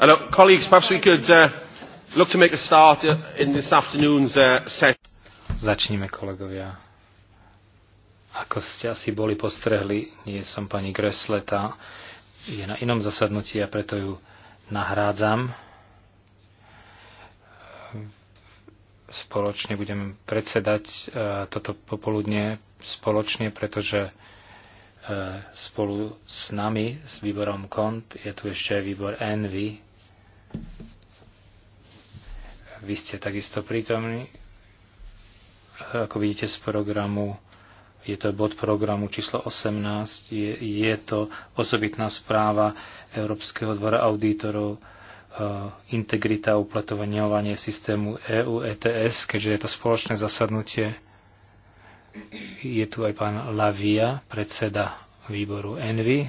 Alors, colleagues, perhaps we could uh, look to make a start uh, in this afternoon's uh, session. Začníme, kolegovia. Ako ste asi boli postrehli, nie som pani Gresleta. Je na inom zasadnutí a preto ju nahrádzam. Spoločne budem predsedať uh, toto popoludne spoločne, pretože uh, spolu s nami, s výborom KONT, je tu ešte aj výbor ENVY, vy ste takisto prítomní. Ako vidíte z programu, je to bod programu číslo 18, je, je to osobitná správa Európskeho dvora auditorov e, integrita integrita uplatovania systému EU ETS, keďže je to spoločné zasadnutie. Je tu aj pán Lavia, predseda výboru Envy.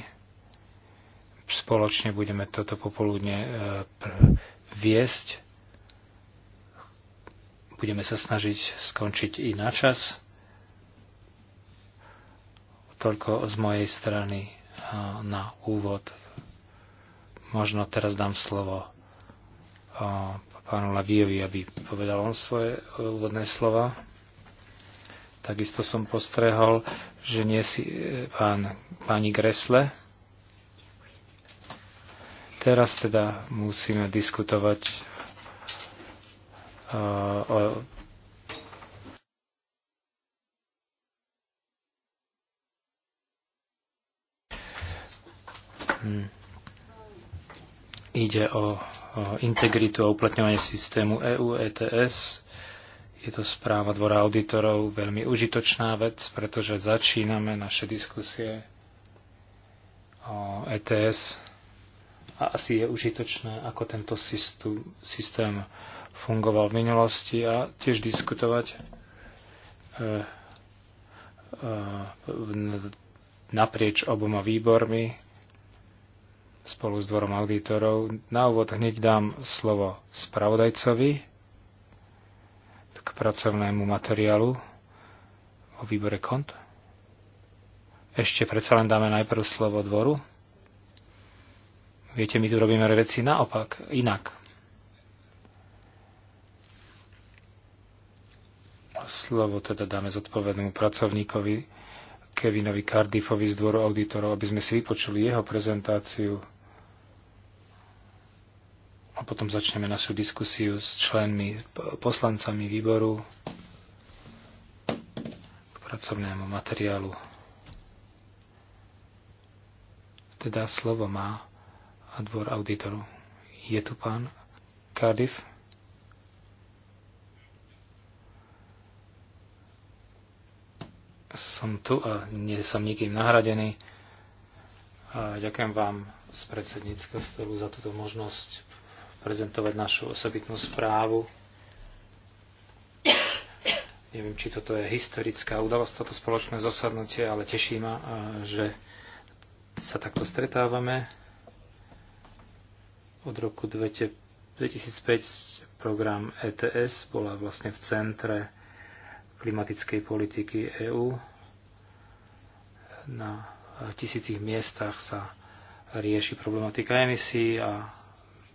Spoločne budeme toto popoludne e, viesť budeme sa snažiť skončiť i na čas. Toľko z mojej strany na úvod. Možno teraz dám slovo pánu Laviovi, aby povedal on svoje e, úvodné slova. Takisto som postrehol, že nie si e, pán, pani Gresle. Teraz teda musíme diskutovať Hmm. Ide o, integritu a uplatňovanie systému EU ETS. Je to správa Dvora auditorov veľmi užitočná vec, pretože začíname naše diskusie o ETS a asi je užitočné, ako tento systém fungoval v minulosti a tiež diskutovať e, e, naprieč oboma výbormi spolu s dvorom auditorov. Na úvod hneď dám slovo spravodajcovi k pracovnému materiálu o výbore kont. Ešte predsa len dáme najprv slovo dvoru. Viete, my tu robíme veci naopak, inak. slovo teda dáme zodpovednému pracovníkovi Kevinovi Cardiffovi z dvoru auditorov, aby sme si vypočuli jeho prezentáciu a potom začneme našu diskusiu s členmi, poslancami výboru k pracovnému materiálu. Teda slovo má a dvor auditorov. Je tu pán Cardiff? som tu a nie som nikým nahradený. A ďakujem vám z predsedníckého stolu za túto možnosť prezentovať našu osobitnú správu. Neviem, či toto je historická udalosť, toto spoločné zasadnutie, ale teší ma, že sa takto stretávame. Od roku 2005 program ETS bola vlastne v centre klimatickej politiky EÚ. Na tisícich miestach sa rieši problematika emisí a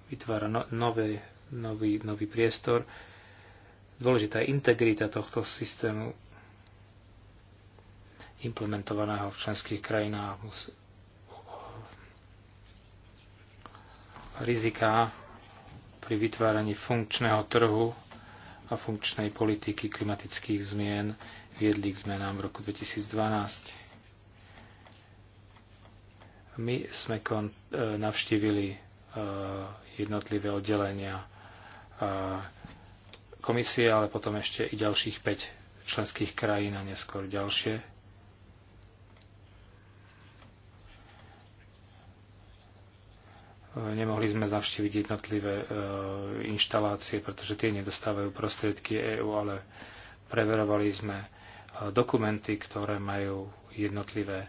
vytvára no, nové, nový, nový priestor. Dôležitá je integrita tohto systému implementovaného v členských krajinách. Rizika pri vytváraní funkčného trhu a funkčnej politiky klimatických zmien viedli k zmenám v roku 2012. My sme kon- e, navštívili e, jednotlivé oddelenia e, komisie, ale potom ešte i ďalších 5 členských krajín a neskôr ďalšie Nemohli sme navštíviť jednotlivé e, inštalácie, pretože tie nedostávajú prostriedky EÚ, ale preverovali sme e, dokumenty, ktoré majú jednotlivé e,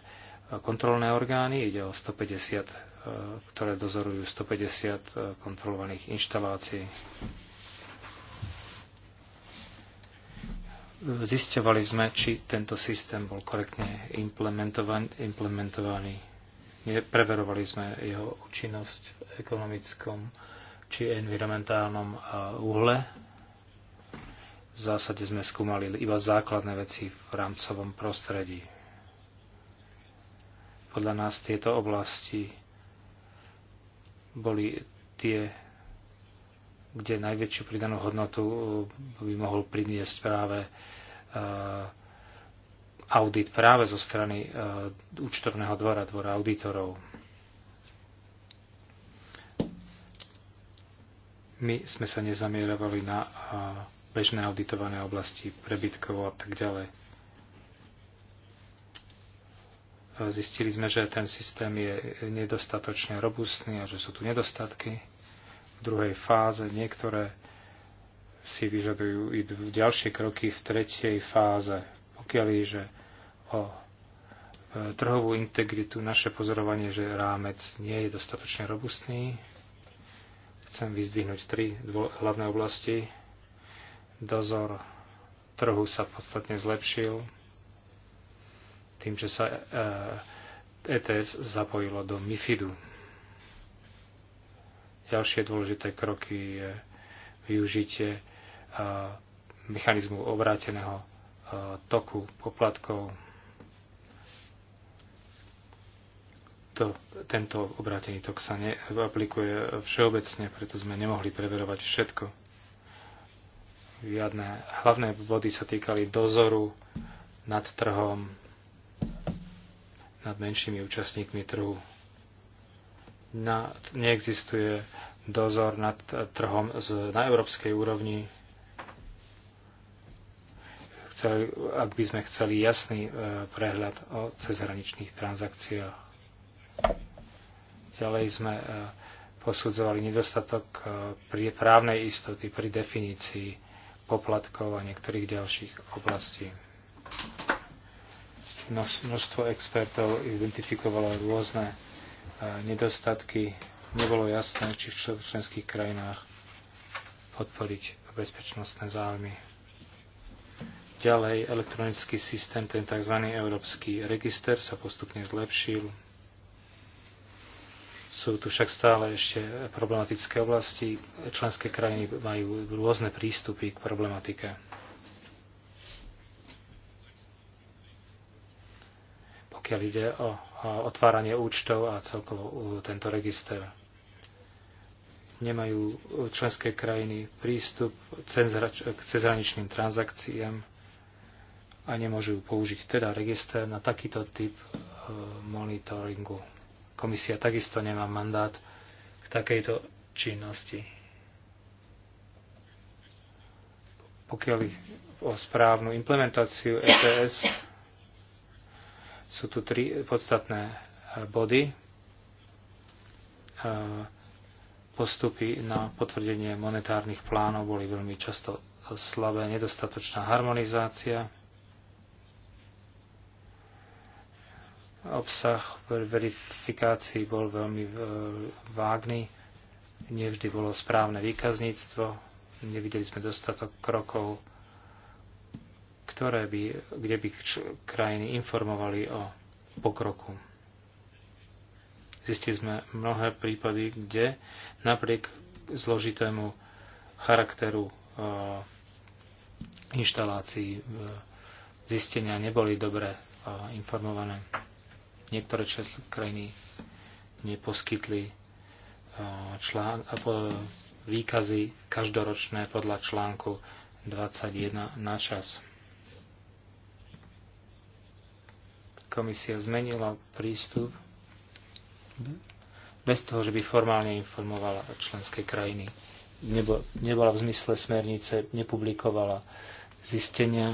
kontrolné orgány. Ide o 150, ktoré dozorujú 150 kontrolovaných inštalácií. Zisťovali sme, či tento systém bol korektne implementovaný. Preverovali sme jeho účinnosť v ekonomickom či environmentálnom uhle. V zásade sme skúmali iba základné veci v rámcovom prostredí. Podľa nás tieto oblasti boli tie, kde najväčšiu pridanú hodnotu e, by mohol priniesť práve e, audit práve zo strany e, účtovného dvora, dvora auditorov. My sme sa nezamierovali na e, bežné auditované oblasti prebytkov a tak ďalej. E, zistili sme, že ten systém je nedostatočne robustný a že sú tu nedostatky. V druhej fáze niektoré si vyžadujú i ďalšie kroky v tretej fáze, pokiaľ je, že o e, trhovú integritu naše pozorovanie, že rámec nie je dostatočne robustný. Chcem vyzdvihnúť tri hlavné oblasti. Dozor trhu sa podstatne zlepšil tým, že sa ETS e zapojilo do MIFIDu. Ďalšie dôležité kroky je využitie e, mechanizmu obráteného toku poplatkov to, tento obrátený tok sa neaplikuje všeobecne, preto sme nemohli preverovať všetko. Viadne, hlavné body sa týkali dozoru nad trhom, nad menšími účastníkmi trhu. Na, neexistuje dozor nad trhom z, na európskej úrovni. Chceli, ak by sme chceli jasný e, prehľad o cezhraničných transakciách. Ďalej sme e, posudzovali nedostatok e, pri právnej istoty pri definícii poplatkov a niektorých ďalších oblastí. Množstvo expertov identifikovalo rôzne e, nedostatky. Nebolo jasné, či v členských krajinách podporiť bezpečnostné záujmy. Ďalej elektronický systém, ten tzv. európsky register, sa postupne zlepšil sú tu však stále ešte problematické oblasti. Členské krajiny majú rôzne prístupy k problematike. Pokiaľ ide o, otváranie účtov a celkovo tento register. Nemajú členské krajiny prístup k cezhraničným transakciám a nemôžu použiť teda register na takýto typ e, monitoringu. Komisia takisto nemá mandát k takejto činnosti. Pokiaľ o správnu implementáciu ETS, sú tu tri podstatné eh, body. Eh, postupy na potvrdenie monetárnych plánov boli veľmi často eh, slabé, nedostatočná harmonizácia, Obsah verifikácií bol veľmi e, vágny, nevždy bolo správne výkazníctvo, nevideli sme dostatok krokov, ktoré by, kde by krajiny informovali o pokroku. Zistili sme mnohé prípady, kde napriek zložitému charakteru e, inštalácií e, zistenia neboli dobre e, informované. Niektoré členské krajiny neposkytli e, člán, e, výkazy každoročné podľa článku 21 na čas. Komisia zmenila prístup bez toho, že by formálne informovala členské krajiny. Nebo, nebola v zmysle smernice, nepublikovala zistenia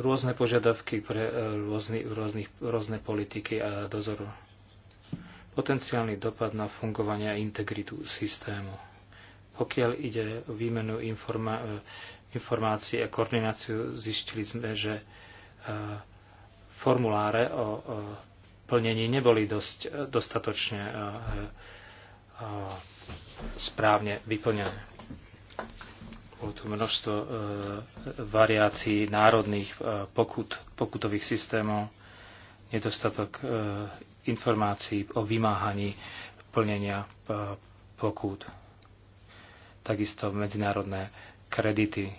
rôzne požiadavky pre e, rôzny, rôznych, rôzne politiky a dozoru. Potenciálny dopad na fungovanie a integritu systému. Pokiaľ ide o výmenu informa- e, informácií a koordináciu, zistili sme, že e, formuláre o plnení neboli dosť, dostatočne správne vyplnené tu množstvo e, variácií národných e, pokut, pokutových systémov, nedostatok e, informácií o vymáhaní plnenia e, pokút, takisto medzinárodné kredity.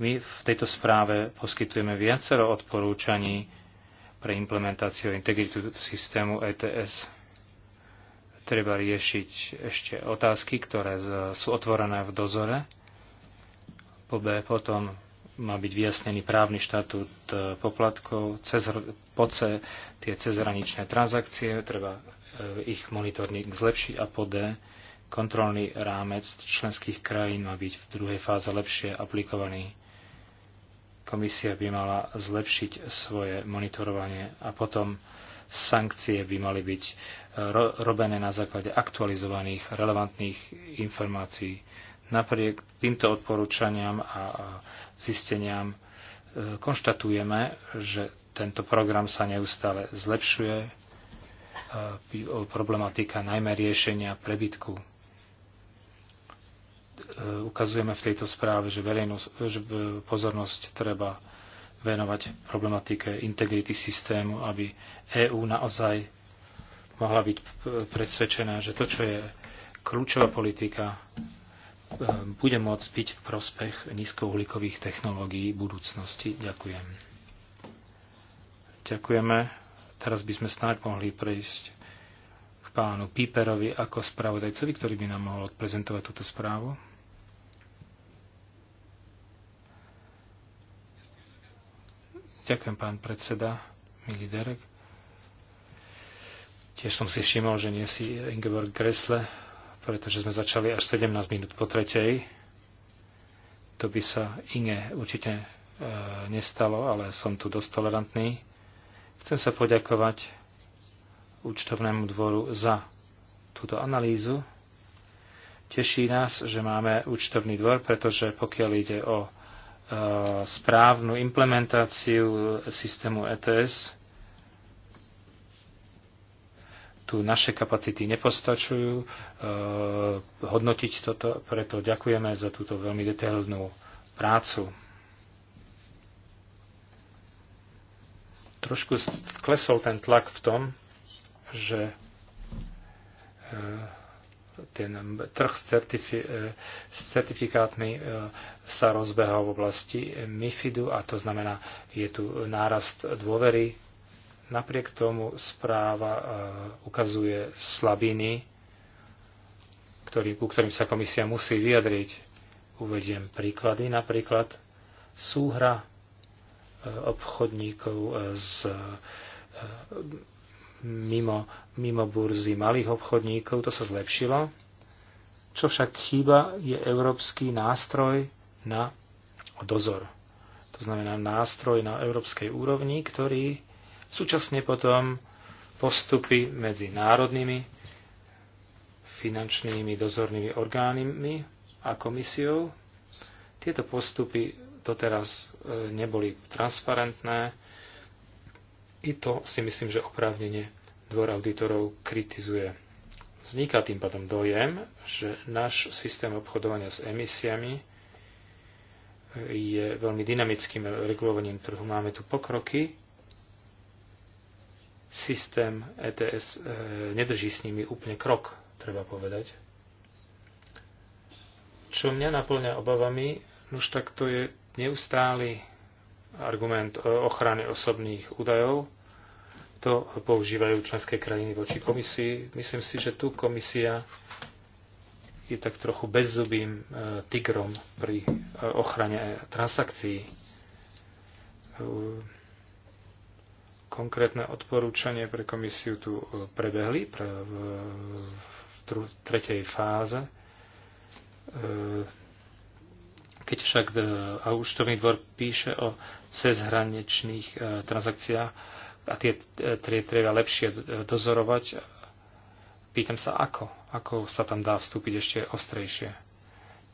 My v tejto správe poskytujeme viacero odporúčaní pre implementáciu integritu systému ETS Treba riešiť ešte otázky, ktoré sú otvorené v dozore. Po B potom má byť vyjasnený právny štatút e, poplatkov, cez, po C tie cezhraničné transakcie, treba e, ich monitorník zlepšiť a po D kontrolný rámec členských krajín má byť v druhej fáze lepšie aplikovaný. Komisia by mala zlepšiť svoje monitorovanie a potom Sankcie by mali byť e, ro- robené na základe aktualizovaných relevantných informácií. Napriek týmto odporúčaniam a zisteniam e, konštatujeme, že tento program sa neustále zlepšuje, e, problematika najmä riešenia prebytku. Ukazujeme v tejto správe, že že pozornosť treba venovať problematike integrity systému, aby EÚ naozaj mohla byť presvedčená, že to, čo je kľúčová politika, e, bude môcť byť v prospech nízkouhlíkových technológií budúcnosti. Ďakujem. Ďakujeme. Teraz by sme snáď mohli prejsť k pánu Píperovi ako spravodajcovi, ktorý by nám mohol odprezentovať túto správu. Ďakujem, pán predseda, milý Derek. Tiež som si všimol, že nie si Ingeborg Gressle, pretože sme začali až 17 minút po tretej. To by sa Inge určite e, nestalo, ale som tu dosť tolerantný. Chcem sa poďakovať účtovnému dvoru za túto analýzu. Teší nás, že máme účtovný dvor, pretože pokiaľ ide o Eh, správnu implementáciu systému ETS. Tu naše kapacity nepostačujú eh, hodnotiť toto, preto ďakujeme za túto veľmi detailnú prácu. Trošku klesol ten tlak v tom, že eh, ten trh s, certifi- e, s certifikátmi e, sa rozbehol v oblasti MIFIDu a to znamená, je tu nárast dôvery. Napriek tomu správa e, ukazuje slabiny, ktorý, ku ktorým sa komisia musí vyjadriť. Uvediem príklady. Napríklad súhra obchodníkov s mimo, mimo burzy malých obchodníkov, to sa zlepšilo. Čo však chýba, je európsky nástroj na dozor. To znamená nástroj na európskej úrovni, ktorý súčasne potom postupy medzi národnými finančnými dozornými orgánmi a komisiou. Tieto postupy doteraz e, neboli transparentné, i to si myslím, že oprávnenie dvor auditorov kritizuje. Vzniká tým pádom dojem, že náš systém obchodovania s emisiami je veľmi dynamickým regulovaním trhu. Máme tu pokroky, systém ETS e, nedrží s nimi úplne krok, treba povedať. Čo mňa naplňa obavami, už tak to je neustály argument e, ochrany osobných údajov. To používajú členské krajiny voči komisii. Myslím si, že tu komisia je tak trochu bezzubým e, tigrom pri e, ochrane transakcií. Konkrétne odporúčanie pre komisiu tu prebehli v tretej fáze keď však e, a už to mi dvor píše o cezhraničných e, transakciách a tie, e, tie treba lepšie dozorovať, pýtam sa ako, ako sa tam dá vstúpiť ešte ostrejšie.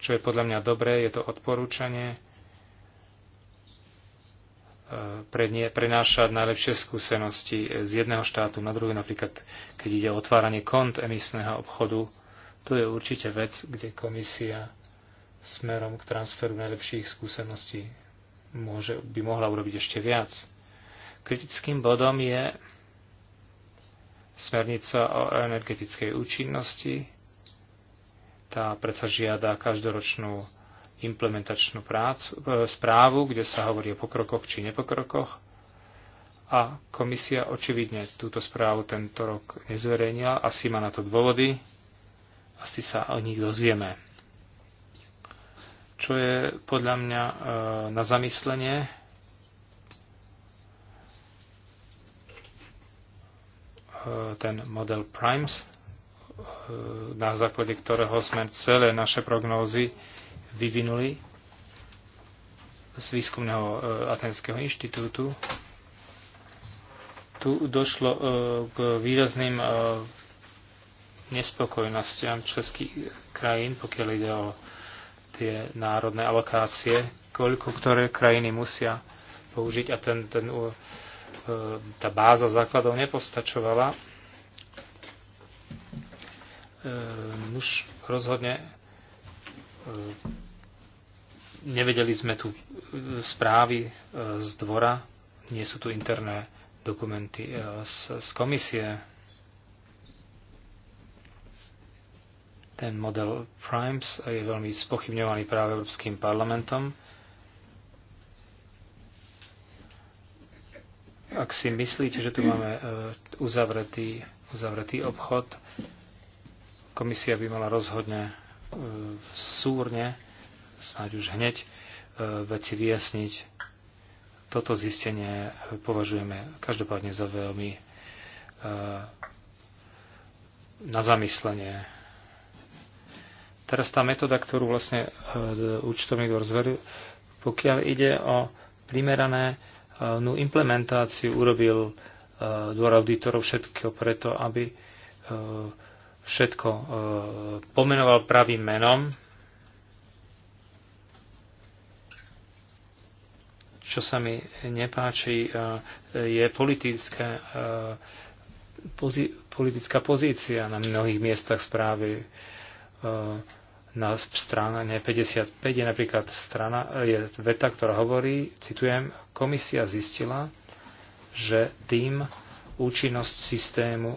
Čo je podľa mňa dobré, je to odporúčanie prenášať najlepšie skúsenosti z jedného štátu na druhý, napríklad keď ide o otváranie kont emisného obchodu. To je určite vec, kde komisia smerom k transferu najlepších skúseností môže, by mohla urobiť ešte viac. Kritickým bodom je smernica o energetickej účinnosti. Tá predsa žiada každoročnú implementačnú prácu, e, správu, kde sa hovorí o pokrokoch či nepokrokoch. A komisia očividne túto správu tento rok nezverejnila. Asi má na to dôvody. Asi sa o nich dozvieme čo je podľa mňa e, na zamyslenie. E, ten model Primes, e, na základe ktorého sme celé naše prognózy vyvinuli z výskumného e, Atenského inštitútu. Tu došlo k výrazným nespokojnostiam českých krajín, pokiaľ ide o tie národné alokácie, koľko ktoré krajiny musia použiť a ten, ten, e, tá báza základov nepostačovala. E, Už rozhodne e, nevedeli sme tu správy z dvora, nie sú tu interné dokumenty z, z komisie. Ten model Primes je veľmi spochybňovaný práve Európskym parlamentom. Ak si myslíte, že tu máme e, uzavretý, uzavretý obchod, komisia by mala rozhodne e, súrne, snáď už hneď, e, veci vyjasniť. Toto zistenie považujeme každopádne za veľmi na zamyslenie Teraz tá metóda, ktorú vlastne e, účtovný dvor zveril, pokiaľ ide o primerané no, implementáciu, urobil e, dvor auditorov všetko preto, aby všetko pomenoval pravým menom, čo sa mi nepáči, je politická pozícia na mnohých miestach správy na strane 55 je napríklad strana, je veta, ktorá hovorí, citujem, komisia zistila, že tým účinnosť systému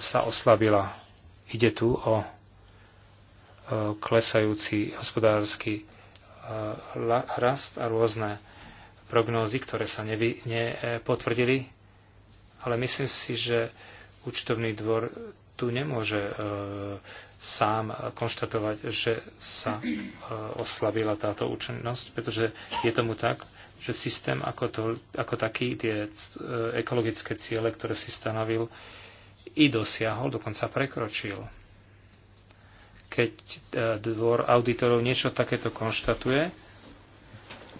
sa oslabila. Ide tu o klesajúci hospodársky e, rast a rôzne prognózy, ktoré sa nevy, nepotvrdili, e, ale myslím si, že účtovný dvor tu nemôže e, sám konštatovať, že sa e, oslabila táto účinnosť, pretože je tomu tak, že systém ako, to, ako taký tie e, ekologické ciele, ktoré si stanovil, i dosiahol, dokonca prekročil. Keď e, dvor auditorov niečo takéto konštatuje,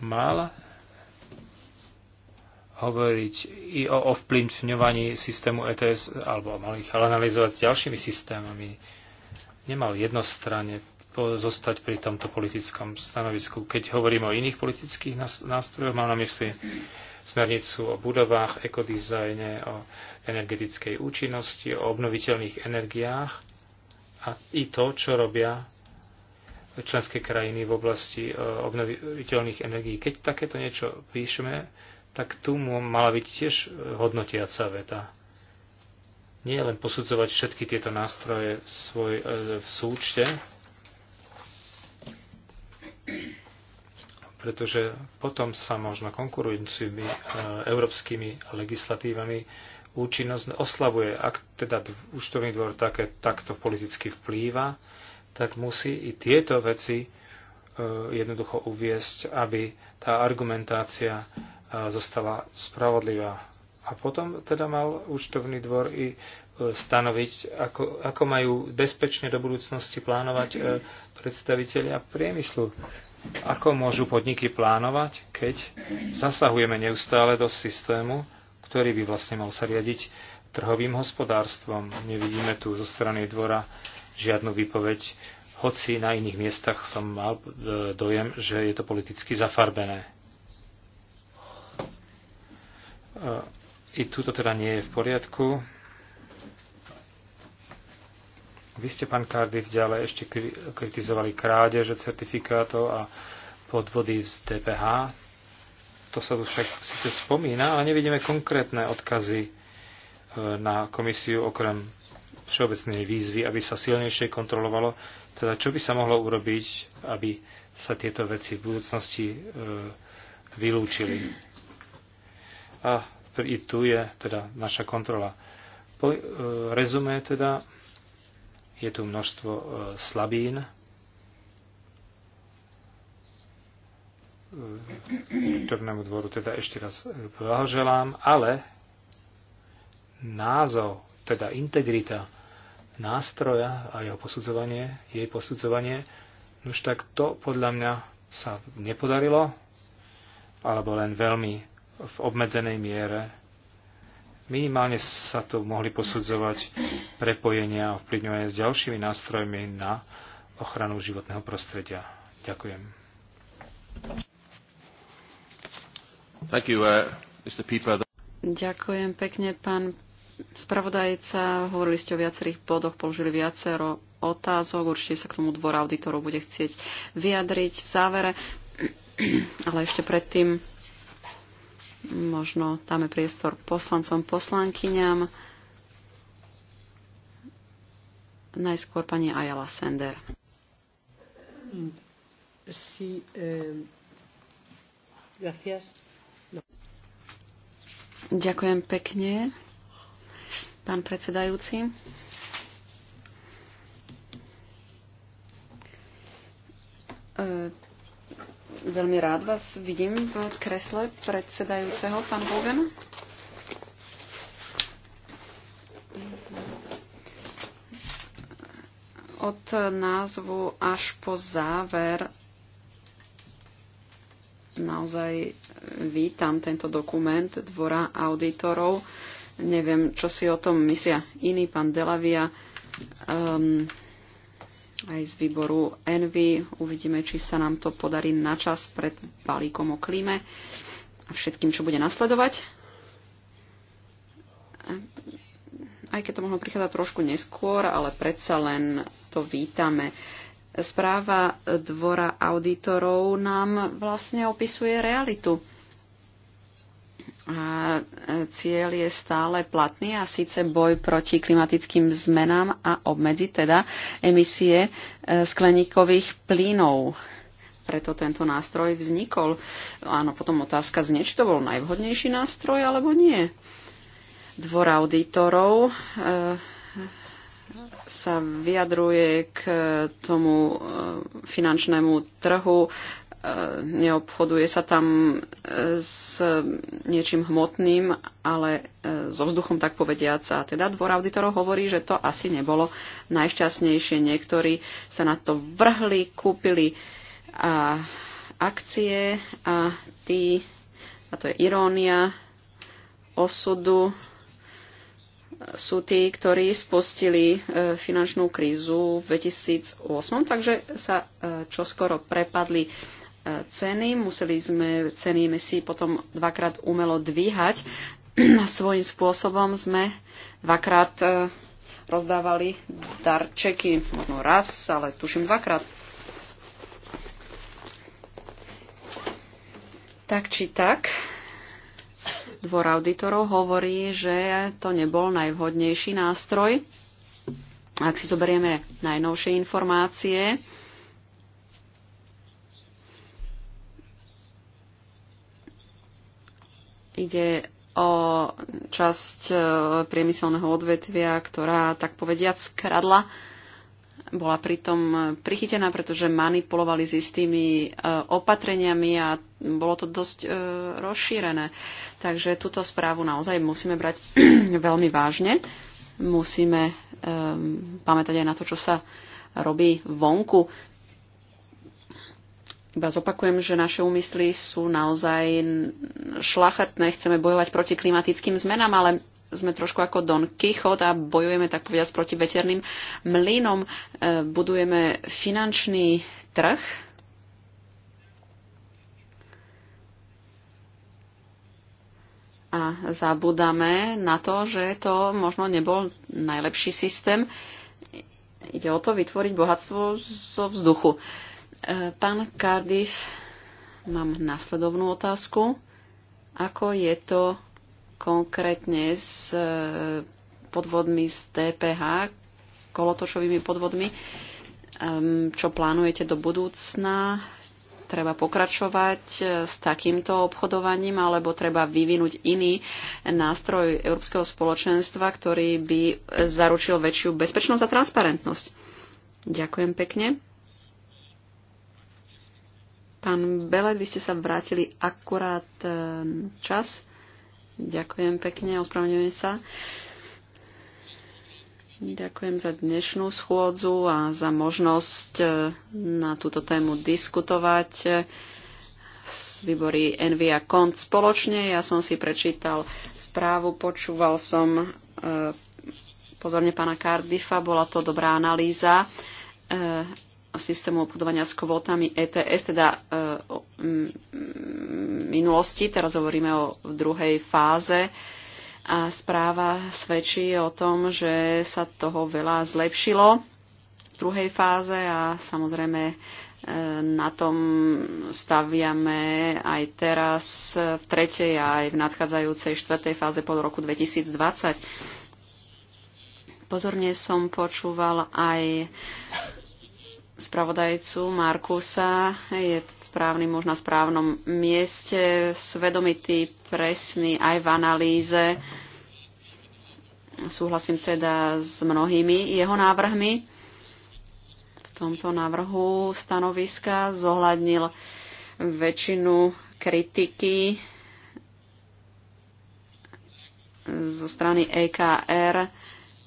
mal hovoriť i o ovplyvňovaní systému ETS, alebo mal ich analyzovať s ďalšími systémami nemal jednostranne zostať pri tomto politickom stanovisku. Keď hovorím o iných politických nástrojoch, mám na mysli smernicu o budovách, ekodizajne, o energetickej účinnosti, o obnoviteľných energiách a i to, čo robia členské krajiny v oblasti e, obnoviteľných energií. Keď takéto niečo píšeme, tak tu mala byť tiež e, hodnotiaca veta nie len posudzovať všetky tieto nástroje v, svoj, e, v súčte, pretože potom sa možno konkurujúcimi e, európskymi legislatívami účinnosť oslavuje, Ak teda účtovný dvor také, takto politicky vplýva, tak musí i tieto veci e, jednoducho uviesť, aby tá argumentácia zostala spravodlivá. A potom teda mal účtovný dvor i e, stanoviť, ako, ako majú bezpečne do budúcnosti plánovať e, predstavitelia priemyslu. Ako môžu podniky plánovať, keď zasahujeme neustále do systému, ktorý by vlastne mal sa riadiť trhovým hospodárstvom. Nevidíme tu zo strany dvora žiadnu výpoveď, hoci na iných miestach som mal e, dojem, že je to politicky zafarbené i tu to teda nie je v poriadku. Vy ste, pán Cardiff, ďalej ešte kritizovali krádeže certifikátov a podvody z DPH. To sa tu však síce spomína, ale nevidíme konkrétne odkazy e, na komisiu okrem všeobecnej výzvy, aby sa silnejšie kontrolovalo. Teda čo by sa mohlo urobiť, aby sa tieto veci v budúcnosti e, vylúčili. A i tu je teda naša kontrola. Po e, rezumé teda je tu množstvo e, slabín. Vnútornému e, dvoru teda ešte raz e, blahoželám, ale názov, teda integrita nástroja a jeho posudzovanie, jej posudzovanie, už tak to podľa mňa sa nepodarilo, alebo len veľmi v obmedzenej miere. Minimálne sa tu mohli posudzovať prepojenia a vplyvňovanie s ďalšími nástrojmi na ochranu životného prostredia. Ďakujem. Thank you, uh, Mr. Pieper. Ďakujem pekne, pán spravodajca. Hovorili ste o viacerých bodoch, položili viacero otázok. Určite sa k tomu dvor auditorov bude chcieť vyjadriť v závere. Ale ešte predtým Možno dáme priestor poslancom, poslankyňam. Najskôr pani Ayala Sender. Sí, eh, No. Ďakujem pekne, pán predsedajúci. E, Veľmi rád vás vidím v kresle predsedajúceho, pán Hogan. Od názvu až po záver naozaj vítam tento dokument Dvora auditorov. Neviem, čo si o tom myslia iní, pán Delavia. Um, aj z výboru Envy. Uvidíme, či sa nám to podarí na čas pred balíkom o klíme a všetkým, čo bude nasledovať. Aj keď to mohlo prichádzať trošku neskôr, ale predsa len to vítame. Správa dvora auditorov nám vlastne opisuje realitu. A e, cieľ je stále platný a síce boj proti klimatickým zmenám a obmedziť teda emisie e, skleníkových plynov. Preto tento nástroj vznikol. Áno, potom otázka znie, či to bol najvhodnejší nástroj alebo nie. Dvor auditorov e, sa vyjadruje k tomu e, finančnému trhu E, neobchoduje sa tam e, s niečím hmotným, ale e, so vzduchom tak povediac. A teda dvor auditorov hovorí, že to asi nebolo najšťastnejšie. Niektorí sa na to vrhli, kúpili a akcie a tí, a to je irónia osudu, sú tí, ktorí spustili finančnú krízu v 2008, takže sa čoskoro prepadli ceny. Museli sme ceny si potom dvakrát umelo dvíhať. Svojím spôsobom sme dvakrát e, rozdávali darčeky. Možno raz, ale tuším dvakrát. Tak či tak, dvor auditorov hovorí, že to nebol najvhodnejší nástroj. Ak si zoberieme najnovšie informácie, Ide o časť e, priemyselného odvetvia, ktorá tak povediac kradla. Bola pritom e, prichytená, pretože manipulovali s istými e, opatreniami a bolo to dosť rozšírené. Takže túto správu naozaj musíme brať veľmi vážne. Musíme pamätať aj na to, čo sa robí vonku iba zopakujem, že naše úmysly sú naozaj šlachetné. Chceme bojovať proti klimatickým zmenám, ale sme trošku ako Don Kichot a bojujeme tak povedať proti veterným mlynom. E, budujeme finančný trh, a zabudáme na to, že to možno nebol najlepší systém. Ide o to vytvoriť bohatstvo zo vzduchu. Uh, Pán Cardiff, mám nasledovnú otázku. Ako je to konkrétne s e, podvodmi z DPH, kolotočovými podvodmi? Čo plánujete do budúcna? Treba pokračovať e, s takýmto obchodovaním, alebo treba vyvinúť iný nástroj Európskeho spoločenstva, ktorý by zaručil väčšiu bezpečnosť a transparentnosť? Ďakujem pekne. Pán Bele, vy ste sa vrátili akurát e, čas. Ďakujem pekne, ospravedlňujem sa. Ďakujem za dnešnú schôdzu a za možnosť e, na túto tému diskutovať e, s výbory Envy a Kont spoločne. Ja som si prečítal správu, počúval som pozorne pána Cardiffa, bola to dobrá analýza systému obchodovania s kvótami ETS, teda e, o mm, minulosti, teraz hovoríme o druhej fáze. A správa svedčí o tom, že sa toho veľa zlepšilo v druhej fáze a samozrejme e, na tom staviame aj teraz v tretej a aj v nadchádzajúcej štvrtej fáze pod roku 2020. Pozorne som počúval aj spravodajcu Markusa. Je správny muž na správnom mieste, svedomitý, presný aj v analýze. Súhlasím teda s mnohými jeho návrhmi. V tomto návrhu stanoviska zohľadnil väčšinu kritiky zo strany EKR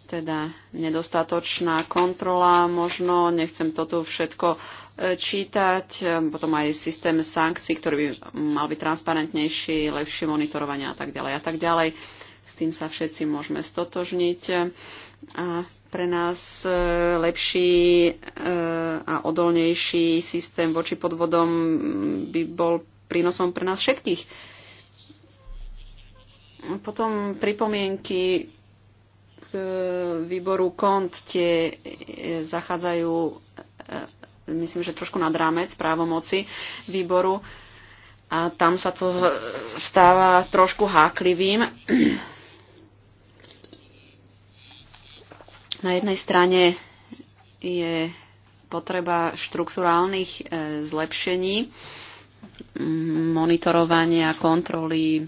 teda nedostatočná kontrola možno, nechcem toto všetko e, čítať, e, potom aj systém sankcií, ktorý by mal byť transparentnejší, lepšie monitorovanie a tak ďalej a tak ďalej. S tým sa všetci môžeme stotožniť. E, a pre nás lepší a odolnejší systém voči podvodom mm, by bol prínosom pre nás všetkých. Potom pripomienky E, výboru kont tie e, zachádzajú, e, myslím, že trošku nad rámec právomoci výboru a tam sa to stáva trošku háklivým. Na jednej strane je potreba štruktúrálnych zlepšení, monitorovania, kontroly,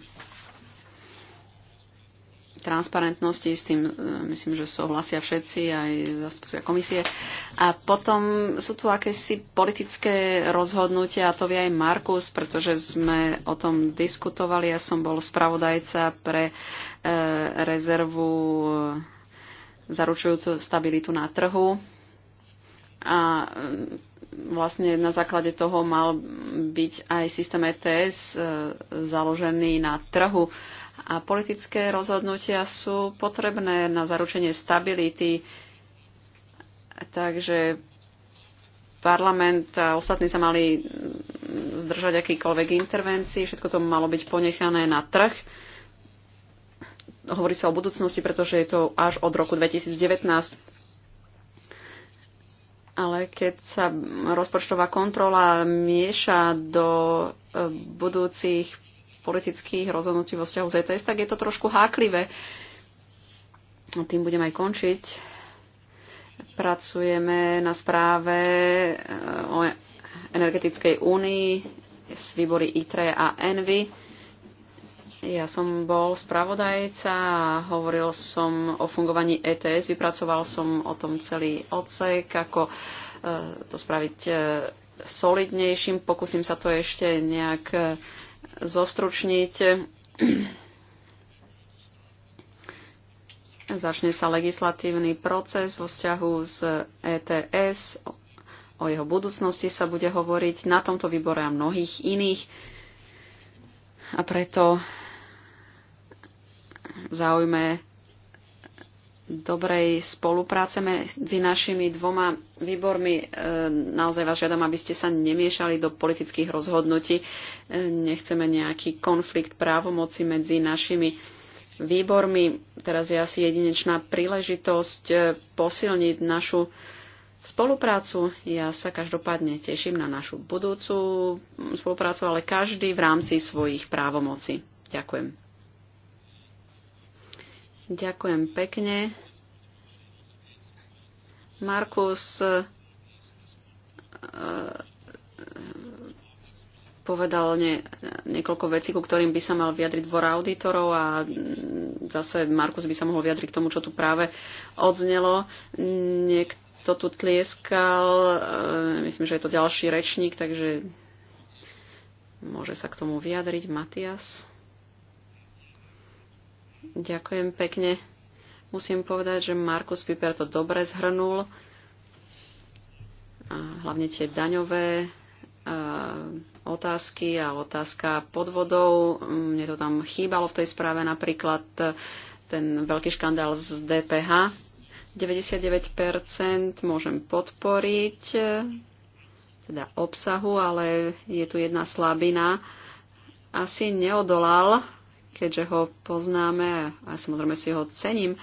transparentnosti, s tým e, myslím, že súhlasia všetci, aj zastupcovia komisie. A potom sú tu akési politické rozhodnutia, a to vie aj Markus, pretože sme o tom diskutovali. Ja som bol spravodajca pre e, rezervu e, zaručujúcu stabilitu na trhu. A e, vlastne na základe toho mal byť aj systém ETS založený na trhu a politické rozhodnutia sú potrebné na zaručenie stability. Takže parlament a ostatní sa mali zdržať akýkoľvek intervencií, všetko to malo byť ponechané na trh. Hovorí sa o budúcnosti, pretože je to až od roku 2019. Ale keď sa rozpočtová kontrola mieša do budúcich politických rozhodnutí vo vzťahu ZTS, tak je to trošku háklivé. Tým budem aj končiť. Pracujeme na správe eh, o energetickej únii z výbory ITRE a ENVY. Ja som bol spravodajca a hovoril som o fungovaní ETS, vypracoval som o tom celý odsek, ako eh, to spraviť eh, solidnejším. Pokúsim sa to ešte nejak zostručniť. Začne sa legislatívny proces vo vzťahu s ETS. O jeho budúcnosti sa bude hovoriť na tomto výbore a mnohých iných. A preto v záujme dobrej spolupráce medzi našimi dvoma výbormi. E, naozaj vás žiadam, aby ste sa nemiešali do politických rozhodnutí. E, nechceme nejaký konflikt právomoci medzi našimi výbormi. Teraz je asi jedinečná príležitosť e, posilniť našu spoluprácu. Ja sa každopádne teším na našu budúcu spoluprácu, ale každý v rámci svojich právomocí. Ďakujem. Ďakujem pekne. Markus e, povedal nie, niekoľko vecí, ku ktorým by sa mal vyjadriť dvor auditorov a zase Markus by sa mohol vyjadriť k tomu, čo tu práve odznelo. Niekto tu tlieskal, e, myslím, že je to ďalší rečník, takže môže sa k tomu vyjadriť Matias. Ďakujem pekne. Musím povedať, že Markus Piper to dobre zhrnul. A hlavne tie daňové otázky a otázka podvodov. Mne to tam chýbalo v tej správe napríklad e, ten veľký škandál z DPH. 99% môžem podporiť, e, teda obsahu, ale je tu jedna slabina. Asi neodolal keďže ho poznáme a samozrejme si ho cením,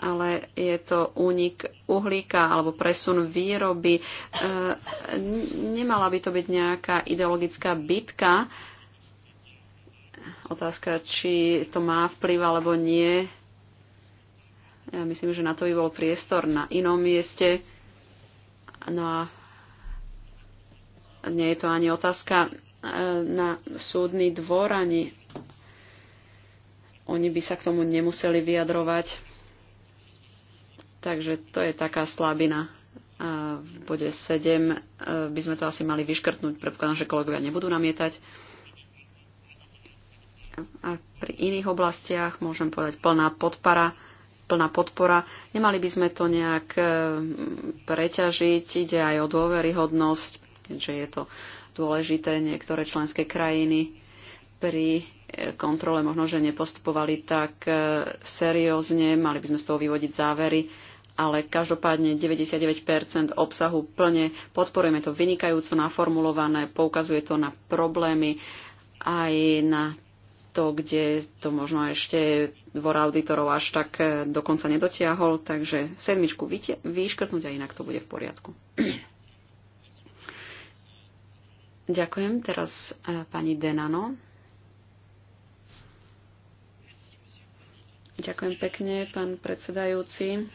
ale je to únik uhlíka alebo presun výroby. E, nemala by to byť nejaká ideologická bitka. Otázka, či to má vplyv alebo nie. Ja myslím, že na to by bol priestor na inom mieste. No a nie je to ani otázka na súdny dvor, ani oni by sa k tomu nemuseli vyjadrovať. Takže to je taká slabina. A v bode 7 e, by sme to asi mali vyškrtnúť, predpokladám, že kolegovia nebudú namietať. A pri iných oblastiach môžem povedať plná podpora, plná podpora. Nemali by sme to nejak e, preťažiť, ide aj o dôveryhodnosť, keďže je to dôležité. Niektoré členské krajiny pri e, kontrole možno, že nepostupovali tak e, seriózne, mali by sme z toho vyvodiť závery, ale každopádne 99% obsahu plne podporujeme to vynikajúco naformulované, poukazuje to na problémy aj na to, kde to možno ešte dvor auditorov až tak e, dokonca nedotiahol, takže sedmičku vyškrtnúť a inak to bude v poriadku. Ďakujem. Teraz e, pani Denano. Ďakujem pekne, pán predsedajúci.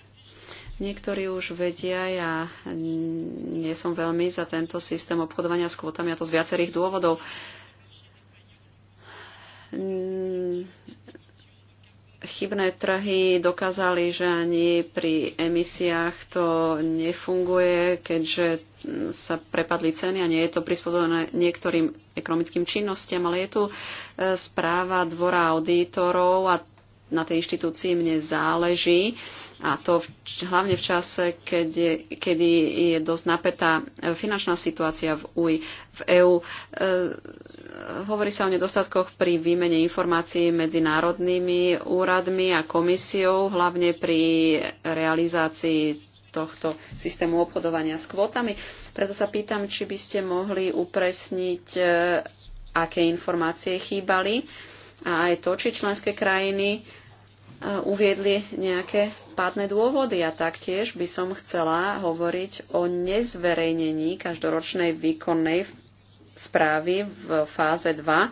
Niektorí už vedia, ja nie som veľmi za tento systém obchodovania s kvotami, a to z viacerých dôvodov. Uh, chybné trhy dokázali, že ani pri emisiách to nefunguje, keďže sa prepadli ceny a nie je to prispôsobené niektorým ekonomickým činnostiam, ale je tu e, správa dvora auditorov a na tej inštitúcii mne záleží a to v, hlavne v čase, keď je, kedy je dosť napätá e, finančná situácia v, UI, v EÚ. E, hovorí sa o nedostatkoch pri výmene informácií medzi národnými úradmi a komisiou, hlavne pri realizácii tohto systému obchodovania s kvótami. Preto sa pýtam, či by ste mohli upresniť, e, aké informácie chýbali a aj to, či členské krajiny Eh, uviedli nejaké pádne dôvody a taktiež by som chcela hovoriť o nezverejnení každoročnej výkonnej správy v fáze 2. Eh,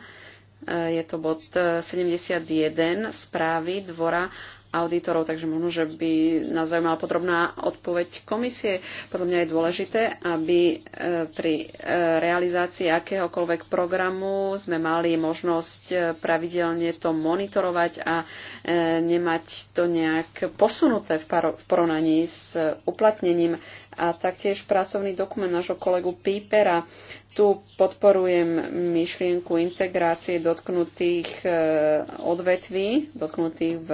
je to bod 71 eh, správy Dvora auditorov, takže možno, že by nás zaujímala podrobná odpoveď komisie. Podľa mňa je dôležité, aby e, pri e, realizácii akéhokoľvek programu sme mali možnosť e, pravidelne to monitorovať a nemať to nejak posunuté v porovnaní s uplatnením a taktiež pracovný dokument nášho kolegu Pípera. Tu podporujem myšlienku integrácie dotknutých e, odvetví, dotknutých v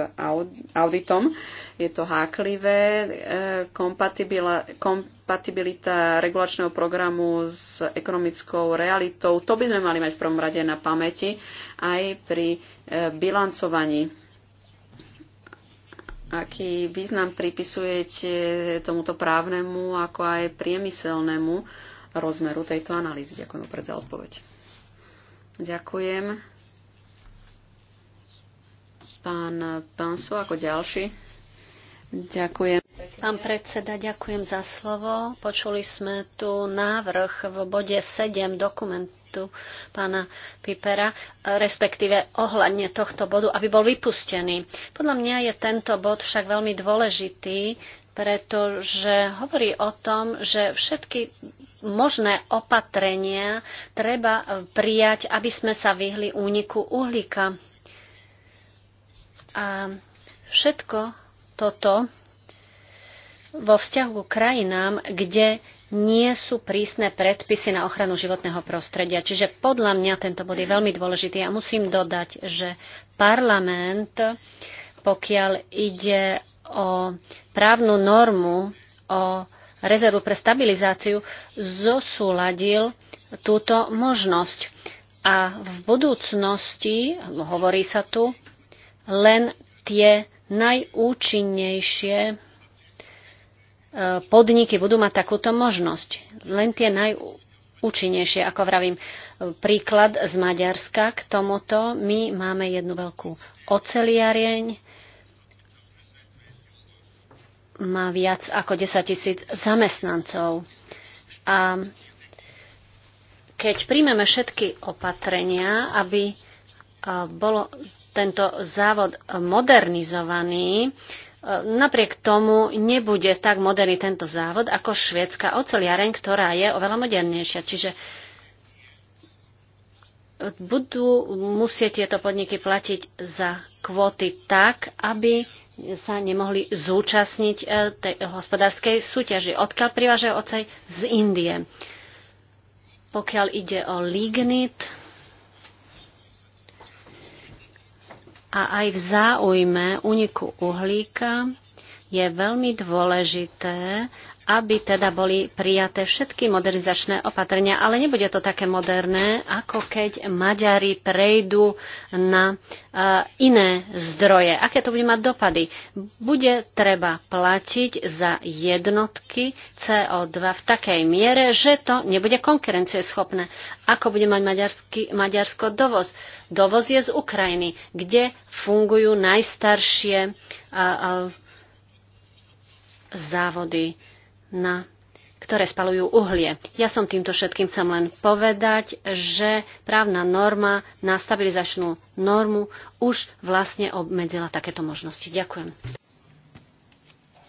auditom. Je to háklivé, e, kompatibilita regulačného programu s ekonomickou realitou. To by sme mali mať v prvom rade na pamäti aj pri e, bilancovaní aký význam pripisujete tomuto právnemu, ako aj priemyselnému rozmeru tejto analýzy. Ďakujem opred za odpoveď. Ďakujem. Pán Panso ako ďalší. Ďakujem. Pán predseda, ďakujem za slovo. Počuli sme tu návrh v bode 7 dokumentu pána Pipera, respektíve ohľadne tohto bodu, aby bol vypustený. Podľa mňa je tento bod však veľmi dôležitý, pretože hovorí o tom, že všetky možné opatrenia treba prijať, aby sme sa vyhli úniku uhlíka. A všetko toto vo vzťahu k krajinám, kde nie sú prísne predpisy na ochranu životného prostredia. Čiže podľa mňa tento bod je veľmi dôležitý a musím dodať, že parlament, pokiaľ ide o právnu normu, o rezervu pre stabilizáciu, zosúladil túto možnosť. A v budúcnosti, hovorí sa tu, len tie najúčinnejšie podniky budú mať takúto možnosť. Len tie najúčinnejšie, ako vravím, príklad z Maďarska k tomuto. My máme jednu veľkú oceliareň, má viac ako 10 tisíc zamestnancov. A keď príjmeme všetky opatrenia, aby bolo tento závod modernizovaný, Napriek tomu nebude tak moderný tento závod ako švédska oceliareň, ktorá je oveľa modernejšia. Čiže budú musieť tieto podniky platiť za kvóty tak, aby sa nemohli zúčastniť e, tej hospodárskej súťaži, odkiaľ privážajú ocej z Indie. Pokiaľ ide o lignit, a aj v záujme uniku uhlíka je veľmi dôležité, aby teda boli prijaté všetky modernizačné opatrenia, ale nebude to také moderné, ako keď Maďari prejdú na eh, iné zdroje. Aké to bude mať dopady? Bude treba platiť za jednotky CO2 v takej miere, že to nebude konkurencieschopné. Ako bude mať maďarský, Maďarsko dovoz? Dovoz je z Ukrajiny, kde fungujú najstaršie eh, eh, závody na ktoré spalujú uhlie. Ja som týmto všetkým chcem len povedať, že právna norma na stabilizačnú normu už vlastne obmedzila takéto možnosti. Ďakujem.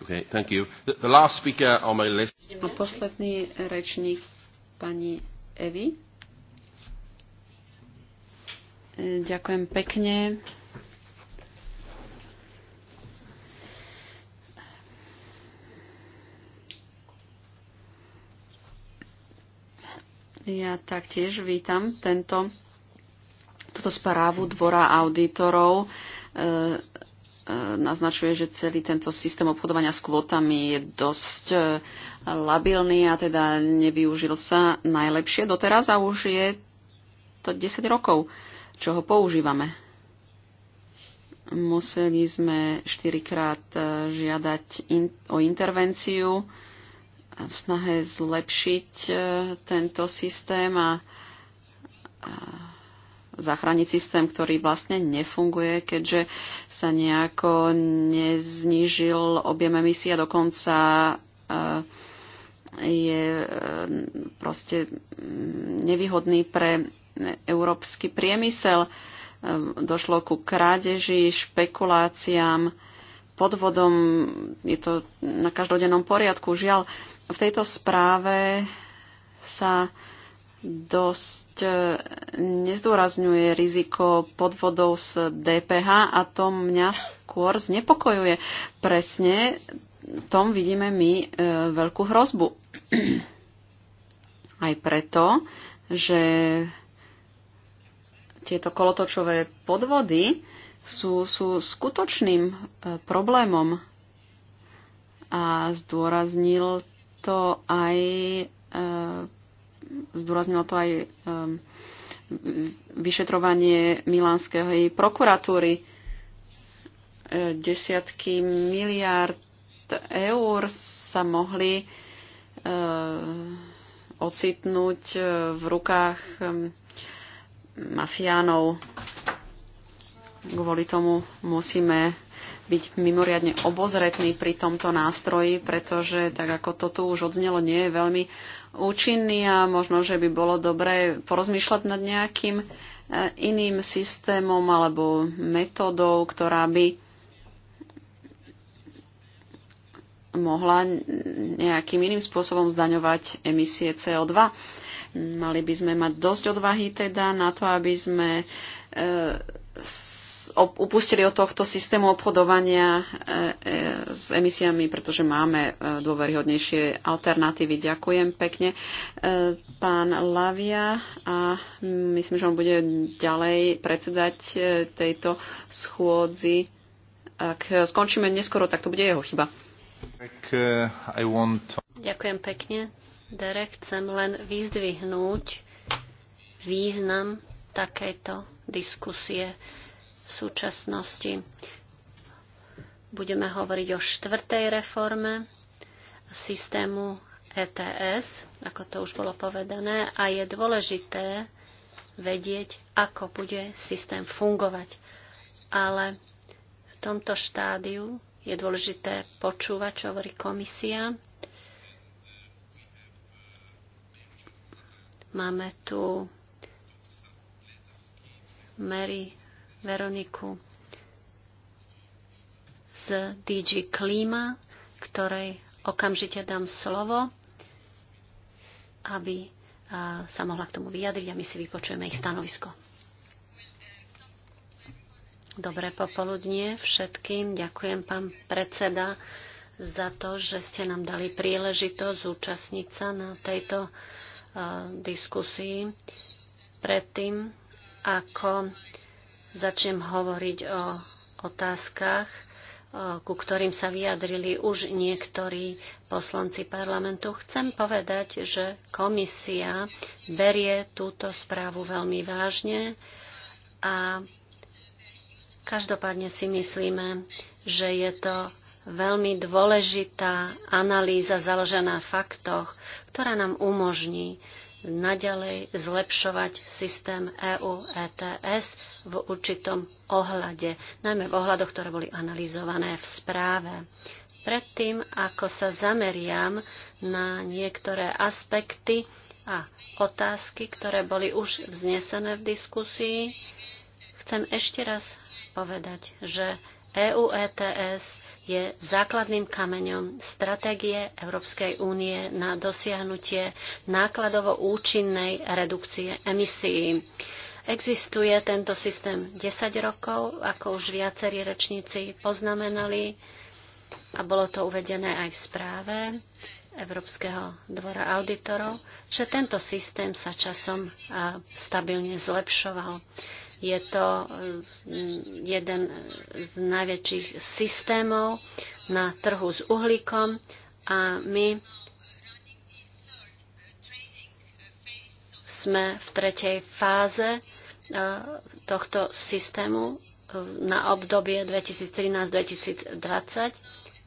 Okay, thank you. The, last speaker on my list. A posledný rečník pani Evi. E, ďakujem pekne. Ja taktiež vítam tento, túto správu Dvora auditorov. E, e naznačuje, že celý tento systém obchodovania s kvotami je dosť e, labilný a teda nevyužil sa najlepšie doteraz a už je to 10 rokov, čo ho používame. Museli sme štyrikrát e, žiadať in- o intervenciu v snahe zlepšiť e, tento systém a zachrániť systém, ktorý vlastne nefunguje, keďže sa nejako neznížil objem emisí a dokonca e, je e, proste mm, nevýhodný pre európsky priemysel. Došlo ku krádeži, špekuláciám, podvodom. Je to na každodennom poriadku. Žiaľ, v tejto správe sa dosť e, nezdôrazňuje riziko podvodov z DPH a to mňa skôr znepokojuje. Presne tom vidíme my e, veľkú hrozbu. Aj preto, že tieto kolotočové podvody sú, sú skutočným e, problémom a zdôraznil to aj e, zdôraznilo to aj e, vyšetrovanie milánskej prokuratúry. E, desiatky miliárd eur sa mohli ocitnúť v rukách mafiánov. Kvôli tomu musíme byť mimoriadne obozretný pri tomto nástroji, pretože tak ako to tu už odznelo, nie je veľmi účinný a možno, že by bolo dobré porozmýšľať nad nejakým e, iným systémom alebo metodou, ktorá by mohla nejakým iným spôsobom zdaňovať emisie CO2. Mali by sme mať dosť odvahy teda na to, aby sme e, upustili od tohto systému obchodovania e, e, s emisiami, pretože máme e, dôveryhodnejšie alternatívy. Ďakujem pekne. Pán Lavia a myslím, že on bude ďalej predsedať tejto schôdzi. Ak skončíme neskoro, tak to bude jeho chyba. Ďakujem pekne. Derek, chcem len vyzdvihnúť význam takéto diskusie v súčasnosti. Budeme hovoriť o štvrtej reforme systému ETS, ako to už bolo povedané, a je dôležité vedieť, ako bude systém fungovať. Ale v tomto štádiu je dôležité počúvať, čo hovorí komisia. Máme tu Mary Veroniku z DG Klíma, ktorej okamžite dám slovo, aby sa mohla k tomu vyjadriť a my si vypočujeme ich stanovisko. Dobré popoludnie všetkým. Ďakujem, pán predseda, za to, že ste nám dali príležitosť zúčastniť sa na tejto uh, diskusii. Predtým, ako uh, začnem hovoriť o otázkach, ku ktorým sa vyjadrili už niektorí poslanci parlamentu, chcem povedať, že komisia berie túto správu veľmi vážne a každopádne si myslíme, že je to veľmi dôležitá analýza založená v faktoch, ktorá nám umožní naďalej zlepšovať systém EU ETS v určitom ohľade, najmä v ohľadoch, ktoré boli analyzované v správe. Predtým, ako sa zameriam na niektoré aspekty a otázky, ktoré boli už vznesené v diskusii, chcem ešte raz povedať, že EU ETS je základným kameňom stratégie Európskej únie na dosiahnutie nákladovo účinnej redukcie emisií. Existuje tento systém 10 rokov, ako už viacerí rečníci poznamenali, a bolo to uvedené aj v správe Európskeho dvora auditorov, že tento systém sa časom stabilne zlepšoval. Je to mm, jeden z najväčších systémov na trhu s uhlíkom a my sme v tretej fáze e, tohto systému e, na obdobie 2013-2020,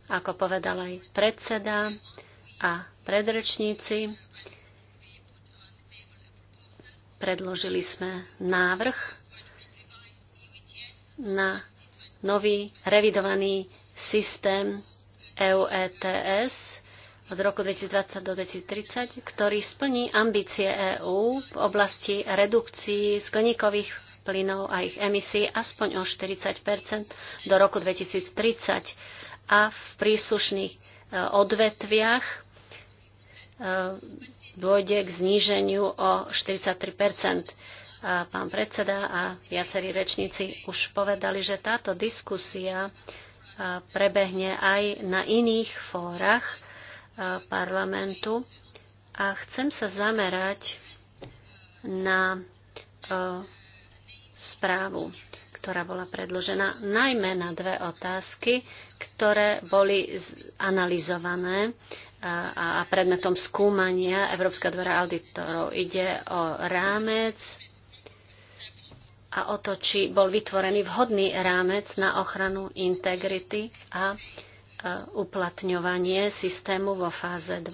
ako povedal aj predseda a predrečníci. Predložili sme návrh na nový revidovaný systém EU ETS od roku 2020 do 2030, ktorý splní ambície EÚ v oblasti redukcií skleníkových plynov a ich emisí aspoň o 40 do roku 2030 a v príslušných e, odvetviach e, dôjde k zníženiu o 43 pán predseda a viacerí rečníci už povedali, že táto diskusia prebehne aj na iných fórach parlamentu a chcem sa zamerať na správu, ktorá bola predložená, najmä na dve otázky, ktoré boli analyzované a predmetom skúmania Európska dvora auditorov. Ide o rámec a o to, či bol vytvorený vhodný rámec na ochranu integrity a e, uplatňovanie systému vo fáze 2.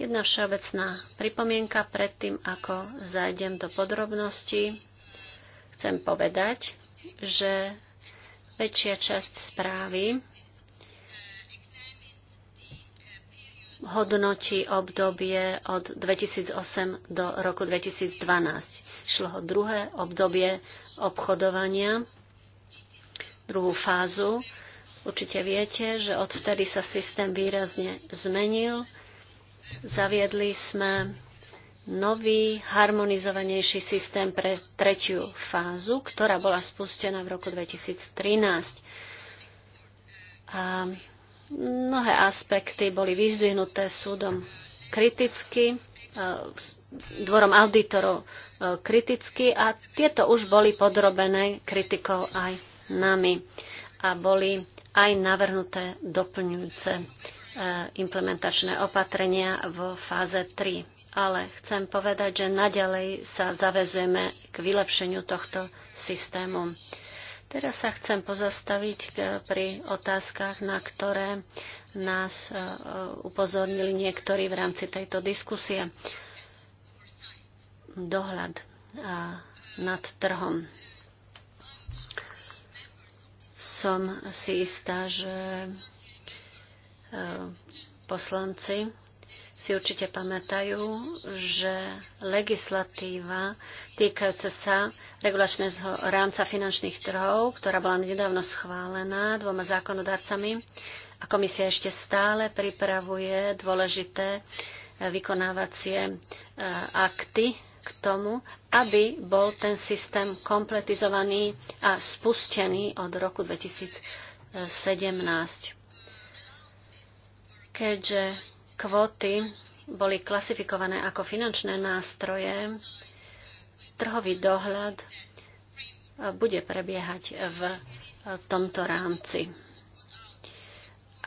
Jedna všeobecná pripomienka predtým, ako zajdem do podrobností. Chcem povedať, že väčšia časť správy hodnotí obdobie od 2008 do roku 2012 prišlo druhé obdobie obchodovania, druhú fázu. Určite viete, že odvtedy sa systém výrazne zmenil. Zaviedli sme nový, harmonizovanejší systém pre tretiu fázu, ktorá bola spustená v roku 2013. A mnohé aspekty boli vyzdvihnuté súdom kriticky dvorom auditorov e, kriticky a tieto už boli podrobené kritikou aj nami a boli aj navrhnuté doplňujúce e, implementačné opatrenia vo fáze 3. Ale chcem povedať, že naďalej sa zavezujeme k vylepšeniu tohto systému. Teraz sa chcem pozastaviť e, pri otázkach, na ktoré nás upozornili niektorí v rámci tejto diskusie dohľad nad trhom. Som si istá, že e, poslanci si určite pamätajú, že legislatíva týkajúca sa regulačného rámca finančných trhov, ktorá bola nedávno schválená dvoma zákonodarcami a komisia ešte stále pripravuje dôležité e, vykonávacie e, akty k tomu, aby bol ten systém kompletizovaný a spustený od roku 2017. Keďže kvóty boli klasifikované ako finančné nástroje, trhový dohľad bude prebiehať v tomto rámci.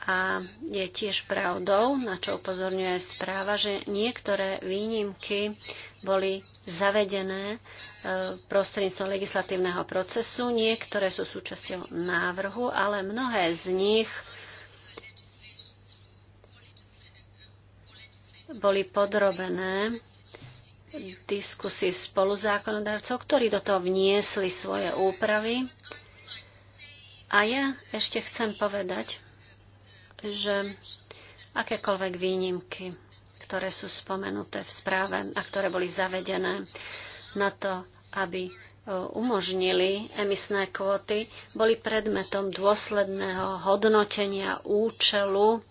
A je tiež pravdou, na čo upozorňuje správa, že niektoré výnimky boli zavedené e, prostredníctvom legislatívneho procesu. Niektoré sú súčasťou návrhu, ale mnohé z nich boli podrobené diskusii spoluzákonodarcov, ktorí do toho vniesli svoje úpravy. A ja ešte chcem povedať, že akékoľvek výnimky ktoré sú spomenuté v správe a ktoré boli zavedené na to, aby e, umožnili emisné kvóty, boli predmetom dôsledného hodnotenia účelu,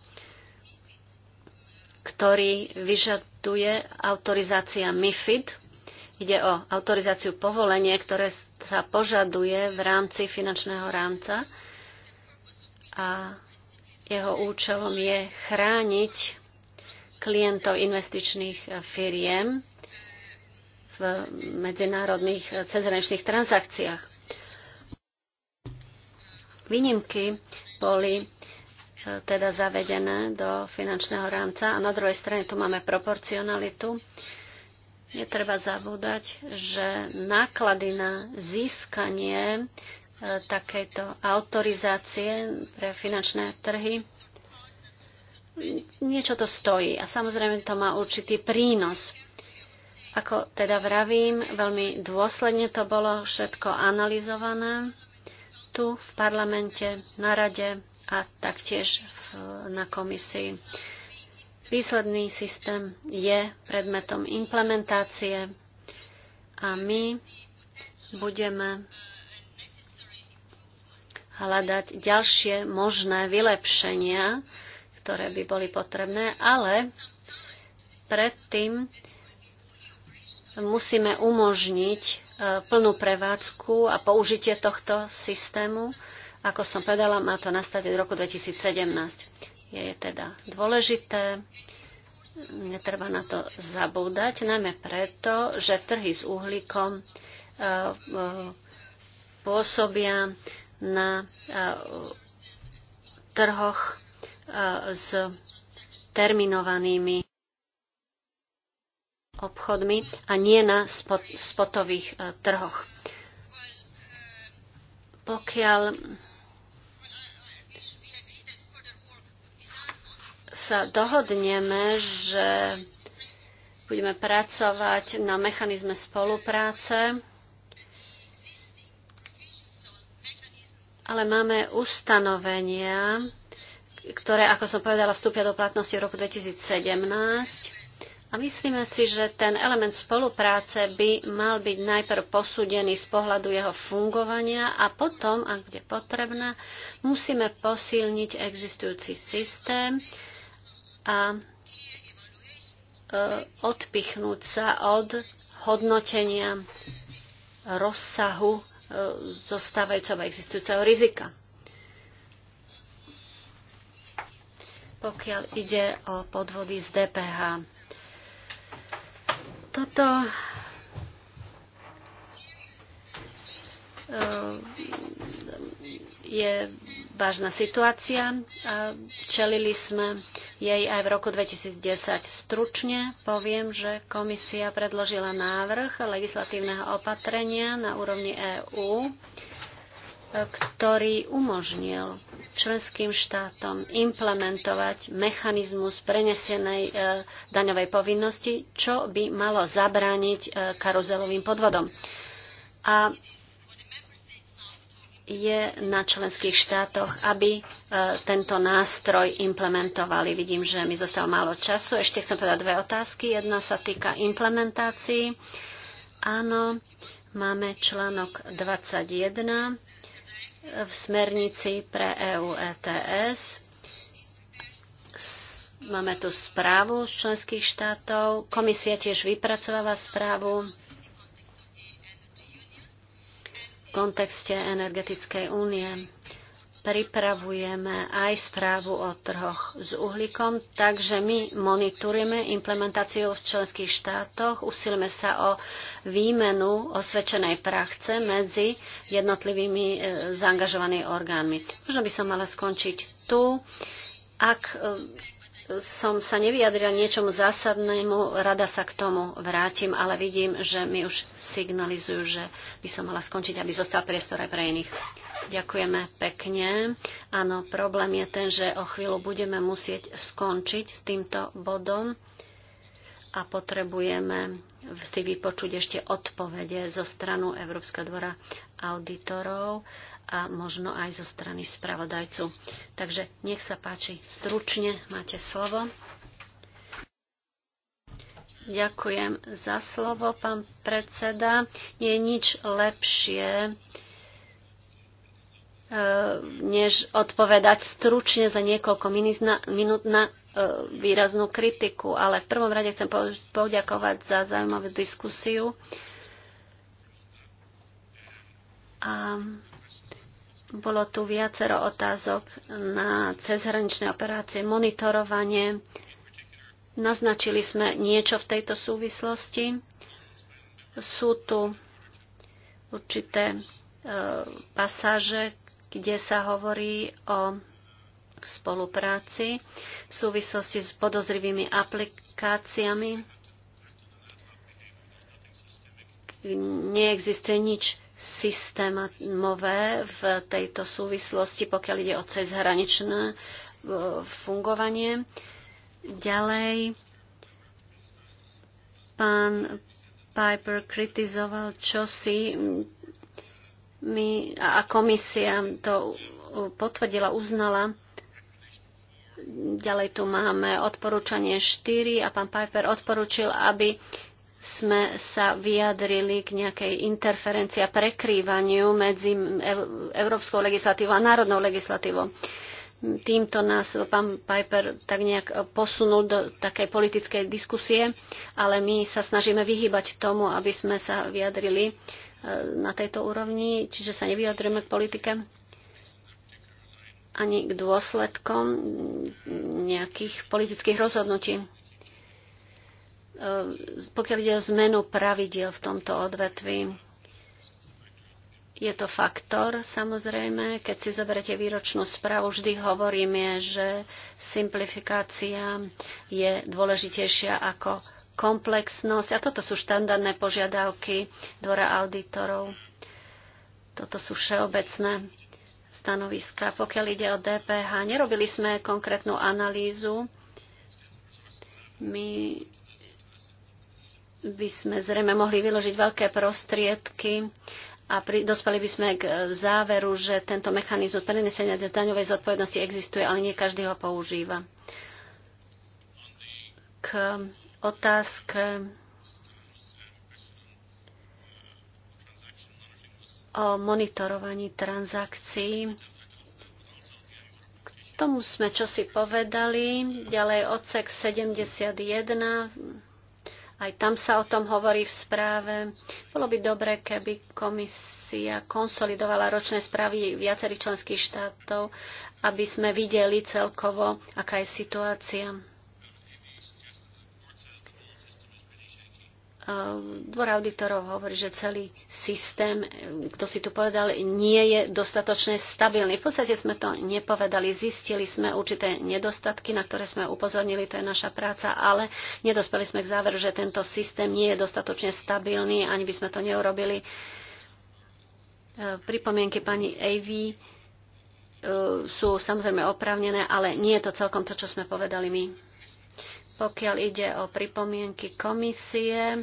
ktorý vyžaduje autorizácia MIFID. Ide o autorizáciu povolenie, ktoré sa požaduje v rámci finančného rámca a jeho účelom je chrániť klientov investičných e, firiem v medzinárodných e, cezrenčných transakciách. Výnimky boli e, teda zavedené do finančného rámca a na druhej strane tu máme proporcionalitu. Netreba zabúdať, že náklady na získanie takéto autorizácie pre finančné trhy niečo to stojí a samozrejme to má určitý prínos. Ako teda vravím, veľmi dôsledne to bolo všetko analyzované tu v parlamente, na rade a taktiež na komisii. Výsledný systém je predmetom implementácie a my budeme hľadať ďalšie možné vylepšenia, ktoré by boli potrebné, ale predtým musíme umožniť e, plnú prevádzku a použitie tohto systému. Ako som povedala, má to nastať od roku 2017. Je teda dôležité, netreba na to zabúdať, najmä preto, že trhy s uhlíkom e, e, pôsobia na trhoch E, s terminovanými obchodmi a nie na spot, spotových e, trhoch. Pokiaľ sa dohodneme, že budeme pracovať na mechanizme spolupráce, ale máme ustanovenia, ktoré, ako som povedala, vstúpia do platnosti v roku 2017. A myslíme si, že ten element spolupráce by mal byť najprv posúdený z pohľadu jeho fungovania a potom, ak bude potrebné, musíme posilniť existujúci systém a e, odpichnúť sa od hodnotenia rozsahu e, zostávajúceho existujúceho rizika. pokiaľ ide o podvody z DPH. Toto eh, je vážna situácia. Čelili sme jej aj v roku 2010. Stručne poviem, že komisia predložila návrh legislatívneho opatrenia na úrovni EÚ. EU ktorý umožnil členským štátom implementovať mechanizmus prenesenej e, daňovej povinnosti, čo by malo zabrániť e, karuzelovým podvodom. A je na členských štátoch, aby e, tento nástroj implementovali. Vidím, že mi zostalo málo času. Ešte chcem povedať dve otázky. Jedna sa týka implementácií. Áno, máme článok 21 v smernici pre EU ETS. Máme tu správu z členských štátov. Komisia tiež vypracováva správu v kontekste energetickej únie pripravujeme aj správu o trhoch s uhlíkom, takže my monitorujeme implementáciu v členských štátoch, usilíme sa o výmenu osvedčenej praxe medzi jednotlivými e, zaangažovanými orgánmi. Možno by som mala skončiť tu. Ak e, som sa nevyjadrila niečomu zásadnému, rada sa k tomu vrátim, ale vidím, že mi už signalizujú, že by som mala skončiť, aby zostal priestor aj pre iných. Ďakujeme pekne. Áno, problém je ten, že o chvíľu budeme musieť skončiť s týmto bodom a potrebujeme si vypočuť ešte odpovede zo stranu Európska dvora auditorov a možno aj zo strany spravodajcu. Takže nech sa páči, stručne máte slovo. Ďakujem za slovo, pán predseda. Nie je nič lepšie, Ehm, než odpovedať stručne za niekoľko minút na ehm, výraznú kritiku. Ale v prvom rade chcem poďakovať za zaujímavú diskusiu. A bolo tu viacero otázok na cezhraničné operácie, monitorovanie. Naznačili sme niečo v tejto súvislosti. Sú tu určité ehm, pasáže, kde sa hovorí o spolupráci v súvislosti s podozrivými aplikáciami. Neexistuje nič systémové v tejto súvislosti, pokiaľ ide o cezhraničné e, fungovanie. Ďalej pán Piper kritizoval čosi, my, a komisia to potvrdila, uznala. Ďalej tu máme odporúčanie 4 a pán Piper odporúčil, aby sme sa vyjadrili k nejakej interferencii a prekrývaniu medzi európskou legislatívou a národnou legislatívou. Týmto nás pán Piper tak nejak posunul do takej politickej diskusie, ale my sa snažíme vyhybať tomu, aby sme sa vyjadrili na tejto úrovni, čiže sa nevyjadrujeme k politike ani k dôsledkom nejakých politických rozhodnutí. E, pokiaľ ide o zmenu pravidiel v tomto odvetvi, je to faktor, samozrejme. Keď si zoberete výročnú správu, vždy hovoríme, že simplifikácia je dôležitejšia ako komplexnosť. A toto sú štandardné požiadavky Dvora auditorov. Toto sú všeobecné stanoviska. Pokiaľ ide o DPH, nerobili sme konkrétnu analýzu. My by sme zrejme mohli vyložiť veľké prostriedky a pri, dospeli by sme k záveru, že tento mechanizmus prenesenia daňovej zodpovednosti existuje, ale nie každý ho používa. K otázke o monitorovaní transakcií. K tomu sme čo si povedali. Ďalej odsek 71. Aj tam sa o tom hovorí v správe. Bolo by dobre, keby komisia konsolidovala ročné správy viacerých členských štátov, aby sme videli celkovo, aká je situácia. Ehm, dvor auditorov hovorí, že celý systém, ehm, kto si tu povedal, nie je dostatočne stabilný. V podstate sme to nepovedali, zistili sme určité nedostatky, na ktoré sme upozornili, to je naša práca, ale nedospeli sme k záveru, že tento systém nie je dostatočne stabilný, ani by sme to neurobili. Ehm, pripomienky pani Avey sú samozrejme oprávnené, ale nie je to celkom to, čo sme povedali my. Pokiaľ ide o pripomienky komisie, e,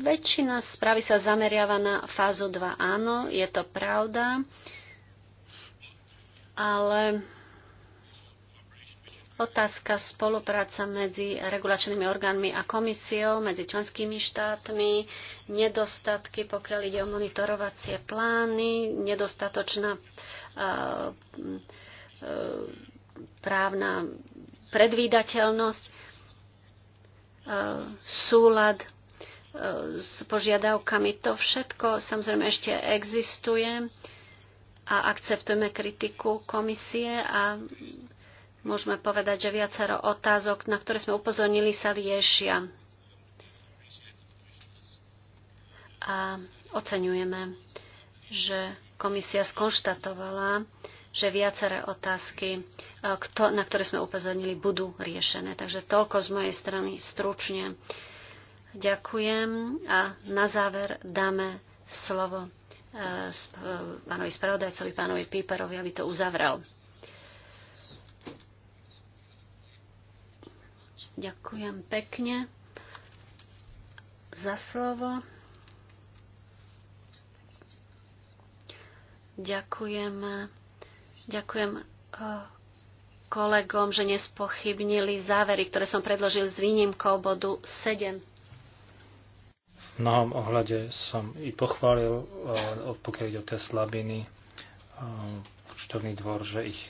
väčšina správy sa zameriava na fázu 2. Áno, je to pravda, ale otázka spolupráca medzi regulačnými orgánmi a komisiou, medzi členskými štátmi, nedostatky, pokiaľ ide o monitorovacie plány, nedostatočná uh, uh, právna predvídateľnosť, e, súlad e, s požiadavkami. To všetko samozrejme ešte existuje a akceptujeme kritiku komisie a môžeme povedať, že viacero otázok, na ktoré sme upozornili, sa riešia. A oceňujeme, že komisia skonštatovala, že viaceré otázky, e, na ktoré sme upozornili, budú riešené. Takže toľko z mojej strany stručne. Ďakujem a na záver dáme slovo e, pánovi spravodajcovi, pánovi Píperovi, aby to uzavrel. Ďakujem pekne za slovo. Ďakujem Ďakujem eh, kolegom, že nespochybnili závery, ktoré som predložil s výnimkou bodu 7. V mnohom ohľade som i pochválil, eh, pokiaľ ide o tie slabiny, eh, účtovný dvor, že ich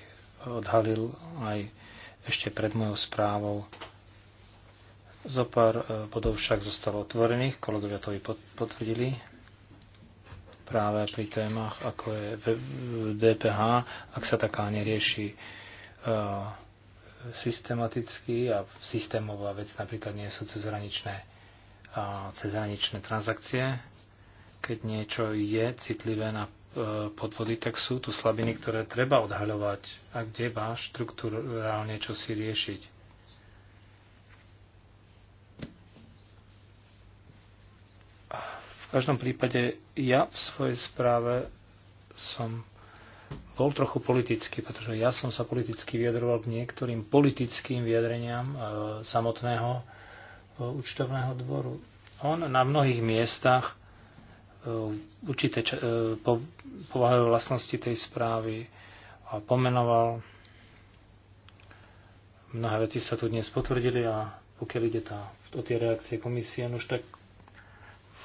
odhalil aj ešte pred mojou správou. Zopár bodov však zostalo otvorených, kolegovia to i potvrdili práve pri témach, ako je DPH, ak sa taká nerieši e, systematicky a systémová vec napríklad nie sú cezhraničné, cezhraničné transakcie. Keď niečo je citlivé na e, podvody, tak sú tu slabiny, ktoré treba odhaľovať a kde má štruktúrálne čo si riešiť. V každom prípade ja v svojej správe som bol trochu politický, pretože ja som sa politicky vyjadroval k niektorým politickým vyjadreniam e, samotného e, účtovného dvoru. On na mnohých miestach e, určité ča, e, po, povahajú vlastnosti tej správy a pomenoval. Mnohé veci sa tu dnes potvrdili a pokiaľ ide tá, o tie reakcie komisie, no už tak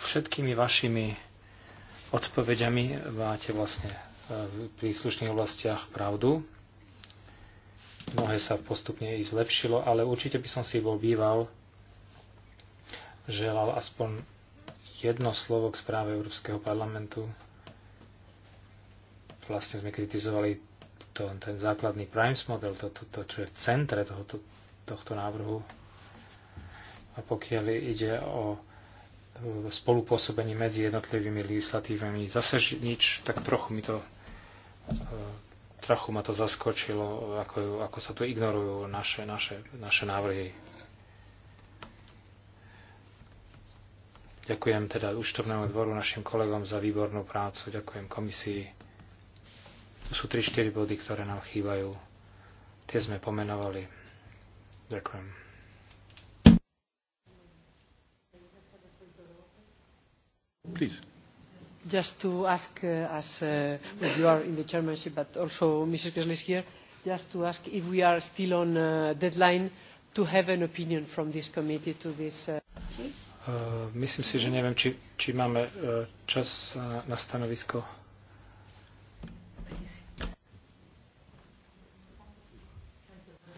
všetkými vašimi odpovediami máte vlastne e, v príslušných oblastiach pravdu. Mnohé sa postupne i zlepšilo, ale určite by som si bol býval želal aspoň jedno slovo k správe Európskeho parlamentu. Vlastne sme kritizovali to, ten základný Primes model, to, to, to čo je v centre tohoto, tohto návrhu. A pokiaľ ide o spolupôsobení medzi jednotlivými legislatívami. Zase nič, tak trochu mi to e, trochu ma to zaskočilo, ako, ako sa tu ignorujú naše, naše, naše návrhy. Ďakujem teda účtovnému dvoru, našim kolegom za výbornú prácu, ďakujem komisii. To sú 3-4 body, ktoré nám chýbajú. Tie sme pomenovali. Ďakujem. Please. Just to ask, uh, as uh, well, you are in the chairmanship, but also Mrs. Gressler is here, just to ask if we are still on uh, deadline to have an opinion from this committee to this. Uh... Uh, myslím si, že neviem, či, či máme uh, čas uh, na stanovisko.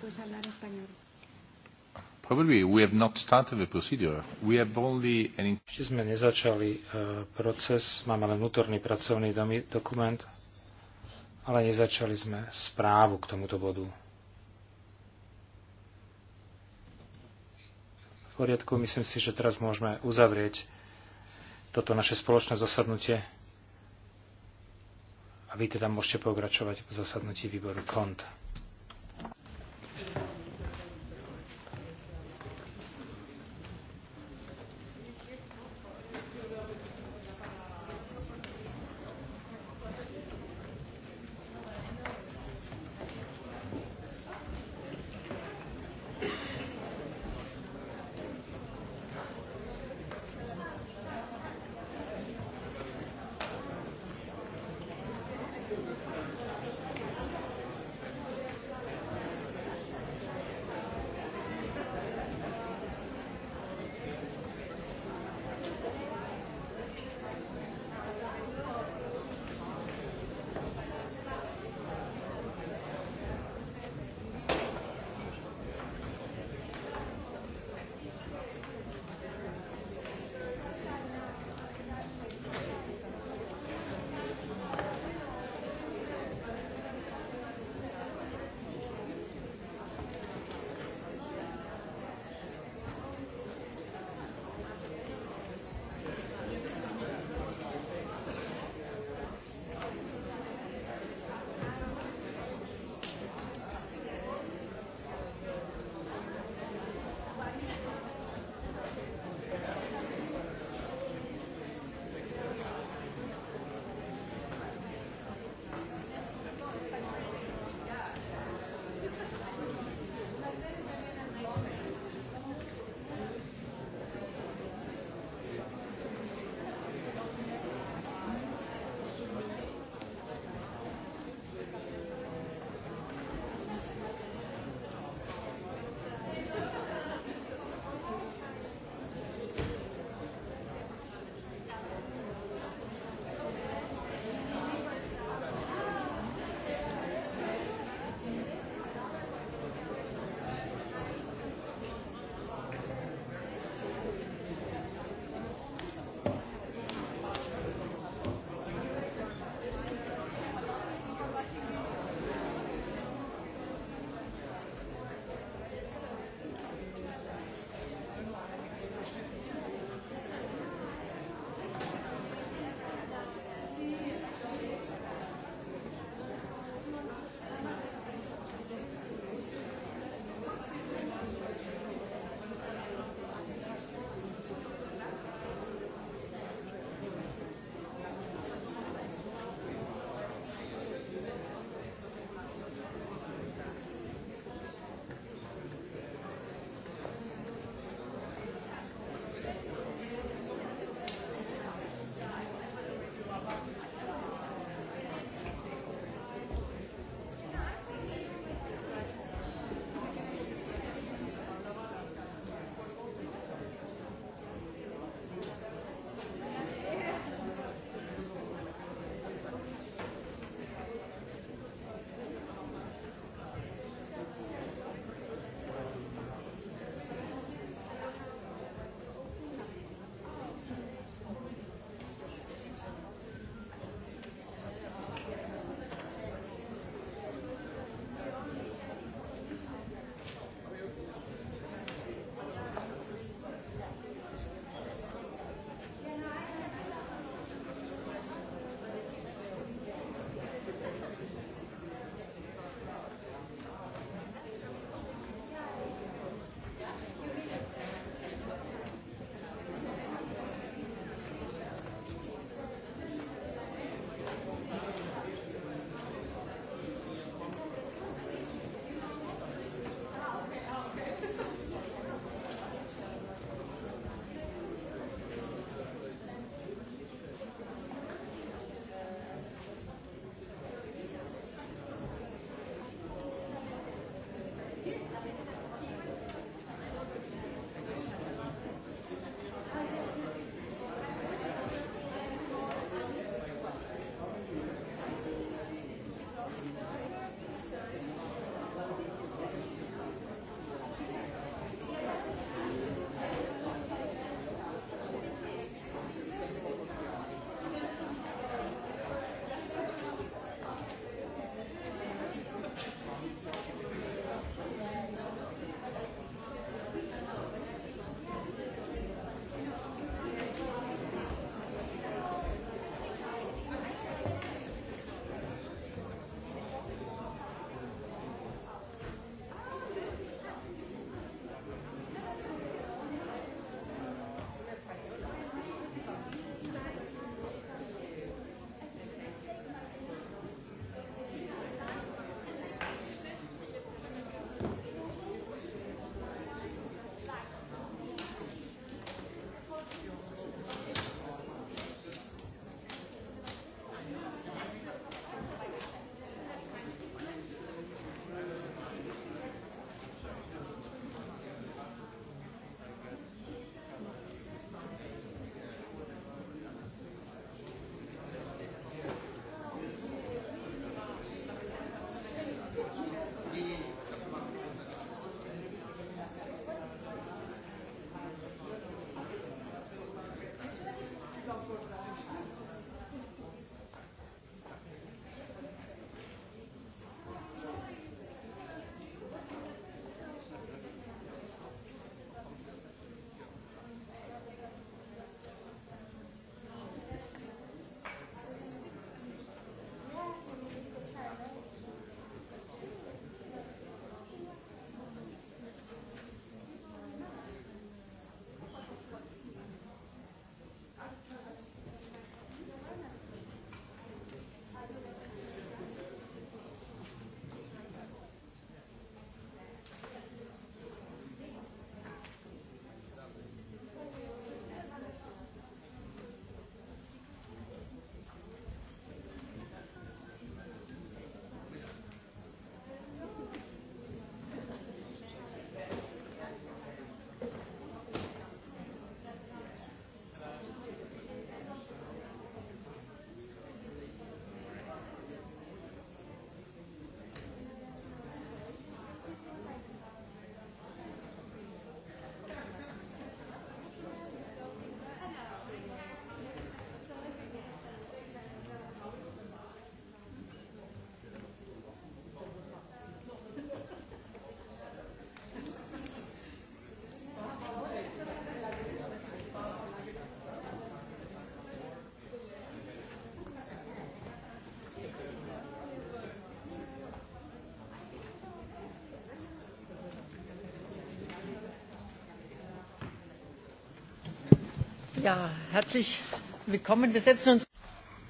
Pues ešte sme nezačali e, proces, máme len vnútorný pracovný dokument, ale nezačali sme správu k tomuto bodu. V poriadku, myslím si, že teraz môžeme uzavrieť toto naše spoločné zasadnutie a vy teda môžete pokračovať v zasadnutí výboru KONT.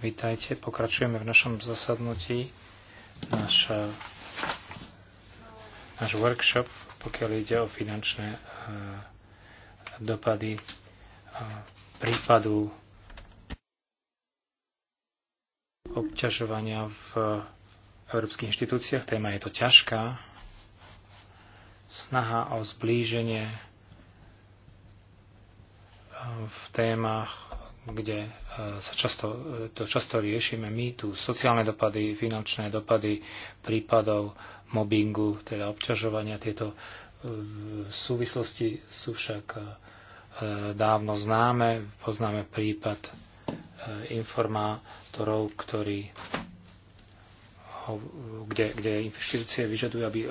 Vítajte, pokračujeme v našom zasadnutí. Náš, eh, náš workshop, pokiaľ ide o finančné eh, dopady eh, prípadu obťažovania v európskych inštitúciách. Téma je to ťažká. Snaha o zblíženie témach, kde e, sa často, e, to často riešime my, tu sociálne dopady, finančné dopady prípadov mobbingu, teda obťažovania. Tieto e, súvislosti sú však dávno známe. Poznáme prípad informátorov, ktorí kde, kde inštitúcie vyžadujú, aby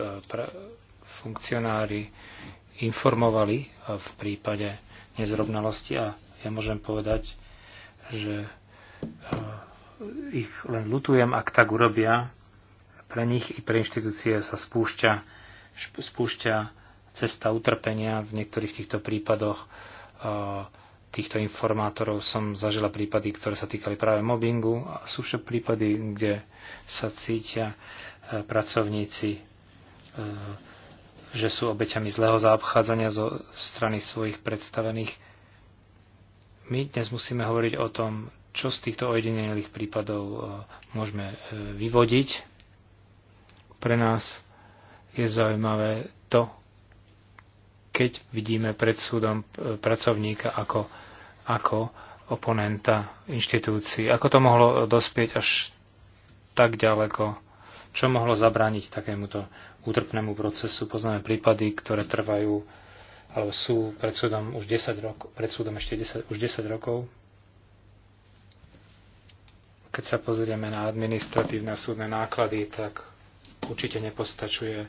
funkcionári informovali v prípade nezrovnalosti a ja môžem povedať, že eh, ich len lutujem, ak tak urobia. Pre nich i pre inštitúcie sa spúšťa, spúšťa cesta utrpenia v niektorých týchto prípadoch eh, týchto informátorov som zažila prípady, ktoré sa týkali práve mobbingu a sú však prípady, kde sa cítia eh, pracovníci, že sú obeťami zlého zaobchádzania zo strany svojich predstavených my dnes musíme hovoriť o tom, čo z týchto ojedinelých prípadov e, môžeme e, vyvodiť. Pre nás je zaujímavé to, keď vidíme pred súdom e, pracovníka ako, ako oponenta inštitúcií. Ako to mohlo dospieť až tak ďaleko? Čo mohlo zabrániť takémuto útrpnému procesu? Poznáme prípady, ktoré trvajú alebo sú pred súdom už 10 rokov, pred súdom ešte 10, už 10 rokov. Keď sa pozrieme na administratívne a súdne náklady, tak určite nepostačuje e,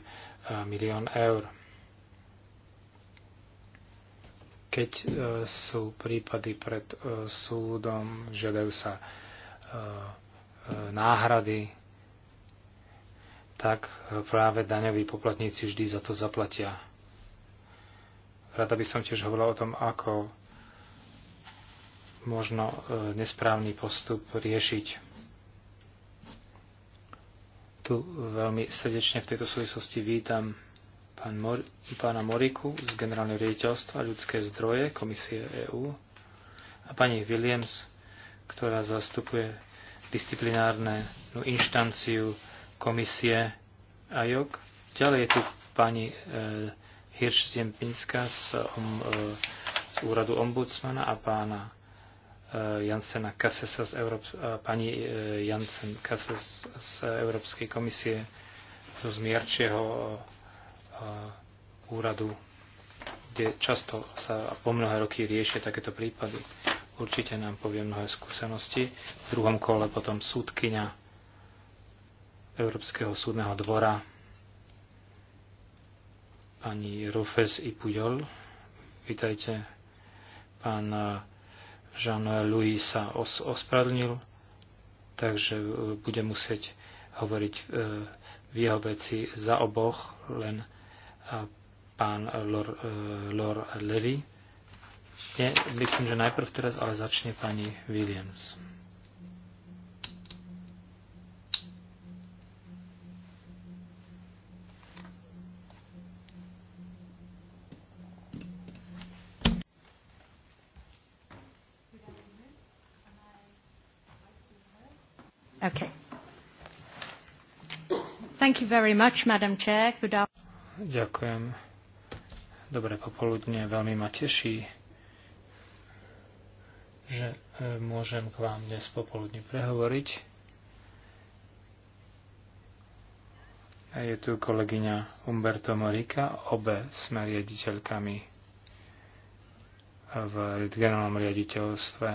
milión eur. Keď e, sú prípady pred e, súdom, žiadajú sa náhrady, tak práve daňoví poplatníci vždy za to zaplatia Rada by som tiež hovorila o tom, ako možno e, nesprávny postup riešiť. Tu veľmi srdečne v tejto súvislosti vítam pán Mor- pána Moriku z Generálneho riaditeľstva ľudské zdroje Komisie EÚ a pani Williams, ktorá zastupuje disciplinárnu no, inštanciu Komisie AJOK. Ďalej je tu pani e, Hirš Jempinska, z, um, z úradu ombudsmana a pána e, Jansena Kasesa z Európ- pani e, Jansen Kases z Európskej komisie zo zmierčieho úradu, kde často sa po mnohé roky riešia takéto prípady. Určite nám povie mnohé skúsenosti. V druhom kole potom súdkyňa Európskeho súdneho dvora pani Rufes i Pujol. Vítajte. Pán e, Jean-Noël Louis sa os- ospravedlnil, takže e, bude musieť hovoriť e, v jeho veci za oboch, len pán Lor, Lor Levy. Nie, myslím, že najprv teraz, ale začne pani Williams. Thank you very much, Madam Chair. Good Ďakujem. Dobré popoludne. Veľmi ma teší, že e, môžem k vám dnes popoludne prehovoriť. A je tu kolegyňa Umberto Morika. Obe sme riaditeľkami v generálnom riaditeľstve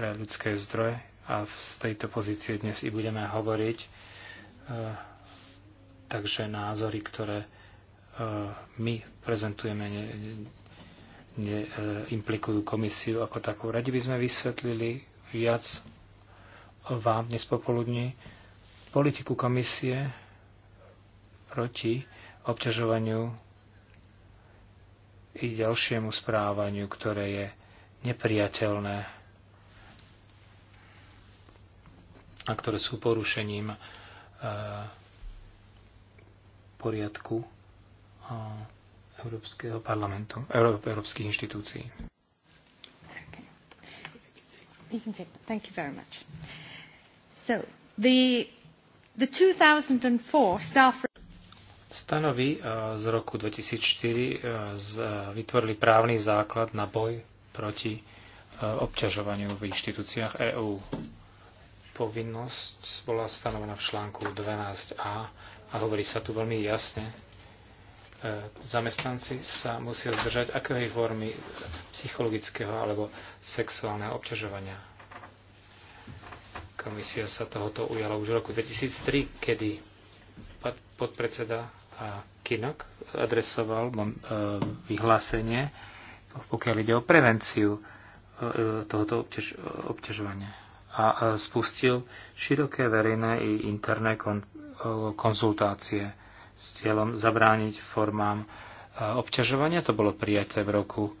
pre ľudské zdroje a z tejto pozície dnes i budeme hovoriť e, Takže názory, ktoré e, my prezentujeme, ne, ne, e, implikujú komisiu ako takú. Radi by sme vysvetlili viac vám dnes popoludní politiku komisie proti obťažovaniu i ďalšiemu správaniu, ktoré je nepriateľné a ktoré sú porušením e, poriadku Európskeho parlamentu, európskych inštitúcií. Thank you very much. So, the, the 2004 staff Stanovy z roku 2004 vytvorili právny základ na boj proti obťažovaniu v inštitúciách EÚ. Povinnosť bola stanovená v článku 12a a hovorí sa tu veľmi jasne, e, zamestnanci sa musia zdržať akéhoj formy psychologického alebo sexuálneho obťažovania. Komisia sa tohoto ujala už v roku 2003, kedy podpredseda Kinok adresoval e, vyhlásenie, pokiaľ ide o prevenciu e, tohoto obťažovania a spustil široké verejné i interné konzultácie s cieľom zabrániť formám e, obťažovania. To bolo prijaté v roku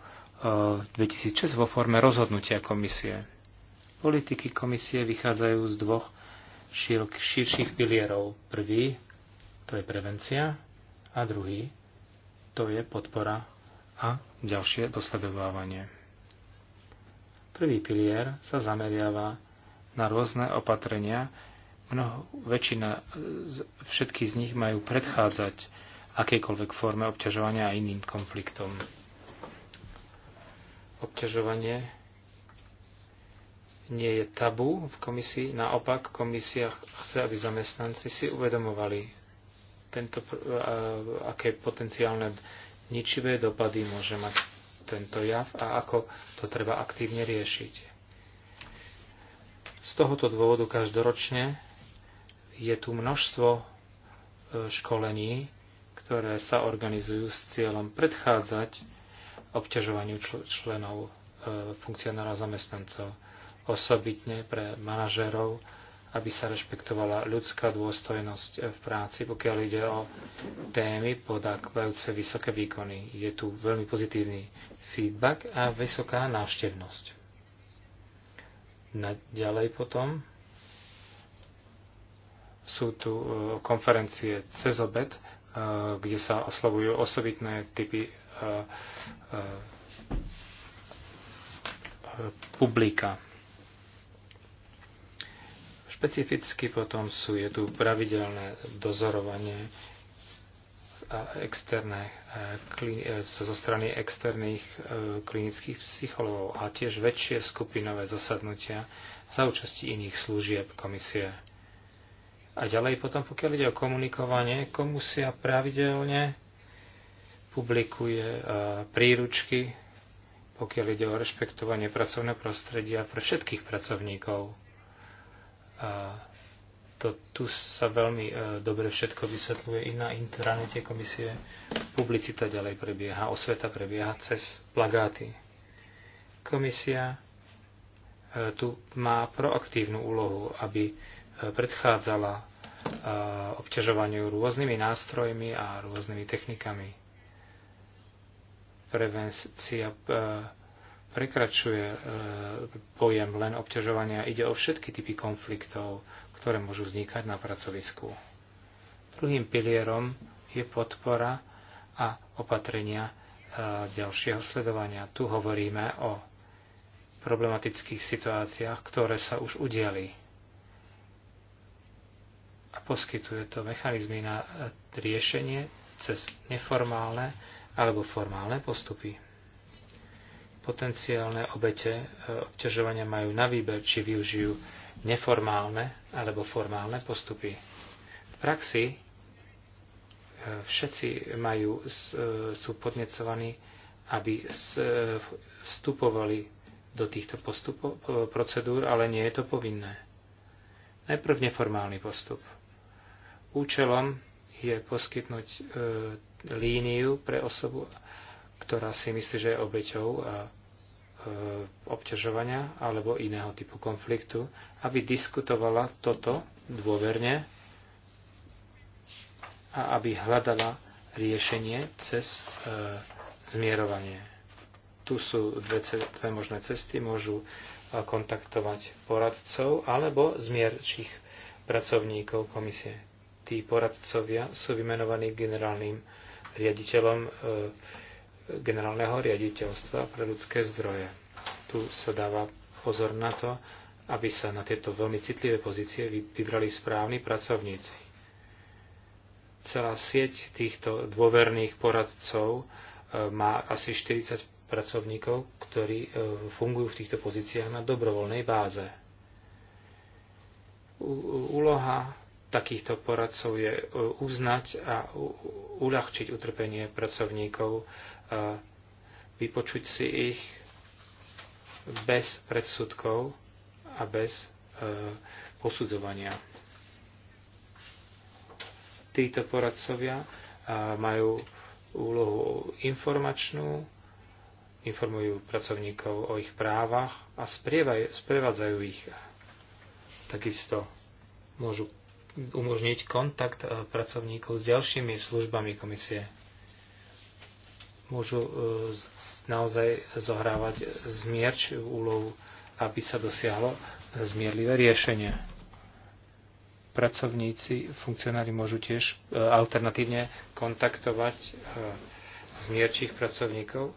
2006 e, vo forme rozhodnutia komisie. Politiky komisie vychádzajú z dvoch širších pilierov. Prvý, to je prevencia, a druhý, to je podpora a ďalšie dosledovávanie. Prvý pilier sa zameriava na rôzne opatrenia, Mnoho, väčšina, všetky z nich majú predchádzať akejkoľvek forme obťažovania a iným konfliktom. Obťažovanie nie je tabu v komisii, naopak komisia chce, aby zamestnanci si uvedomovali, tento, e, aké potenciálne ničivé dopady môže mať tento jav a ako to treba aktívne riešiť. Z tohoto dôvodu každoročne je tu množstvo e, školení, ktoré sa organizujú s cieľom predchádzať obťažovaniu čl- členov e, funkcionárov zamestnancov, osobitne pre manažerov, aby sa rešpektovala ľudská dôstojnosť v práci, pokiaľ ide o témy podávajúce vysoké výkony. Je tu veľmi pozitívny feedback a vysoká návštevnosť. Na ďalej potom sú tu e, konferencie cez obed, e, kde sa oslovujú osobitné typy e, publika. Špecificky potom sú, je tu pravidelné dozorovanie a externé, zo strany externých klinických psychologov a tiež väčšie skupinové zasadnutia za účasti iných služieb komisie. A ďalej potom, pokiaľ ide o komunikovanie, komisia pravidelne publikuje e, príručky, pokiaľ ide o rešpektovanie pracovného prostredia pre všetkých pracovníkov. A to, tu sa veľmi e, dobre všetko vysvetľuje i na intranete komisie. Publicita ďalej prebieha, osveta prebieha cez plagáty. Komisia e, tu má proaktívnu úlohu, aby predchádzala obťažovaniu rôznymi nástrojmi a rôznymi technikami. Prevencia e, prekračuje e, pojem len obťažovania. Ide o všetky typy konfliktov, ktoré môžu vznikať na pracovisku. Druhým pilierom je podpora a opatrenia e, ďalšieho sledovania. Tu hovoríme o problematických situáciách, ktoré sa už udiali a poskytuje to mechanizmy na riešenie cez neformálne alebo formálne postupy. Potenciálne obete e, obťažovania majú na výber, či využijú neformálne alebo formálne postupy. V praxi e, všetci majú, e, sú podnecovaní, aby vstupovali do týchto postupov, procedúr, ale nie je to povinné. Najprv neformálny postup. Účelom je poskytnúť e, líniu pre osobu, ktorá si myslí, že je obeťou a e, obťažovania alebo iného typu konfliktu, aby diskutovala toto dôverne a aby hľadala riešenie cez e, zmierovanie. Tu sú dve, dve možné cesty. Môžu e, kontaktovať poradcov alebo zmierčích pracovníkov komisie tí poradcovia sú vymenovaní generálnym riaditeľom e, generálneho riaditeľstva pre ľudské zdroje. Tu sa dáva pozor na to, aby sa na tieto veľmi citlivé pozície vybrali správni pracovníci. Celá sieť týchto dôverných poradcov e, má asi 40 pracovníkov, ktorí e, fungujú v týchto pozíciách na dobrovoľnej báze. Úloha takýchto poradcov je e, uznať a uľahčiť utrpenie pracovníkov, a e, vypočuť si ich bez predsudkov a bez e, posudzovania. Títo poradcovia majú úlohu informačnú, informujú pracovníkov o ich právach a sprevádzajú ich. Takisto môžu umožniť kontakt e, pracovníkov s ďalšími službami komisie. Môžu e, naozaj zohrávať zmierč úlohu, aby sa dosiahlo e, zmierlivé riešenie. Pracovníci, funkcionári môžu tiež alternatívne kontaktovať zmierčích pracovníkov.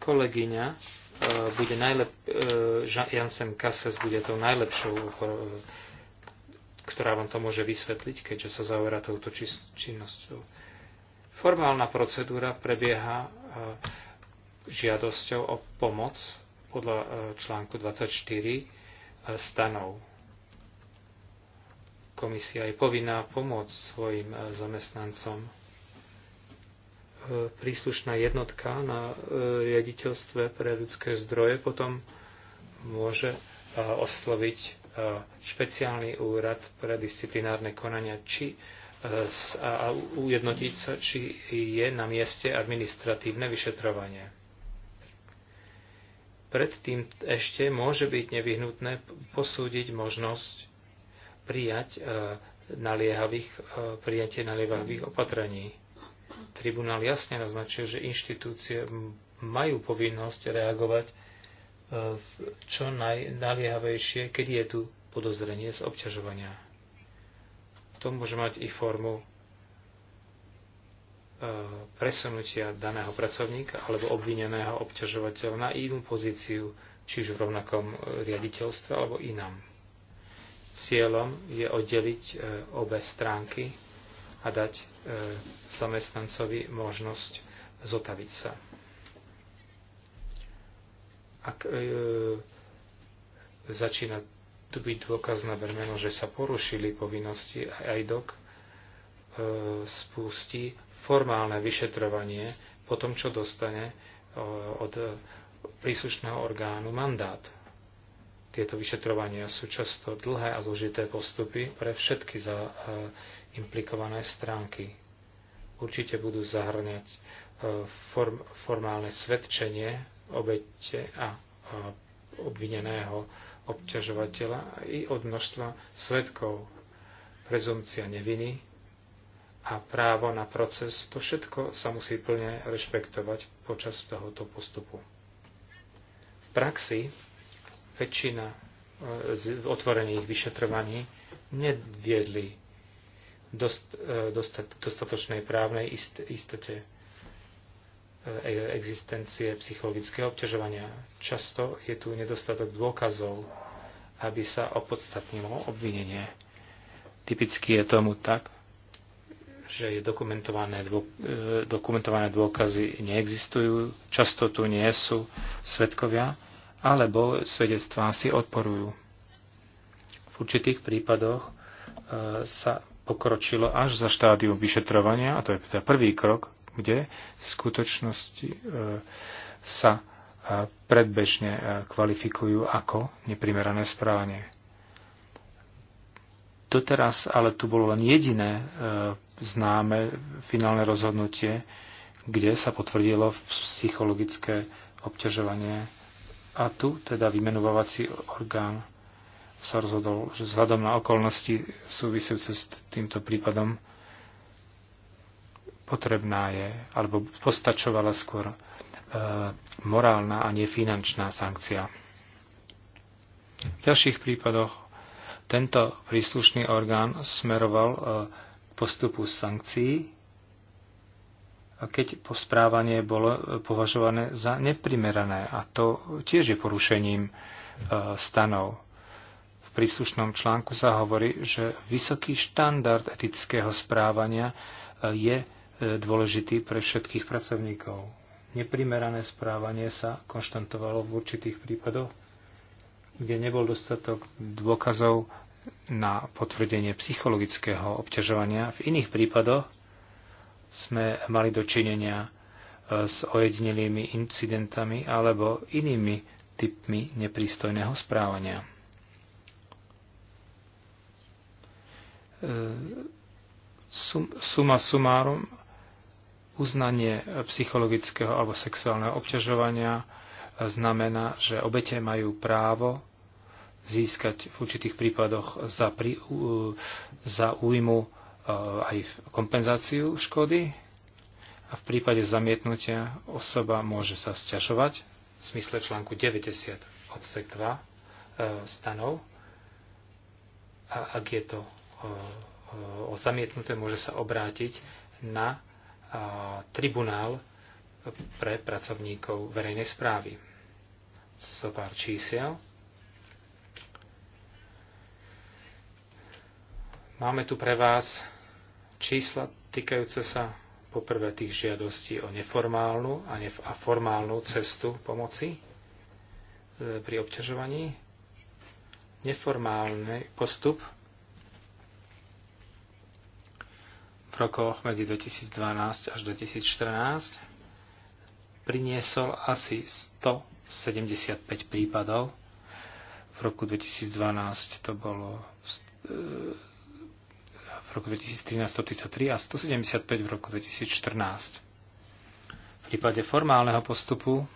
Kolegyňa bude najlep- Jansen Kasses bude tou najlepšou ktorá vám to môže vysvetliť, keďže sa zaoberá touto činnosťou. Formálna procedúra prebieha e, žiadosťou o pomoc podľa e, článku 24 e, stanov. Komisia je povinná pomôcť svojim zamestnancom. Príslušná jednotka na riaditeľstve pre ľudské zdroje potom môže osloviť E, špeciálny úrad pre disciplinárne konania, či e, a ujednotiť sa, či je na mieste administratívne vyšetrovanie. Predtým ešte môže byť nevyhnutné posúdiť možnosť prijať e, naliehavých, prijatie naliehavých opatrení. Tribunál jasne naznačil, že inštitúcie majú povinnosť reagovať čo najnaliehavejšie, keď je tu podozrenie z obťažovania. To môže mať i formu e, presunutia daného pracovníka alebo obvineného obťažovateľa na inú pozíciu, či už v rovnakom e, riaditeľstve alebo inám. Cieľom je oddeliť e, obe stránky a dať zamestnancovi možnosť zotaviť sa ak e, začína tu byť dôkaz na vermeno, že sa porušili povinnosti a dok e, spustí formálne vyšetrovanie po tom, čo dostane e, od e, príslušného orgánu mandát. Tieto vyšetrovania sú často dlhé a zložité postupy pre všetky za, e, implikované stránky. Určite budú zahrňať e, form, formálne svedčenie obete a obvineného obťažovateľa i od množstva svetkov. Prezumcia neviny a právo na proces, to všetko sa musí plne rešpektovať počas tohoto postupu. V praxi väčšina e, z otvorených vyšetrovaní nedviedli dost, e, dostatočnej právnej istote E, existencie psychologického obťažovania. Často je tu nedostatok dôkazov, aby sa opodstatnilo obvinenie. Typicky je tomu tak, že je dokumentované, e, dokumentované dôkazy neexistujú, často tu nie sú svetkovia, alebo svedectvá si odporujú. V určitých prípadoch e, sa pokročilo až za štádium vyšetrovania, a to je teda prvý krok, kde v skutočnosti e, sa e, predbežne e, kvalifikujú ako neprimerané správanie. Doteraz ale tu bolo len jediné známe finálne rozhodnutie, kde sa potvrdilo psychologické obťažovanie. A tu teda vymenovávací orgán sa rozhodol, že vzhľadom na okolnosti súvisujúce s týmto prípadom potrebná je, alebo postačovala skôr e, morálna a nefinančná sankcia. V ďalších prípadoch tento príslušný orgán smeroval e, k postupu sankcií, keď správanie bolo e, považované za neprimerané. A to tiež je porušením e, stanov. V príslušnom článku sa hovorí, že vysoký štandard etického správania je dôležitý pre všetkých pracovníkov. Neprimerané správanie sa konštantovalo v určitých prípadoch, kde nebol dostatok dôkazov na potvrdenie psychologického obťažovania. V iných prípadoch sme mali dočinenia e, s ojedinelými incidentami alebo inými typmi neprístojného správania. E, sum, suma sumárum Uznanie e, psychologického alebo sexuálneho obťažovania e, znamená, že obete majú právo získať v určitých prípadoch za, prí, za újmu e, aj kompenzáciu škody a v prípade zamietnutia osoba môže sa sťažovať v smysle článku 90 odsek 2 stanov a ak je to zamietnuté, môže sa obrátiť na tribunál pre pracovníkov verejnej správy. So pár čísiel. Máme tu pre vás čísla týkajúce sa poprvé tých žiadostí o neformálnu a, nef- a formálnu cestu pomoci e, pri obťažovaní. Neformálny postup rokoch medzi 2012 až 2014 priniesol asi 175 prípadov. V roku 2012 to bolo e, v roku 2013 133 a 175 v roku 2014. V prípade formálneho postupu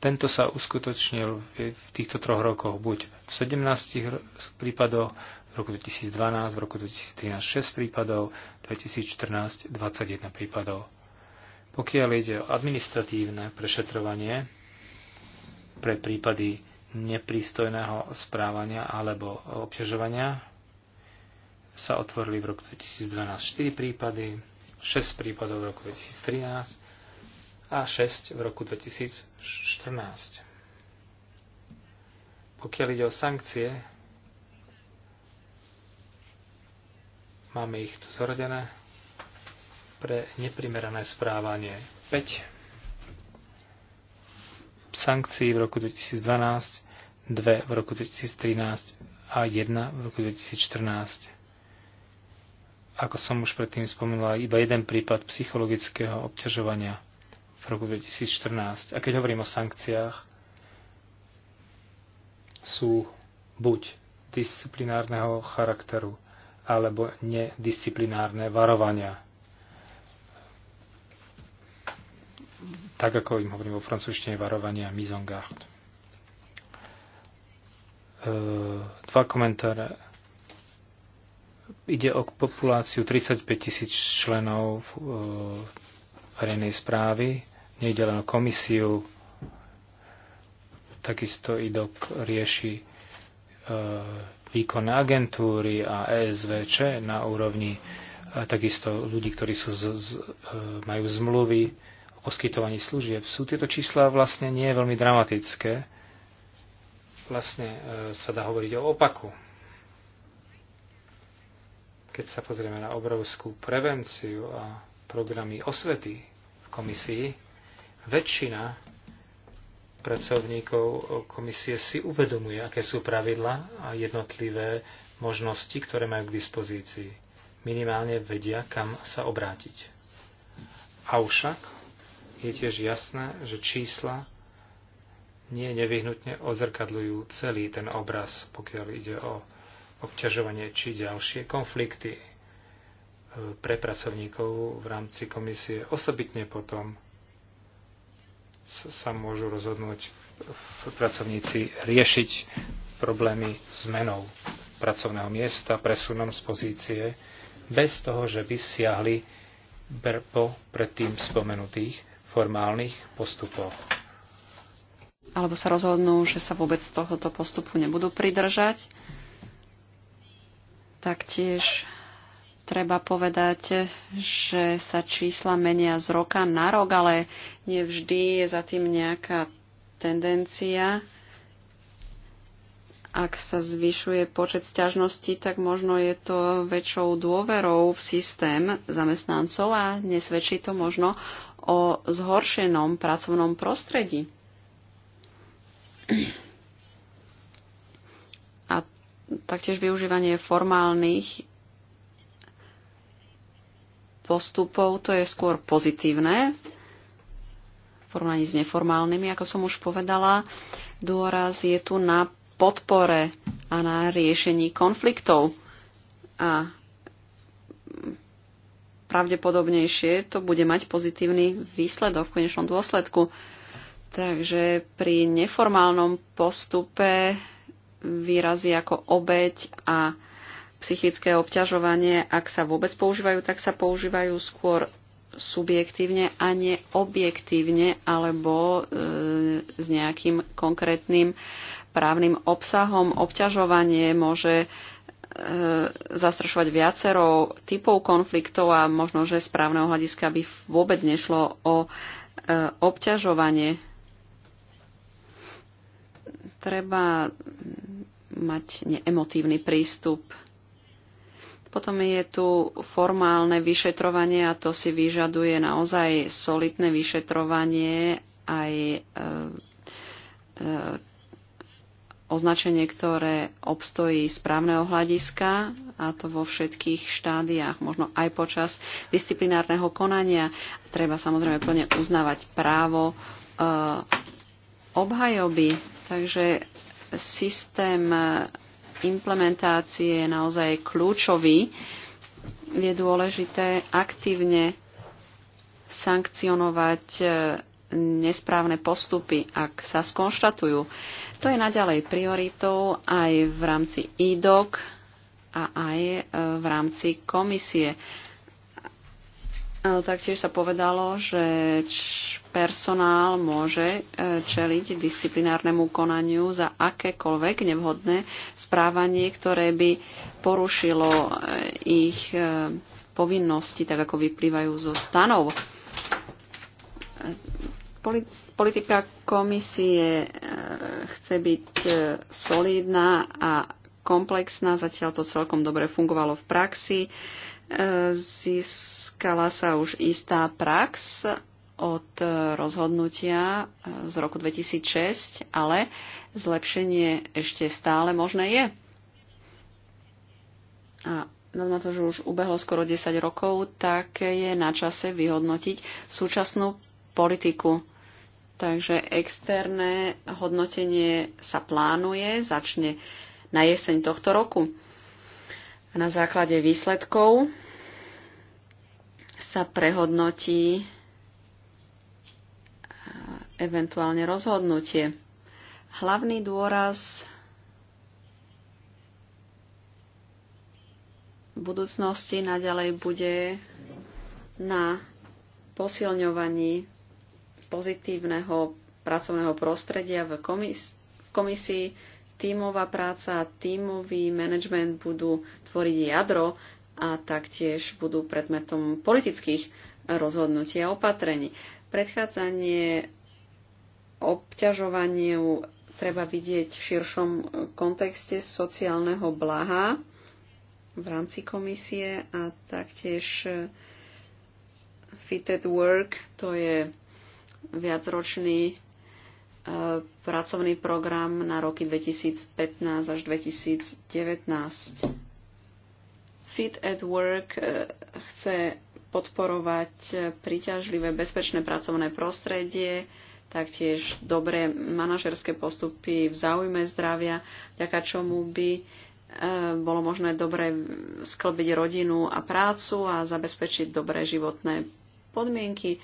tento sa uskutočnil v týchto troch rokoch buď v 17 prípadoch, v roku 2012, v roku 2013 6 prípadov, 2014 21 prípadov. Pokiaľ ide o administratívne prešetrovanie pre prípady neprístojného správania alebo obťažovania, sa otvorili v roku 2012 4 prípady, 6 prípadov v roku 2013 a 6 v roku 2014. Pokiaľ ide o sankcie, Máme ich tu zaradené pre neprimerané správanie 5 sankcií v roku 2012, 2 v roku 2013 a 1 v roku 2014. Ako som už predtým spomínal, iba jeden prípad psychologického obťažovania v roku 2014. A keď hovorím o sankciách, sú buď disciplinárneho charakteru, alebo nedisciplinárne varovania. Tak ako im hovorím vo francúzštine varovania mise en garde. E, dva komentáre. Ide o populáciu 35 tisíc členov e, verejnej správy. Nejde len o komisiu. Takisto IDOK rieši e, výkonné agentúry a ESVČ na úrovni takisto ľudí, ktorí sú z, z, e, majú zmluvy o poskytovaní služieb. Sú tieto čísla vlastne nie veľmi dramatické. Vlastne e, sa dá hovoriť o opaku. Keď sa pozrieme na obrovskú prevenciu a programy osvety v komisii, väčšina pracovníkov komisie si uvedomuje, aké sú pravidla a jednotlivé možnosti, ktoré majú k dispozícii. Minimálne vedia, kam sa obrátiť. Avšak je tiež jasné, že čísla nie nevyhnutne odzrkadľujú celý ten obraz, pokiaľ ide o obťažovanie či ďalšie konflikty e, pre pracovníkov v rámci komisie, osobitne potom, sa môžu rozhodnúť pracovníci riešiť problémy zmenou pracovného miesta, presunom z pozície, bez toho, že by siahli po predtým spomenutých formálnych postupoch. Alebo sa rozhodnú, že sa vôbec tohoto postupu nebudú pridržať. Taktiež treba povedať, že sa čísla menia z roka na rok, ale nevždy je za tým nejaká tendencia. Ak sa zvyšuje počet sťažností, tak možno je to väčšou dôverou v systém zamestnancov a nesvedčí to možno o zhoršenom pracovnom prostredí. A taktiež využívanie formálnych postupov, to je skôr pozitívne v porovnaní s neformálnymi, ako som už povedala. Dôraz je tu na podpore a na riešení konfliktov. A pravdepodobnejšie to bude mať pozitívny výsledok v konečnom dôsledku. Takže pri neformálnom postupe výrazy ako obeď a psychické obťažovanie, ak sa vôbec používajú, tak sa používajú skôr subjektívne a nie objektívne alebo e, s nejakým konkrétnym právnym obsahom. Obťažovanie môže e, zastrašovať viacero typov konfliktov a možno, že z právneho hľadiska by vôbec nešlo o e, obťažovanie. Treba mať neemotívny prístup potom je tu formálne vyšetrovanie a to si vyžaduje naozaj solidné vyšetrovanie aj e, e, označenie, ktoré obstojí správneho hľadiska, a to vo všetkých štádiách, možno aj počas disciplinárneho konania. Treba samozrejme plne uznávať právo e, obhajoby, takže systém e, implementácie je naozaj kľúčový. Je dôležité aktívne sankcionovať e, nesprávne postupy, ak sa skonštatujú. To je naďalej prioritou aj v rámci IDOC a aj e, v rámci komisie. Taktiež sa povedalo, že personál môže e, čeliť disciplinárnemu konaniu za akékoľvek nevhodné správanie, ktoré by porušilo e, ich e, povinnosti, tak ako vyplývajú zo stanov. Politika komisie chce byť solidná a komplexná, zatiaľ to celkom dobre fungovalo v praxi. Získala sa už istá prax od e, rozhodnutia e, z roku 2006, ale zlepšenie ešte stále možné je. A no, na to, že už ubehlo skoro 10 rokov, tak je na čase vyhodnotiť súčasnú politiku. Takže externé hodnotenie sa plánuje, začne na jeseň tohto roku. A na základe výsledkov sa prehodnotí eventuálne rozhodnutie. Hlavný dôraz v budúcnosti naďalej bude na posilňovaní pozitívneho pracovného prostredia v, komis- v komisii. Tímová práca a tímový management budú tvoriť jadro a taktiež budú predmetom politických rozhodnutí a opatrení. Predchádzanie obťažovaniu treba vidieť v širšom e, kontexte sociálneho blaha v rámci komisie a taktiež e, Fit at Work, to je viacročný e, pracovný program na roky 2015 až 2019. Fit at Work chce podporovať príťažlivé bezpečné pracovné prostredie, taktiež dobré manažerské postupy v záujme zdravia, vďaka čomu by e, bolo možné dobre sklbiť rodinu a prácu a zabezpečiť dobré životné podmienky. E,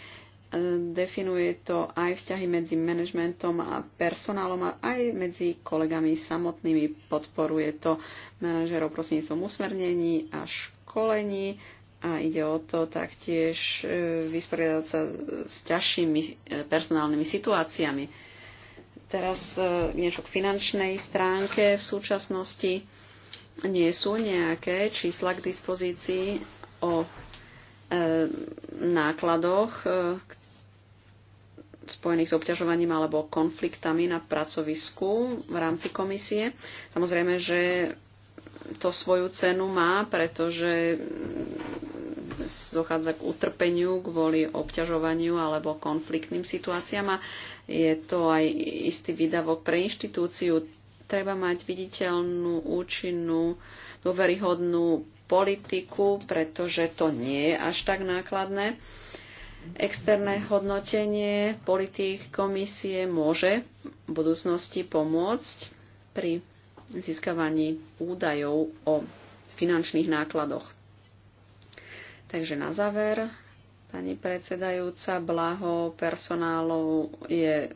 definuje to aj vzťahy medzi manažmentom a personálom a aj medzi kolegami samotnými. Podporuje to manažerov prostredníctvom usmernení a školení a ide o to taktiež e, vysporiadať sa s ťažšími e, personálnymi situáciami. Teraz e, niečo k finančnej stránke v súčasnosti. Nie sú nejaké čísla k dispozícii o nákladoch spojených s obťažovaním alebo konfliktami na pracovisku v rámci komisie. Samozrejme, že to svoju cenu má, pretože dochádza k utrpeniu kvôli obťažovaniu alebo konfliktným situáciám a je to aj istý výdavok pre inštitúciu. Treba mať viditeľnú, účinnú, dôveryhodnú politiku, pretože to nie je až tak nákladné. Externé hodnotenie politík komisie môže v budúcnosti pomôcť pri získavaní údajov o finančných nákladoch. Takže na záver, pani predsedajúca, blaho personálov je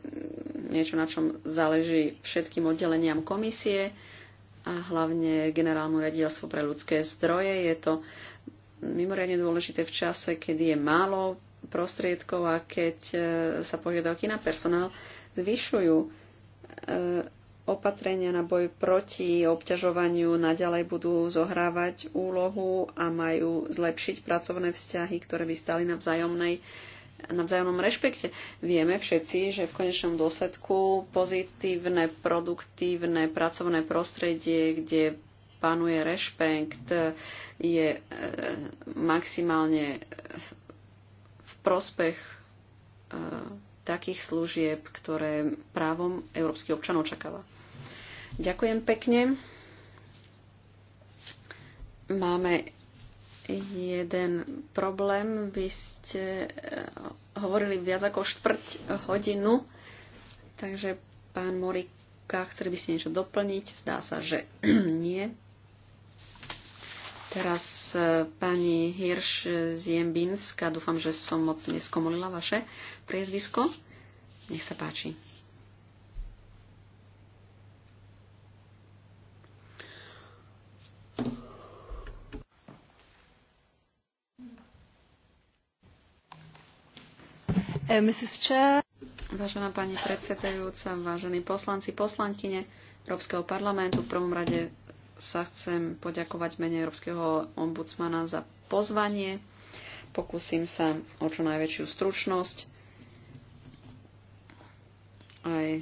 niečo, na čom záleží všetkým oddeleniam komisie a hlavne generálnu radielstvu pre ľudské zdroje. Je to mimoriadne dôležité v čase, kedy je málo prostriedkov a keď e, sa požiadavky na personál zvyšujú e, Opatrenia na boj proti obťažovaniu naďalej budú zohrávať úlohu a majú zlepšiť pracovné vzťahy, ktoré by stali na vzájomnej na vzájomnom rešpekte. Vieme všetci, že v konečnom dôsledku pozitívne, produktívne pracovné prostredie, kde panuje rešpekt, je e, maximálne v prospech e, takých služieb, ktoré právom európsky občan očakáva. Ďakujem pekne. Máme jeden problém. Vy ste eh, hovorili viac ako štvrť hodinu, takže pán Morika, chceli by ste niečo doplniť? Zdá sa, že nie. Teraz eh, pani Hirš z Jembinska, dúfam, že som moc neskomolila vaše priezvisko. Nech sa páči. Vážená pani predsedajúca, vážení poslanci, poslankyne Európskeho parlamentu, v prvom rade sa chcem poďakovať mene Európskeho ombudsmana za pozvanie. Pokúsim sa o čo najväčšiu stručnosť. Aj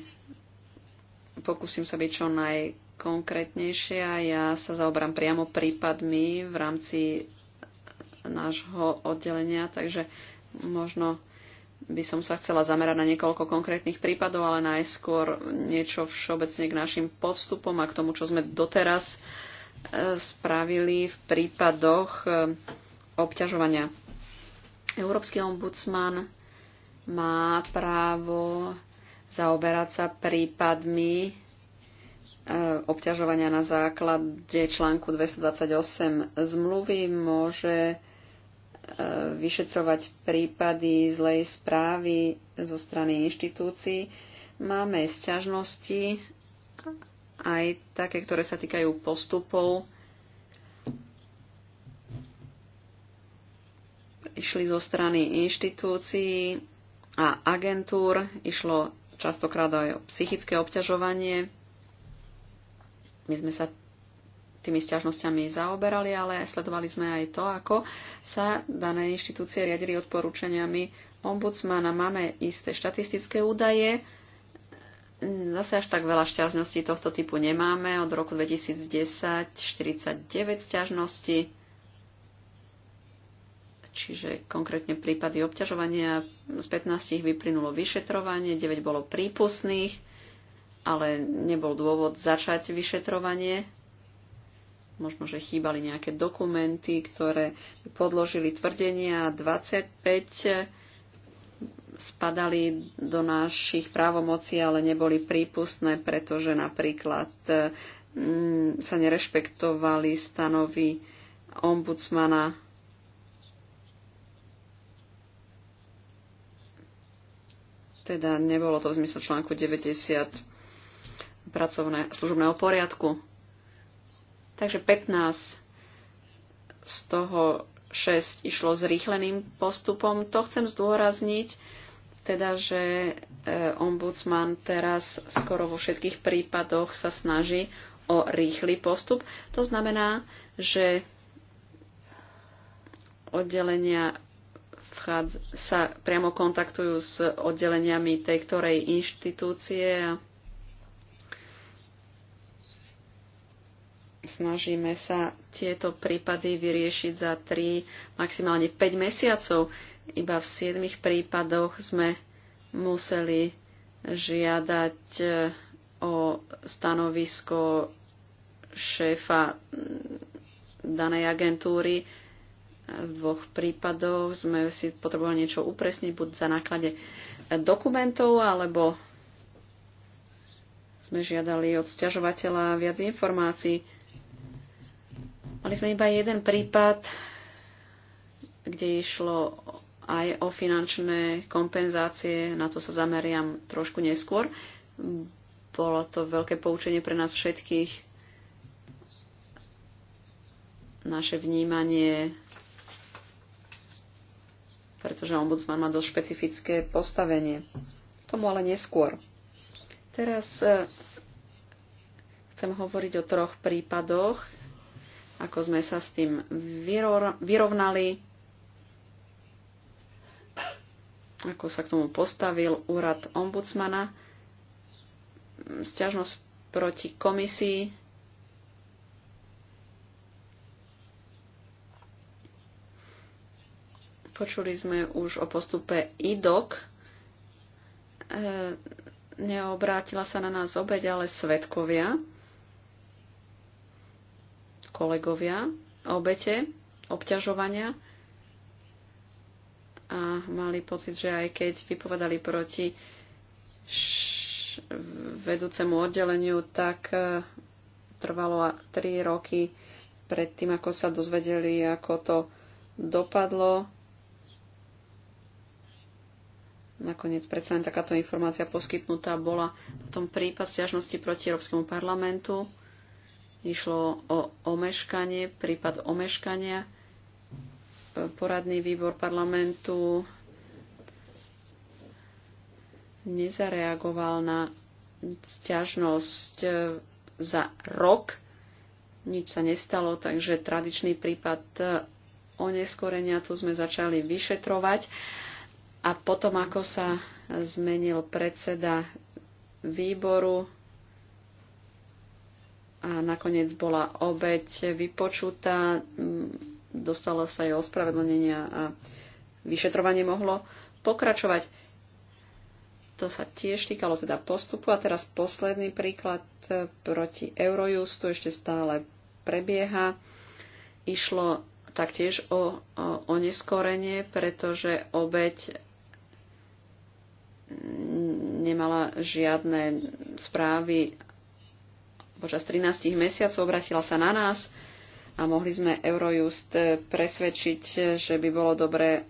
pokúsim sa byť čo najkonkrétnejšia. Ja sa zaobrám priamo prípadmi v rámci nášho oddelenia, takže možno by som sa chcela zamerať na niekoľko konkrétnych prípadov, ale najskôr niečo všeobecne k našim postupom a k tomu, čo sme doteraz e, spravili v prípadoch e, obťažovania. Európsky ombudsman má právo zaoberať sa prípadmi e, obťažovania na základe článku 228 zmluvy môže E, vyšetrovať prípady zlej správy zo strany inštitúcií. Máme sťažnosti, aj také, ktoré sa týkajú postupov. Išli zo strany inštitúcií a agentúr, išlo častokrát aj o psychické obťažovanie. My sme sa tými stiažnosťami zaoberali, ale sledovali sme aj to, ako sa dané inštitúcie riadili odporúčaniami ombudsmana. Máme isté štatistické údaje, zase až tak veľa šťažností tohto typu nemáme. Od roku 2010 49 sťažností. čiže konkrétne prípady obťažovania. Z 15 vyplynulo vyšetrovanie, 9 bolo prípustných, ale nebol dôvod začať vyšetrovanie možno, že chýbali nejaké dokumenty, ktoré podložili tvrdenia 25 spadali do našich právomocí, ale neboli prípustné, pretože napríklad mm, sa nerešpektovali stanovy ombudsmana. Teda nebolo to v zmysle článku 90 pracovné, služobného poriadku. Takže 15 z toho 6 išlo rýchleným postupom. To chcem zdôrazniť, teda, že e, ombudsman teraz skoro vo všetkých prípadoch sa snaží o rýchly postup. To znamená, že oddelenia sa priamo kontaktujú s oddeleniami tej ktorej inštitúcie a snažíme sa tieto prípady vyriešiť za 3, maximálne 5 mesiacov. Iba v 7 prípadoch sme museli žiadať e, o stanovisko šéfa danej agentúry. V dvoch prípadoch sme si potrebovali niečo upresniť, buď za náklade dokumentov, alebo sme žiadali od sťažovateľa viac informácií. Mali sme iba jeden prípad, kde išlo aj o finančné kompenzácie, na to sa zameriam trošku neskôr. Bolo to veľké poučenie pre nás všetkých. Naše vnímanie, pretože ombudsman má dosť špecifické postavenie. Tomu ale neskôr. Teraz eh, chcem hovoriť o troch prípadoch, ako sme sa s tým vyrovnali, ako sa k tomu postavil úrad ombudsmana, sťažnosť proti komisii. Počuli sme už o postupe IDOC. E, neobrátila sa na nás obeď, ale svetkovia kolegovia, obete, obťažovania a mali pocit, že aj keď vypovedali proti vedúcemu oddeleniu, tak e, trvalo 3 roky pred tým, ako sa dozvedeli, ako to dopadlo. Nakoniec predsa len takáto informácia poskytnutá bola v tom prípad stiažnosti proti Európskemu parlamentu. Išlo o omeškanie, prípad omeškania. Poradný výbor parlamentu nezareagoval na sťažnosť za rok. Nič sa nestalo, takže tradičný prípad oneskorenia tu sme začali vyšetrovať. A potom, ako sa zmenil predseda výboru, a nakoniec bola obeď vypočutá, dostalo sa jej ospravedlnenia a vyšetrovanie mohlo pokračovať. To sa tiež týkalo teda postupu a teraz posledný príklad proti Eurojustu ešte stále prebieha. Išlo taktiež o, o oneskorenie, pretože obeď nemala žiadne správy počas 13 mesiacov, obratila sa na nás a mohli sme Eurojust eh, presvedčiť, eh, že by bolo dobre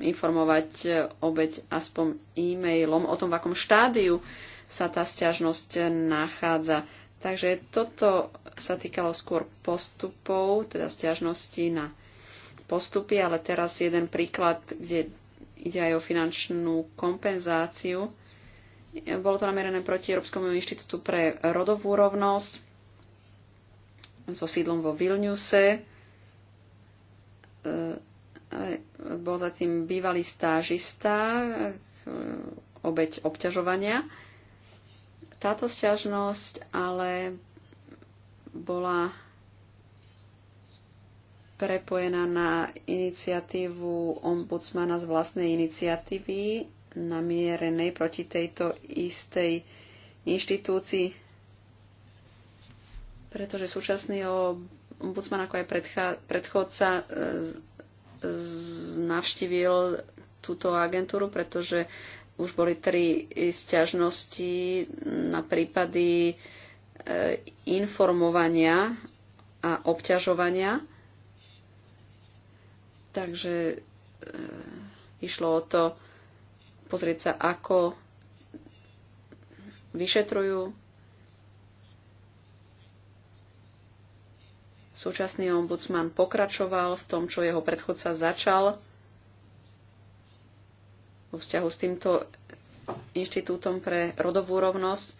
informovať eh, obeď aspoň e-mailom o tom, v akom štádiu sa tá stiažnosť nachádza. Takže toto sa týkalo skôr postupov, teda stiažnosti na postupy, ale teraz jeden príklad, kde ide aj o finančnú kompenzáciu. Bolo to namerené proti Európskomu inštitútu pre rodovú rovnosť so sídlom vo Vilniuse. E, bol za tým bývalý stážista, e, obeď obťažovania. Táto stiažnosť ale bola prepojená na iniciatívu ombudsmana z vlastnej iniciatívy namierenej proti tejto istej inštitúcii, pretože súčasný ombudsman, ako aj predchodca, e, navštívil túto agentúru, pretože už boli tri sťažnosti na prípady e, informovania a obťažovania. Takže e, išlo o to, pozrieť sa, ako vyšetrujú Súčasný ombudsman pokračoval v tom, čo jeho predchodca začal vo vzťahu s týmto inštitútom pre rodovú rovnosť.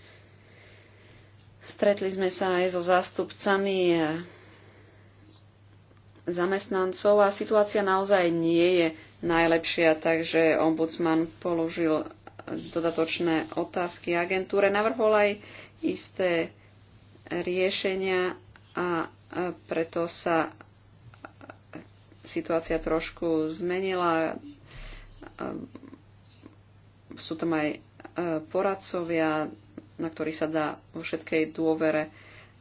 Stretli sme sa aj so zástupcami zamestnancov a situácia naozaj nie je najlepšia, takže ombudsman položil dodatočné otázky agentúre. Navrhol aj isté riešenia a preto sa situácia trošku zmenila. Sú tam aj e, poradcovia, na ktorých sa dá vo všetkej dôvere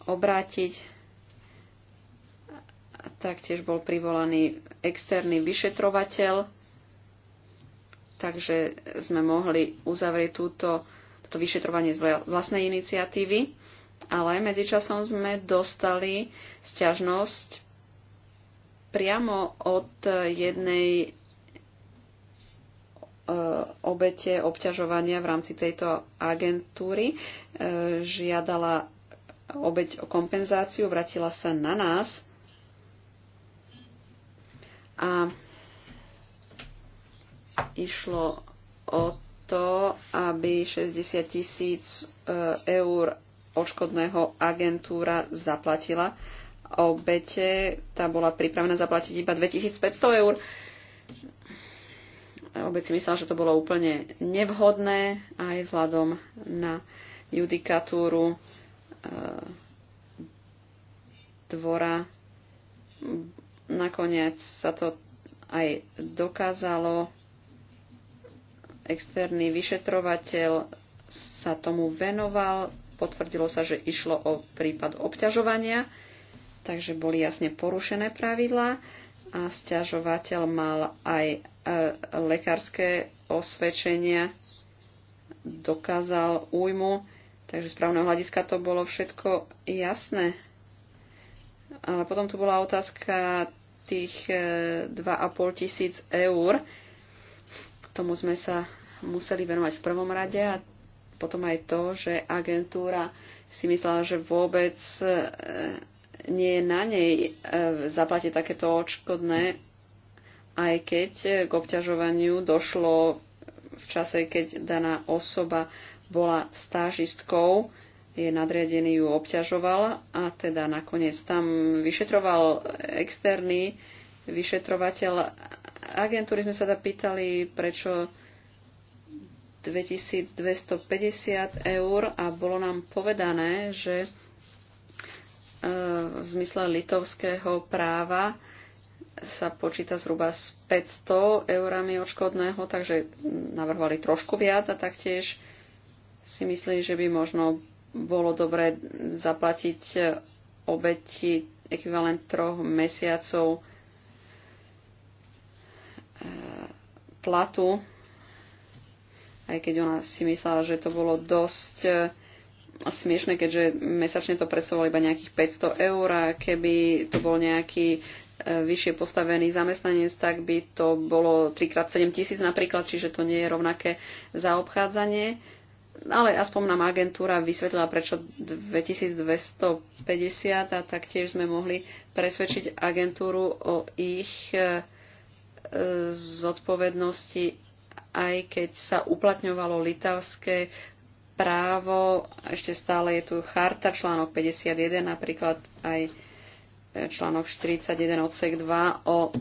obrátiť Taktiež bol privolaný externý vyšetrovateľ, takže sme mohli uzavrieť túto, toto vyšetrovanie z vlastnej iniciatívy. Ale medzičasom sme dostali sťažnosť priamo od jednej e, obete obťažovania v rámci tejto agentúry. E, žiadala obeť o kompenzáciu, vrátila sa na nás a išlo o to, aby 60 tisíc e, eur odškodného agentúra zaplatila. Obete tá bola pripravená zaplatiť iba 2500 eur. Obec si myslela, že to bolo úplne nevhodné aj vzhľadom na judikatúru e, dvora Nakoniec sa to aj dokázalo. Externý vyšetrovateľ sa tomu venoval. Potvrdilo sa, že išlo o prípad obťažovania, takže boli jasne porušené pravidlá a sťažovateľ mal aj e, lekárske osvedčenia, dokázal újmu, takže z právneho hľadiska to bolo všetko jasné. Ale potom tu bola otázka tých 2,5 e, tisíc eur. K tomu sme sa museli venovať v prvom rade a potom aj to, že agentúra si myslela, že vôbec e, nie je na nej e, zaplatiť takéto odškodné, aj keď k obťažovaniu došlo v čase, keď daná osoba bola stážistkou je nadriadený ju obťažoval a teda nakoniec tam vyšetroval externý vyšetrovateľ. Agentúry sme sa da teda pýtali, prečo 2250 eur a bolo nám povedané, že e, v zmysle litovského práva sa počíta zhruba s 500 eurami odškodného, takže navrhovali trošku viac a taktiež si myslí, že by možno bolo dobre zaplatiť obeti ekvivalent troch mesiacov eh, platu, aj keď ona si myslela, že to bolo dosť eh, smiešne, keďže mesačne to presovalo iba nejakých 500 eur a keby to bol nejaký eh, vyššie postavený zamestnanec, tak by to bolo 3x7 tisíc napríklad, čiže to nie je rovnaké zaobchádzanie ale aspoň nám agentúra vysvetlila, prečo 2250 a taktiež sme mohli presvedčiť agentúru o ich e, zodpovednosti, aj keď sa uplatňovalo litavské právo, ešte stále je tu charta, článok 51, napríklad aj e, článok 41 odsek 2 o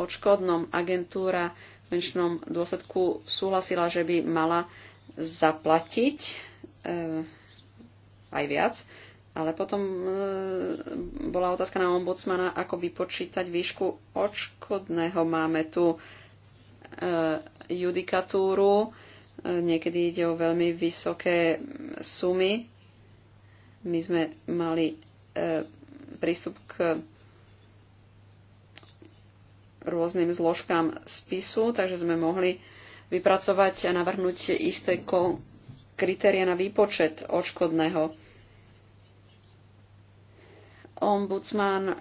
odškodnom agentúra v konečnom dôsledku súhlasila, že by mala zaplatiť e, aj viac. Ale potom e, bola otázka na ombudsmana, ako vypočítať výšku odškodného. Máme tu e, judikatúru, niekedy ide o veľmi vysoké sumy. My sme mali prístup k rôznym zložkám spisu, takže sme mohli vypracovať a navrhnúť isté kritéria na výpočet odškodného. Ombudsman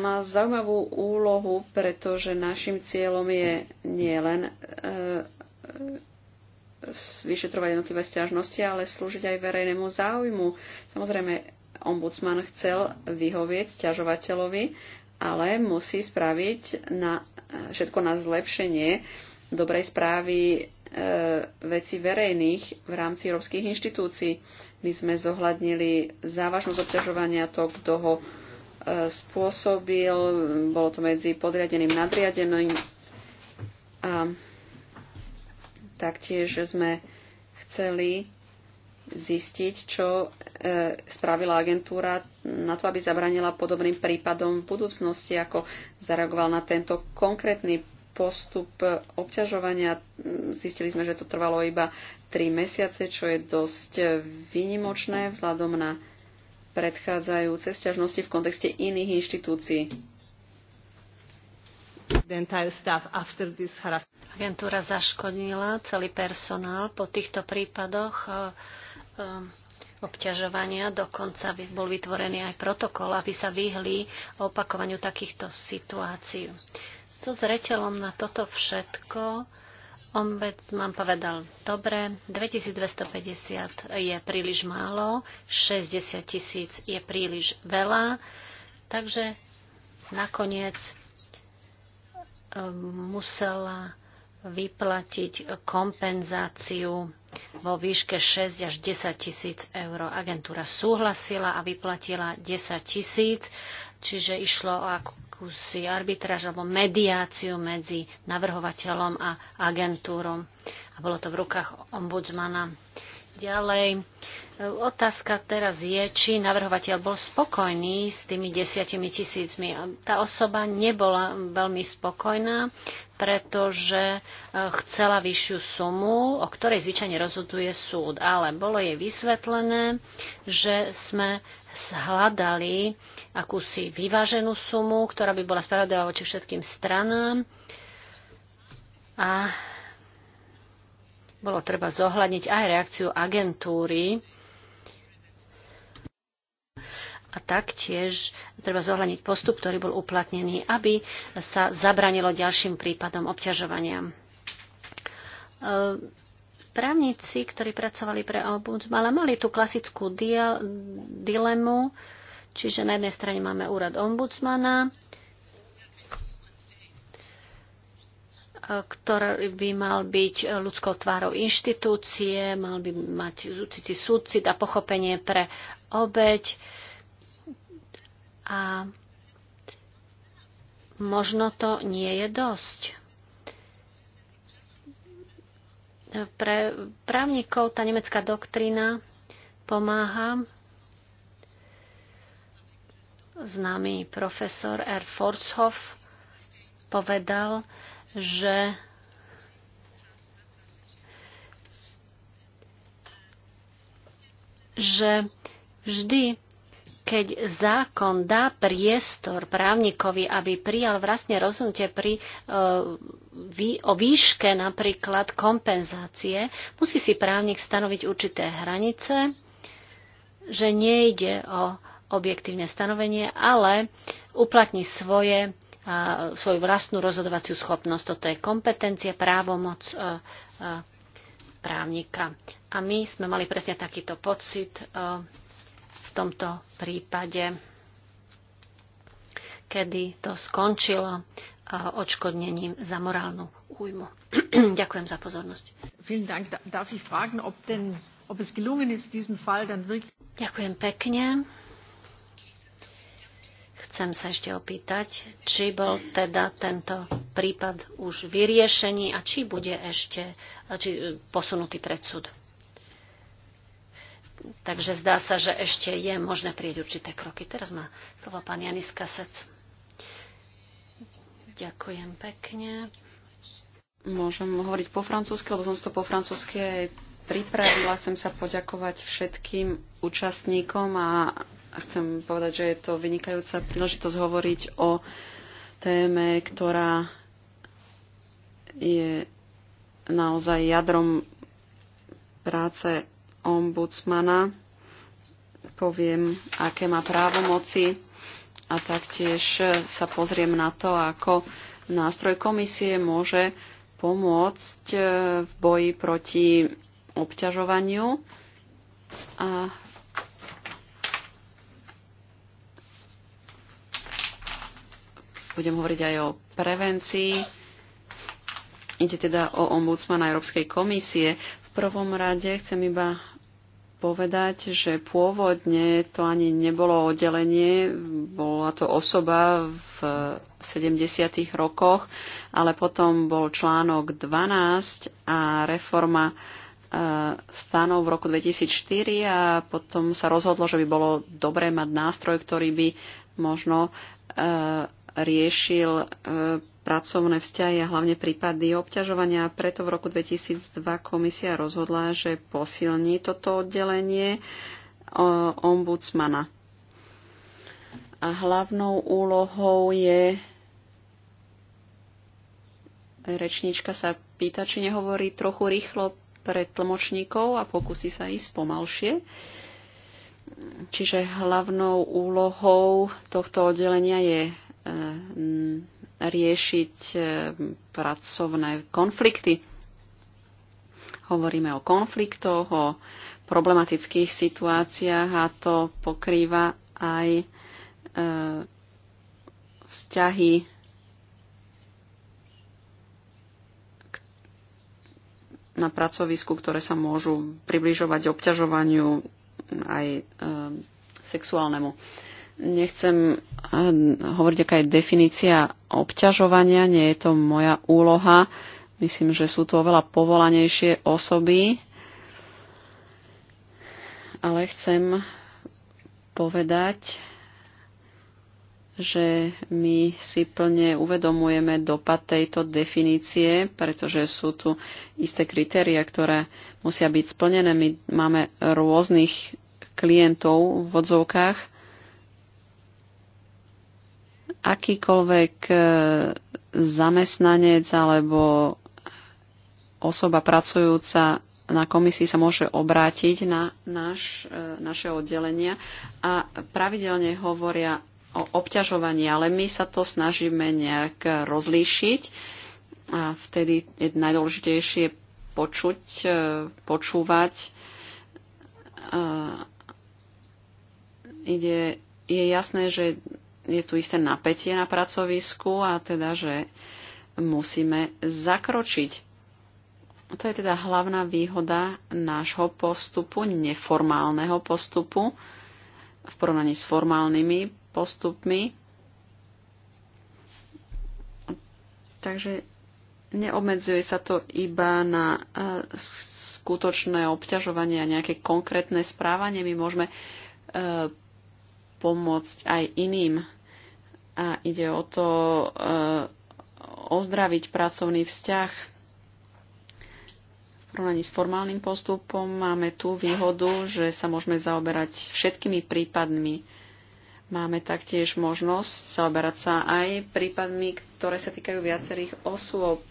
má zaujímavú úlohu, pretože našim cieľom je nielen e, e vyšetrovať jednotlivé stiažnosti, ale slúžiť aj verejnému záujmu. Samozrejme, ombudsman chcel vyhovieť stiažovateľovi, ale musí spraviť na, všetko na zlepšenie dobrej správy e, veci verejných v rámci európskych inštitúcií. My sme zohľadnili závažnosť obťažovania, to, kto ho e, spôsobil, bolo to medzi podriadeným nadriadeným a taktiež sme chceli zistiť, čo e, spravila agentúra na to, aby zabranila podobným prípadom v budúcnosti, ako zareagoval na tento konkrétny postup obťažovania. Zistili sme, že to trvalo iba 3 mesiace, čo je dosť výnimočné vzhľadom na predchádzajúce sťažnosti v kontexte iných inštitúcií. Agentúra zaškodnila celý personál po týchto prípadoch eh, eh, obťažovania. Dokonca by bol vytvorený aj protokol, aby sa vyhli opakovaniu takýchto situácií. So zreteľom na toto všetko mám povedal, dobre, 2250 je príliš málo, 60 tisíc je príliš veľa, takže nakoniec e, musela vyplatiť kompenzáciu vo výške 6 až 10 tisíc eur. Agentúra súhlasila a vyplatila 10 tisíc, čiže išlo o akúsi arbitráž alebo mediáciu medzi navrhovateľom a agentúrom. A bolo to v rukách ombudsmana. Ďalej, Otázka teraz je, či navrhovateľ bol spokojný s tými desiatimi tisícmi. Tá osoba nebola veľmi spokojná, pretože e, chcela vyššiu sumu, o ktorej zvyčajne rozhoduje súd. Ale bolo jej vysvetlené, že sme hľadali akúsi vyváženú sumu, ktorá by bola spravodlivá voči všetkým stranám. A bolo treba zohľadniť aj reakciu agentúry, a taktiež treba zohľadniť postup, ktorý bol uplatnený, aby sa zabranilo ďalším prípadom obťažovania. E, právnici, ktorí pracovali pre ombudsmana, mali tú klasickú dia- dilemu, čiže na jednej strane máme úrad ombudsmana, ktorý by mal byť ľudskou tvárou inštitúcie, mal by mať súcity súcit a pochopenie pre obeď a možno to nie je dosť. Pre právnikov tá nemecká doktrína pomáha známy profesor R. Forzhoff povedal, že že vždy keď zákon dá priestor právnikovi, aby prijal vlastne rozhodnutie pri, e, o výške napríklad kompenzácie, musí si právnik stanoviť určité hranice, že nejde o objektívne stanovenie, ale uplatní svoje, svoju vlastnú rozhodovaciu schopnosť. Toto je kompetencia, právomoc e, e, právnika. A my sme mali presne takýto pocit v tomto prípade, kedy to skončilo odškodnením za morálnu újmu. Ďakujem za pozornosť. Ďakujem pekne. Chcem sa ešte opýtať, či bol teda tento prípad už vyriešený a či bude ešte či e, posunutý pred súd. Takže zdá sa, že ešte je možné prieť určité kroky. Teraz má slovo pán Janis Kasec. Ďakujem pekne. Môžem hovoriť po francúzsky, lebo som to po francúzsky aj pripravila. Chcem sa poďakovať všetkým účastníkom a chcem povedať, že je to vynikajúca príležitosť hovoriť o téme, ktorá je naozaj jadrom práce ombudsmana, poviem, aké má právomoci a taktiež sa pozriem na to, ako nástroj komisie môže pomôcť e, v boji proti obťažovaniu a budem hovoriť aj o prevencii. Ide teda o ombudsmana Európskej komisie prvom rade chcem iba povedať, že pôvodne to ani nebolo oddelenie, bola to osoba v 70. rokoch, ale potom bol článok 12 a reforma e, stanov v roku 2004 a potom sa rozhodlo, že by bolo dobré mať nástroj, ktorý by možno e, riešil e, pracovné vzťahy a hlavne prípady obťažovania. Preto v roku 2002 komisia rozhodla, že posilní toto oddelenie ombudsmana. A hlavnou úlohou je rečníčka sa pýta, či nehovorí trochu rýchlo pre tlmočníkov a pokusí sa ísť pomalšie. Čiže hlavnou úlohou tohto oddelenia je eh, riešiť eh, pracovné konflikty. Hovoríme o konfliktoch, o problematických situáciách a to pokrýva aj eh, vzťahy na pracovisku, ktoré sa môžu približovať obťažovaniu aj eh, sexuálnemu. Nechcem eh, hovoriť, aká je definícia obťažovania, nie je to moja úloha. Myslím, že sú tu oveľa povolanejšie osoby, ale chcem povedať, že my si plne uvedomujeme dopad tejto definície, pretože sú tu isté kritéria, ktoré musia byť splnené. My máme rôznych klientov v odzovkách akýkoľvek e, zamestnanec alebo osoba pracujúca na komisii sa môže obrátiť na naš, e, naše oddelenia a pravidelne hovoria o obťažovaní, ale my sa to snažíme nejak rozlíšiť a vtedy je najdôležitejšie počuť, e, počúvať. Ide, je jasné, že je tu isté napätie na pracovisku a teda, že musíme zakročiť. To je teda hlavná výhoda nášho postupu, neformálneho postupu v porovnaní s formálnymi postupmi. Takže neobmedzuje sa to iba na e, skutočné obťažovanie a nejaké konkrétne správanie. My môžeme e, pomôcť aj iným. A ide o to e, ozdraviť pracovný vzťah. V porovnaní s formálnym postupom máme tú výhodu, že sa môžeme zaoberať všetkými prípadmi. Máme taktiež možnosť zaoberať sa aj prípadmi, ktoré sa týkajú viacerých osôb.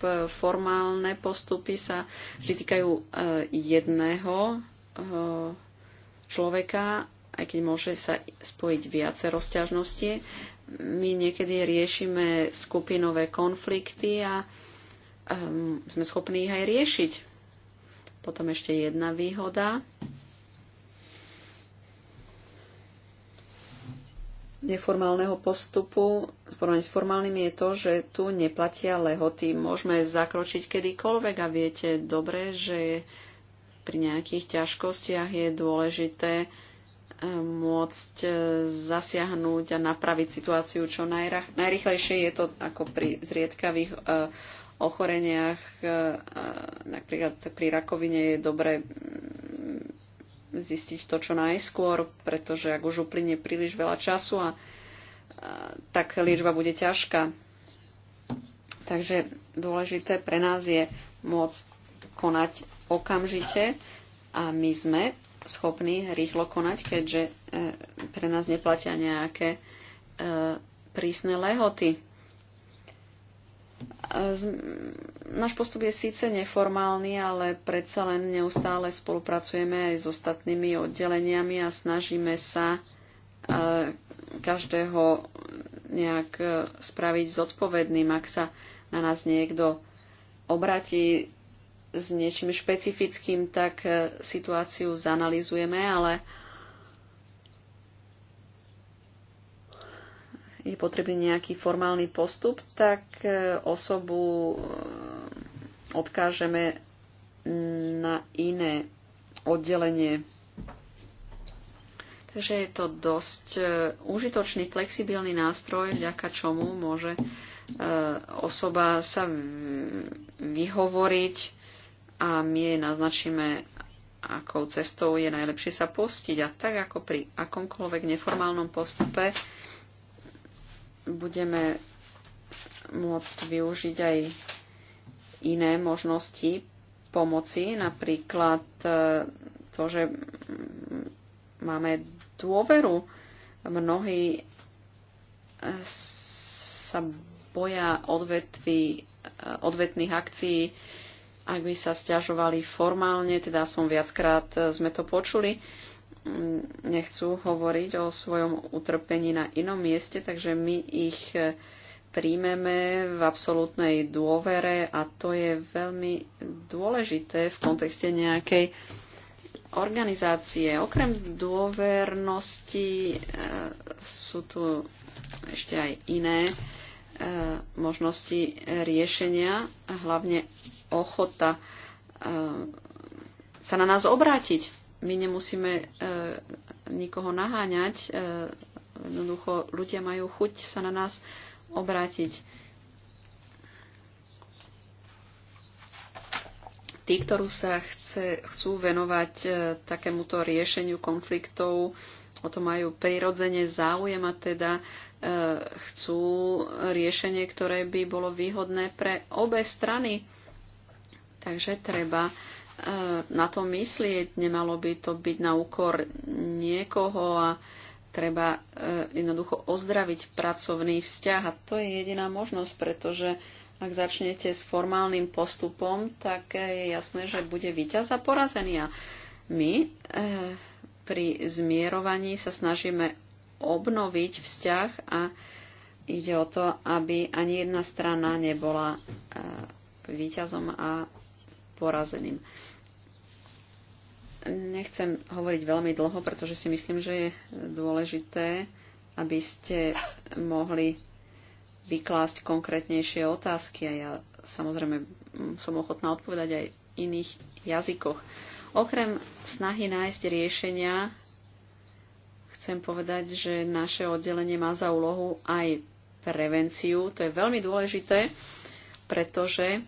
Formálne postupy sa vždy týkajú eh, jedného eh, človeka aj keď môže sa spojiť viacero sťažnosti. My niekedy riešime skupinové konflikty a um, sme schopní ich aj riešiť. Potom ešte jedna výhoda. neformálneho postupu porovnaní s formálnym je to, že tu neplatia lehoty. Môžeme zakročiť kedykoľvek a viete dobre, že pri nejakých ťažkostiach je dôležité môcť e, zasiahnuť a napraviť situáciu čo najrychlejšie. Je to ako pri zriedkavých e, ochoreniach, e, napríklad pri rakovine je dobre mm, zistiť to čo najskôr, pretože ak už uplynie príliš veľa času, a, tak liečba bude ťažká. Takže dôležité pre nás je môcť konať okamžite a my sme schopní rýchlo konať, keďže e, pre nás neplatia nejaké e, prísne lehoty. Náš postup je síce neformálny, ale predsa len neustále spolupracujeme aj s ostatnými oddeleniami a snažíme sa e, každého nejak spraviť zodpovedným. Ak sa na nás niekto obratí s niečím špecifickým, tak e, situáciu zanalizujeme, ale je potrebný nejaký formálny postup, tak e, osobu e, odkážeme na iné oddelenie. Takže je to dosť užitočný, flexibilný nástroj, vďaka čomu môže osoba sa vyhovoriť a my jej naznačíme, akou cestou je najlepšie sa postiť. A tak ako pri akomkoľvek neformálnom postupe budeme môcť využiť aj iné možnosti pomoci, napríklad e, to, že máme dôveru. Mnohí e, sa boja odvetvy, e, odvetných akcií, ak by sa stiažovali formálne, teda aspoň viackrát e, sme to počuli, mm, nechcú hovoriť o svojom utrpení na inom mieste, takže my ich e, príjmeme v absolútnej dôvere a to je veľmi dôležité v kontexte nejakej organizácie. Okrem dôvernosti e, sú tu ešte aj iné E, možnosti riešenia a hlavne ochota e, sa na nás obrátiť. My nemusíme e, nikoho naháňať, jednoducho ľudia majú chuť sa na nás obrátiť. Tí, ktorú sa chce, chcú venovať takémuto riešeniu konfliktov, o to majú prirodzene záujem a teda chcú riešenie, ktoré by bolo výhodné pre obe strany. Takže treba e, na to myslieť, nemalo by to byť na úkor niekoho a treba e, jednoducho ozdraviť pracovný vzťah. A to je jediná možnosť, pretože ak začnete s formálnym postupom, tak e, je jasné, že bude víťaz a porazený. A my pri zmierovaní sa snažíme obnoviť vzťah a ide o to, aby ani jedna strana nebola e, výťazom a porazeným. Nechcem hovoriť veľmi dlho, pretože si myslím, že je dôležité, aby ste mohli vyklásť konkrétnejšie otázky a ja samozrejme mm, som ochotná odpovedať aj v iných jazykoch. Okrem snahy nájsť riešenia chcem povedať, že naše oddelenie má za úlohu aj prevenciu. To je veľmi dôležité, pretože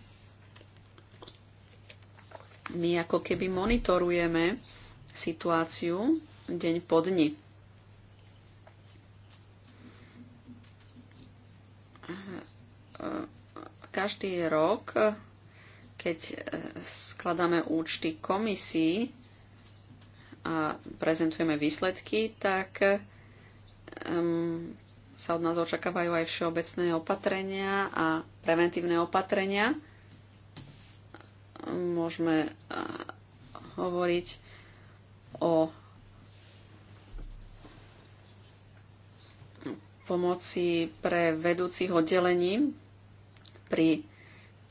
my ako keby monitorujeme situáciu deň po dni. Každý rok, keď eh, skladáme účty komisii, a prezentujeme výsledky, tak um, sa od nás očakávajú aj všeobecné opatrenia a preventívne opatrenia. Môžeme eh, hovoriť o pomoci pre vedúcich oddelení pri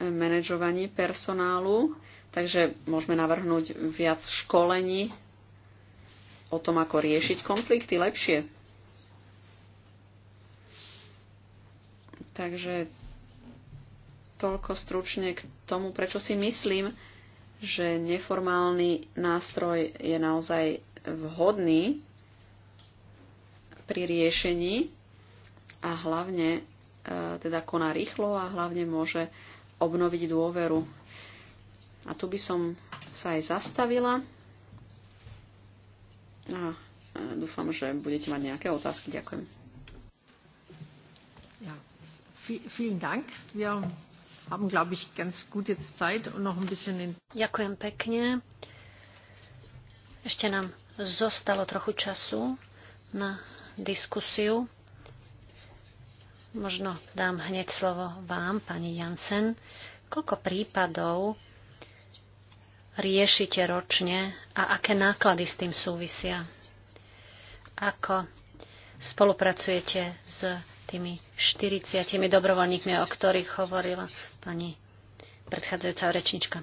manažovaní personálu, takže môžeme navrhnúť viac školení o tom, ako riešiť konflikty lepšie. Takže toľko stručne k tomu, prečo si myslím, že neformálny nástroj je naozaj vhodný pri riešení a hlavne e, teda koná rýchlo a hlavne môže obnoviť dôveru. A tu by som sa aj zastavila. A dúfam, že budete mať nejaké otázky. Ďakujem. Ja. Vielen Dank. Wir haben, glaube ich, ganz gut jetzt Zeit und noch ein bisschen in... Ďakujem pekne. Ešte nám zostalo trochu času na diskusiu. Možno dám hneď slovo vám, pani Jansen. Koľko prípadov riešite ročne a aké náklady s tým súvisia? Ako spolupracujete s tými 40 dobrovoľníkmi, o ktorých hovorila pani predchádzajúca rečnička.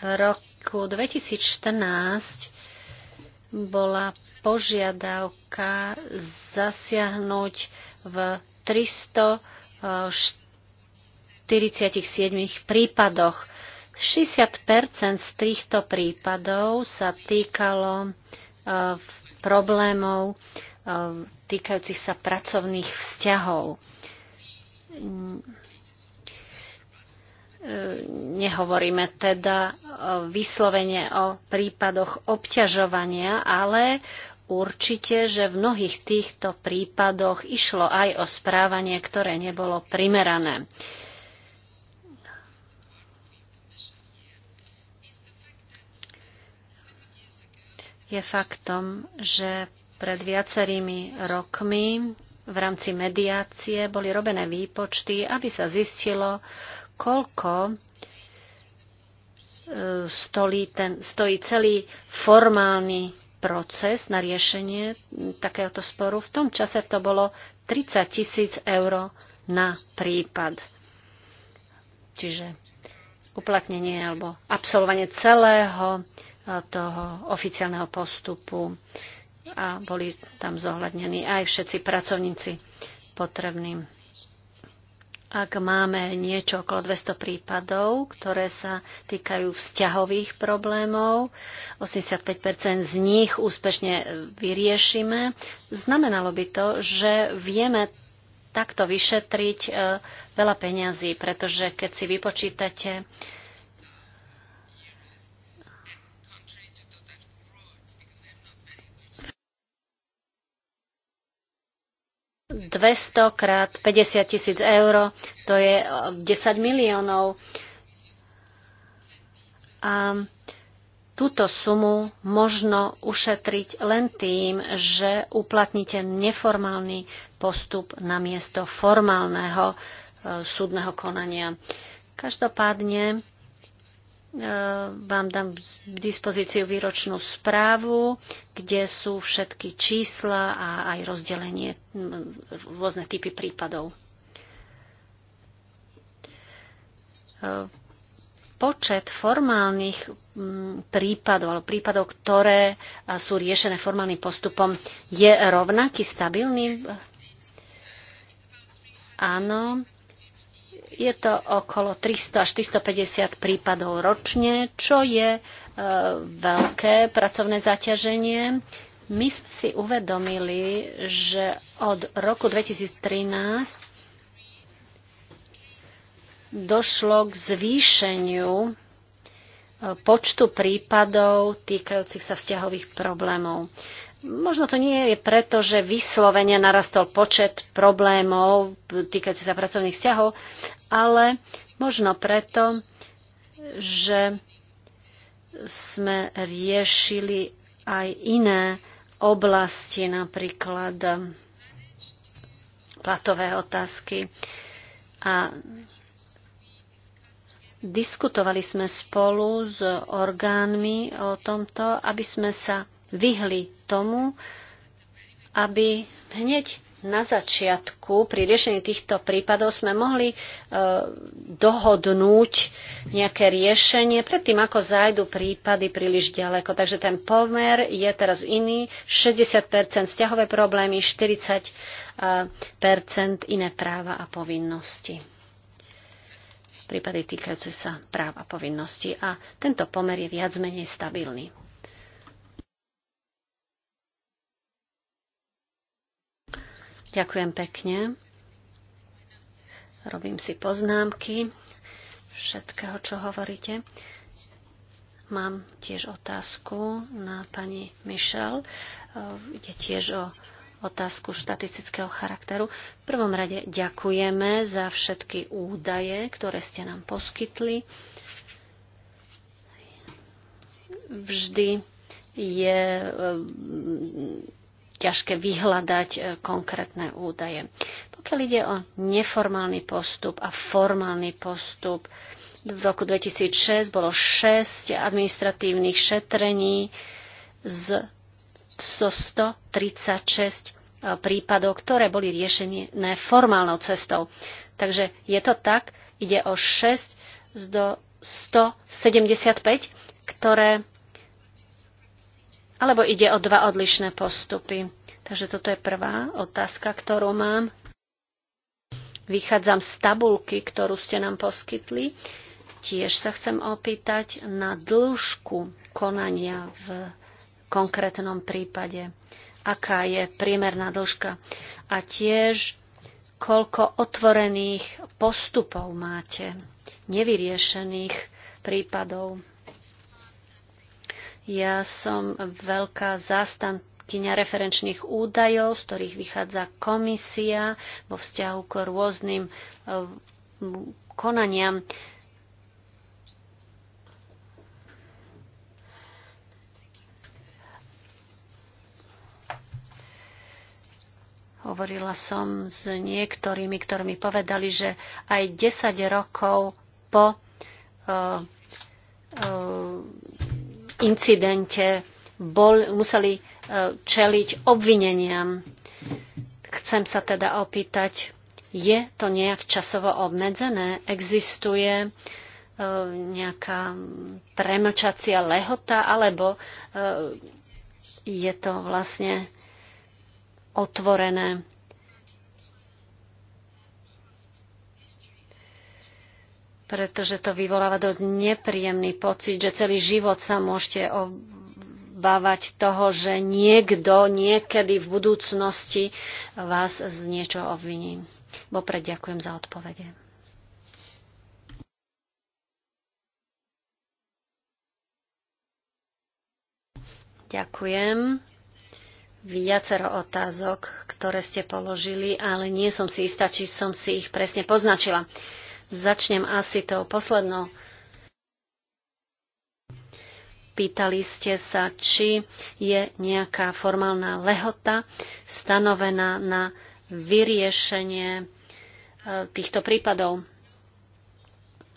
V roku 2014 bola požiadavka zasiahnuť v 347 prípadoch 60 z týchto prípadov sa týkalo e, problémov e, týkajúcich sa pracovných vzťahov. E, nehovoríme teda vyslovene o prípadoch obťažovania, ale určite, že v mnohých týchto prípadoch išlo aj o správanie, ktoré nebolo primerané. Je faktom, že pred viacerými rokmi v rámci mediácie boli robené výpočty, aby sa zistilo, koľko e, ten, stojí celý formálny proces na riešenie takéhoto sporu. V tom čase to bolo 30 tisíc eur na prípad. Čiže uplatnenie alebo absolvovanie celého toho oficiálneho postupu a boli tam zohľadnení aj všetci pracovníci potrební. Ak máme niečo okolo 200 prípadov, ktoré sa týkajú vzťahových problémov, 85 z nich úspešne vyriešime, znamenalo by to, že vieme takto vyšetriť eh, veľa peňazí, pretože keď si vypočítate 200 krát 50 tisíc eur, to je 10 eh, miliónov. A túto sumu možno ušetriť len tým, že uplatníte neformálny postup na miesto formálneho eh, súdneho konania. Každopádne E, vám dám k dispozíciu výročnú správu, kde sú všetky čísla a aj rozdelenie rôzne typy prípadov. E, počet formálnych prípadov, alebo prípadov, ktoré e, sú riešené formálnym postupom, je rovnaký, stabilný? Áno, je to okolo 300 až 350 prípadov ročne, čo je e, veľké pracovné zaťaženie. My sme si uvedomili, že od roku 2013 došlo k zvýšeniu e, počtu prípadov týkajúcich sa vzťahových problémov. Možno to nie je preto, že vyslovene narastol počet problémov týkajúcich sa pracovných vzťahov, ale možno preto, že sme riešili aj iné oblasti, napríklad um, platové otázky. A diskutovali sme spolu s orgánmi o tomto, aby sme sa vyhli tomu, aby hneď na začiatku pri riešení týchto prípadov sme mohli e, dohodnúť nejaké riešenie predtým, ako zajdu prípady príliš ďaleko. Takže ten pomer je teraz iný, 60% vzťahové problémy, 40% e, iné práva a povinnosti. Prípady týkajúce sa práv a povinností. A tento pomer je viac menej stabilný. Ďakujem pekne. Robím si poznámky všetkého, čo hovoríte. Mám tiež otázku na pani Michel. Eh, ide tiež o otázku štatistického charakteru. V prvom rade ďakujeme za všetky údaje, ktoré ste nám poskytli. Vždy je eh, ťažké vyhľadať e, konkrétne údaje. Pokiaľ ide o neformálny postup a formálny postup, v roku 2006 bolo 6 administratívnych šetrení z 136 e, prípadov, ktoré boli riešené formálnou cestou. Takže je to tak, ide o 6 do 175, ktoré alebo ide o dva odlišné postupy. Takže toto je prvá otázka, ktorú mám. Vychádzam z tabulky, ktorú ste nám poskytli. Tiež sa chcem opýtať na dĺžku konania v konkrétnom prípade. Aká je priemerná dĺžka? A tiež, koľko otvorených postupov máte, nevyriešených prípadov. Ja som veľká zastankyňa referenčných údajov, z ktorých vychádza komisia vo vzťahu k rôznym eh, konaniam. Hovorila som s niektorými, ktorí mi povedali, že aj 10 rokov po uh, uh, incidente bol, museli e, čeliť obvineniam. Chcem sa teda opýtať, je to nejak časovo obmedzené? Existuje e, nejaká premlčacia lehota, alebo e, je to vlastne otvorené pretože to vyvoláva dosť nepríjemný pocit, že celý život sa môžete obávať toho, že niekto niekedy v budúcnosti vás z niečo obviní. Vopred ďakujem za odpovede. Ďakujem. Viacero otázok, ktoré ste položili, ale nie som si istá, či som si ich presne poznačila. Začnem asi to posledno. Pýtali ste sa, či je nejaká formálna lehota stanovená na vyriešenie e, týchto prípadov.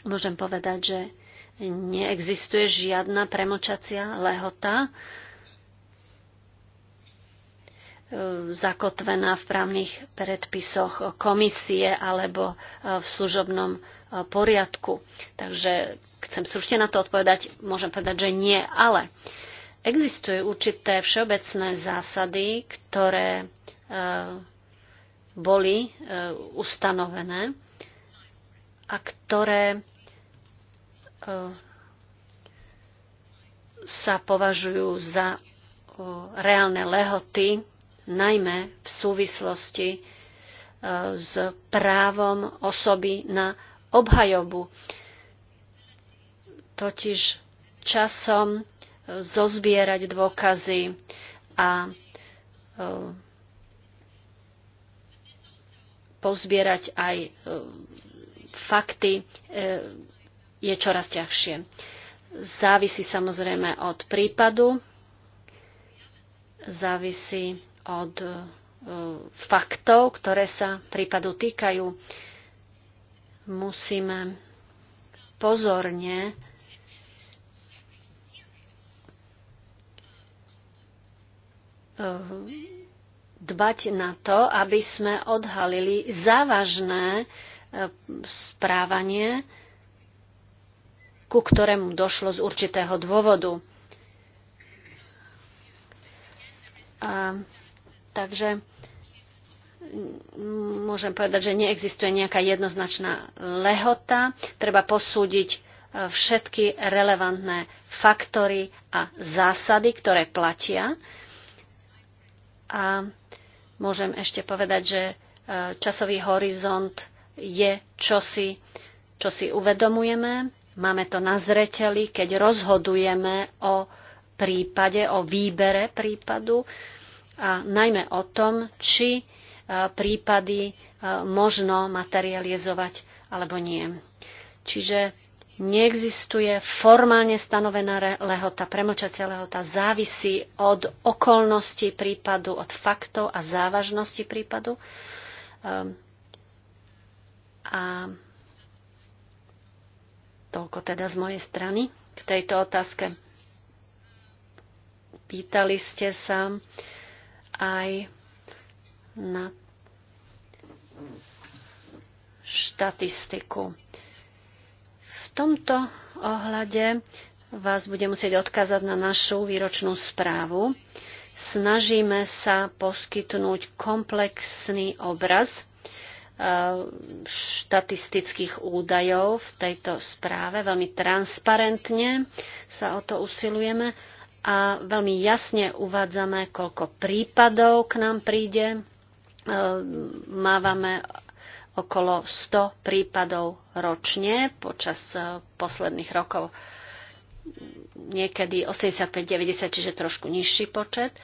Môžem povedať, že neexistuje žiadna premočacia lehota E, zakotvená v právnych predpisoch komisie alebo e, v služobnom e, poriadku. Takže chcem stručne na to odpovedať, môžem povedať, že nie, ale existujú určité všeobecné zásady, ktoré boli ustanovené a ktoré sa považujú za reálne lehoty najmä v súvislosti e, s právom osoby na obhajobu. Totiž časom e, zozbierať dôkazy a e, pozbierať aj fakty je čoraz ťažšie. Závisí samozrejme od prípadu, závisí od e, faktov, ktoré sa prípadu týkajú. Musíme pozorne e, dbať na to, aby sme odhalili závažné e, správanie, ku ktorému došlo z určitého dôvodu. A Takže môžem povedať, že neexistuje nejaká jednoznačná lehota. Treba posúdiť e, všetky relevantné faktory a zásady, ktoré platia. A môžem ešte povedať, že e, časový horizont je čosi, čo si uvedomujeme. Máme to na zreteli, keď rozhodujeme o prípade, o výbere prípadu. Uh, a najmä o tom, či e, prípady e, možno materializovať alebo nie. Čiže neexistuje formálne stanovená lehota, premočacia lehota, závisí od okolností prípadu, od faktov a závažnosti prípadu. Ehm, a toľko teda z mojej strany k tejto otázke. Pýtali ste sa, aj na štatistiku. V tomto ohľade vás budem musieť odkázať na našu výročnú správu. Snažíme sa poskytnúť komplexný obraz e, štatistických údajov v tejto správe. Veľmi transparentne sa o to usilujeme a veľmi jasne uvádzame, koľko prípadov k nám príde. E, mávame okolo 100 prípadov ročne počas e, posledných rokov niekedy 85-90, čiže trošku nižší počet.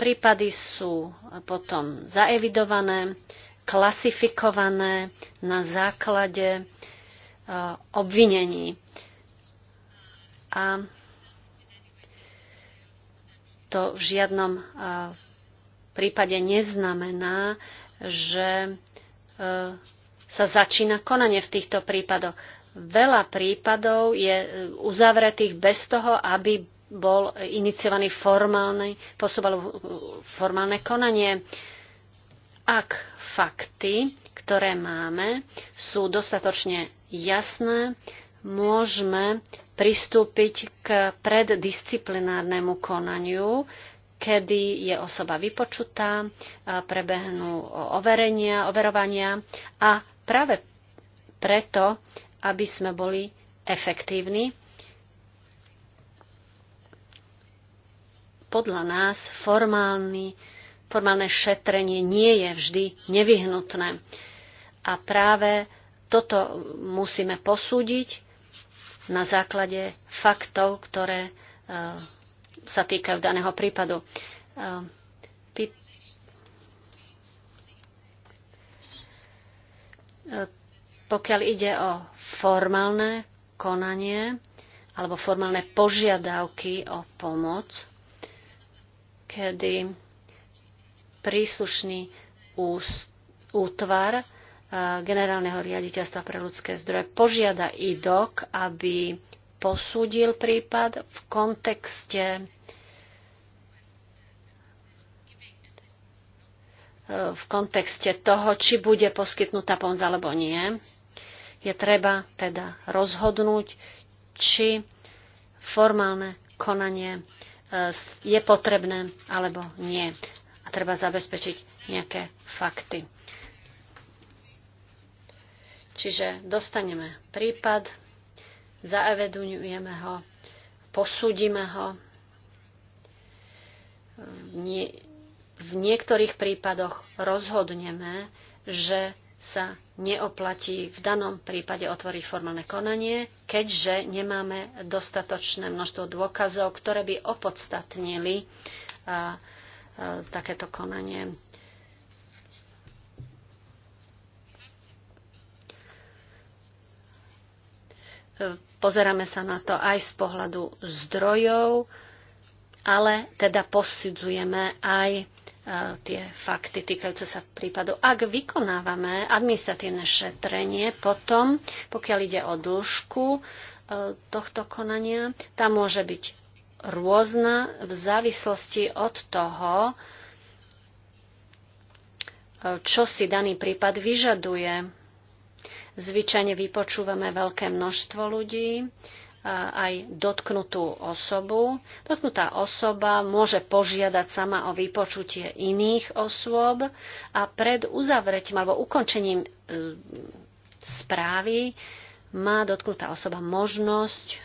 Prípady sú potom zaevidované, klasifikované na základe e, obvinení a to v žiadnom prípade neznamená, že e, sa začína konanie v týchto prípadoch. Veľa prípadov je e, uzavretých bez toho, aby bol iniciovaný formálny postup alebo formálne konanie. Ak fakty, ktoré máme, sú dostatočne jasné, môžeme pristúpiť k preddisciplinárnemu konaniu, kedy je osoba vypočutá, prebehnú overenia, overovania a práve preto, aby sme boli efektívni, podľa nás formálny, formálne šetrenie nie je vždy nevyhnutné. A práve toto musíme posúdiť na základe faktov, ktoré e, sa týkajú daného prípadu. E, e, pokiaľ ide o formálne konanie alebo formálne požiadavky o pomoc, kedy príslušný útvar generálneho riaditeľstva pre ľudské zdroje požiada IDOK, aby posúdil prípad v kontekste e, v kontexte toho, či bude poskytnutá pomoc alebo nie. Je treba teda rozhodnúť, či formálne konanie e, je potrebné alebo nie. A treba zabezpečiť nejaké fakty. Čiže dostaneme prípad, zaevedujeme ho, posúdime ho. V niektorých prípadoch rozhodneme, že sa neoplatí v danom prípade otvoriť formálne konanie, keďže nemáme dostatočné množstvo dôkazov, ktoré by opodstatnili takéto konanie. Pozeráme sa na to aj z pohľadu zdrojov, ale teda posudzujeme aj e, tie fakty týkajúce sa prípadu. Ak vykonávame administratívne šetrenie, potom, pokiaľ ide o dĺžku e, tohto konania, tá môže byť rôzna v závislosti od toho, e, čo si daný prípad vyžaduje. Zvyčajne vypočúvame veľké množstvo ľudí, aj dotknutú osobu. Dotknutá osoba môže požiadať sama o vypočutie iných osôb a pred uzavretím alebo ukončením e, správy má dotknutá osoba možnosť e,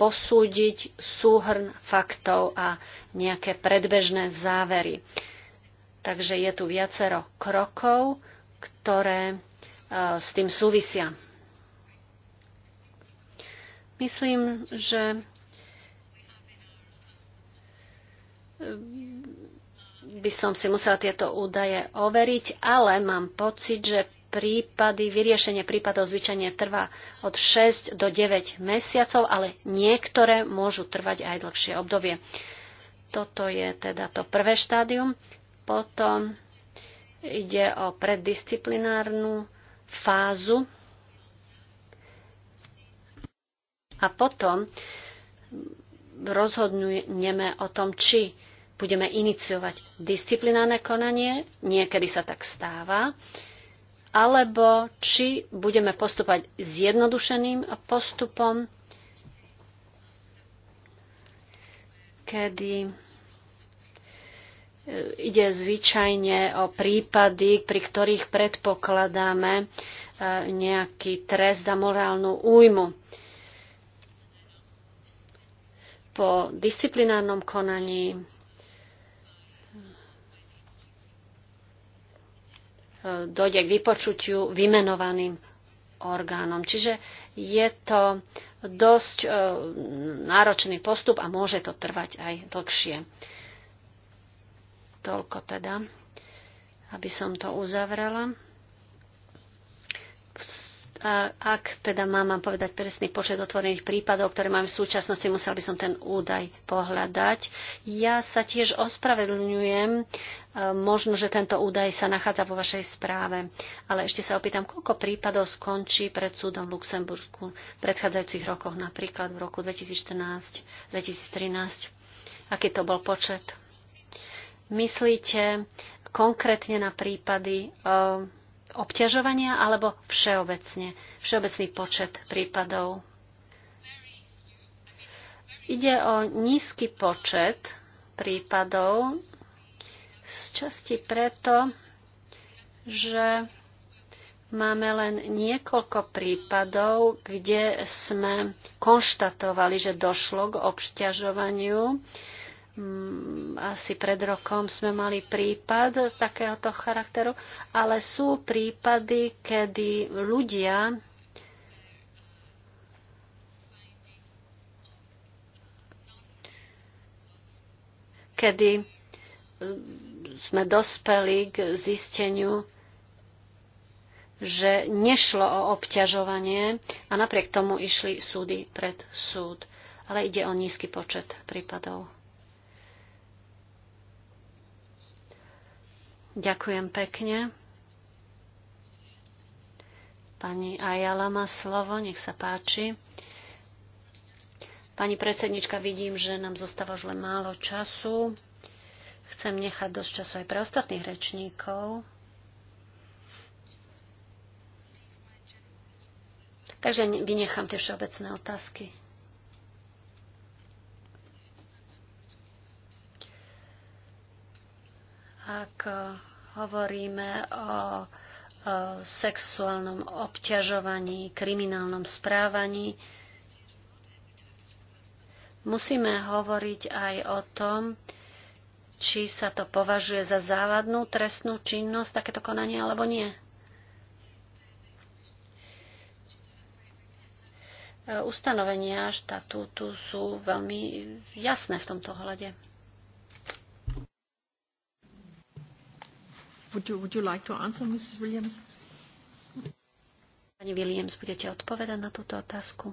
posúdiť súhrn faktov a nejaké predbežné závery. Takže je tu viacero krokov, ktoré e, s tým súvisia. Myslím, že e, by som si musela tieto údaje overiť, ale mám pocit, že prípady, vyriešenie prípadov zvyčajne trvá od 6 do 9 mesiacov, ale niektoré môžu trvať aj dlhšie obdobie. Toto je teda to prvé štádium. Potom ide o preddisciplinárnu fázu a potom rozhodneme o tom, či budeme iniciovať disciplinárne konanie, niekedy sa tak stáva, alebo či budeme postupovať zjednodušeným postupom, kedy Ide zvyčajne o prípady, pri ktorých predpokladáme e, nejaký trest a morálnu újmu. Po disciplinárnom konaní e, dojde k vypočutiu vymenovaným orgánom. Čiže je to dosť e, náročný postup a môže to trvať aj dlhšie. Toľko teda, aby som to uzavrela. A ak teda mám, vám povedať presný počet otvorených prípadov, ktoré mám v súčasnosti, musel by som ten údaj pohľadať. Ja sa tiež ospravedlňujem, e, možno, že tento údaj sa nachádza vo vašej správe, ale ešte sa opýtam, koľko prípadov skončí pred súdom v Luxemburgu v predchádzajúcich rokoch, napríklad v roku 2014-2013. Aký to bol počet? myslíte konkrétne na prípady e, obťažovania alebo všeobecne, všeobecný počet prípadov? Ide o nízky počet prípadov, z časti preto, že máme len niekoľko prípadov, kde sme konštatovali, že došlo k obťažovaniu Mm, asi pred rokom sme mali prípad takéhoto charakteru, ale sú prípady, kedy ľudia kedy mm, sme dospeli k zisteniu, že nešlo o obťažovanie a napriek tomu išli súdy pred súd. Ale ide o nízky počet prípadov. Ďakujem pekne. Pani Ajala má slovo, nech sa páči. Pani predsednička, vidím, že nám zostáva už len málo času. Chcem nechať dosť času aj pre ostatných rečníkov. Takže vynechám tie všeobecné otázky. Ak eh, hovoríme o eh, sexuálnom obťažovaní, kriminálnom správaní, musíme hovoriť aj o tom, či sa to považuje za závadnú trestnú činnosť, takéto konanie, alebo nie. Eh, ustanovenia štatútu sú veľmi jasné v tomto hľade. Pani Williams, budete odpovedať na túto otázku?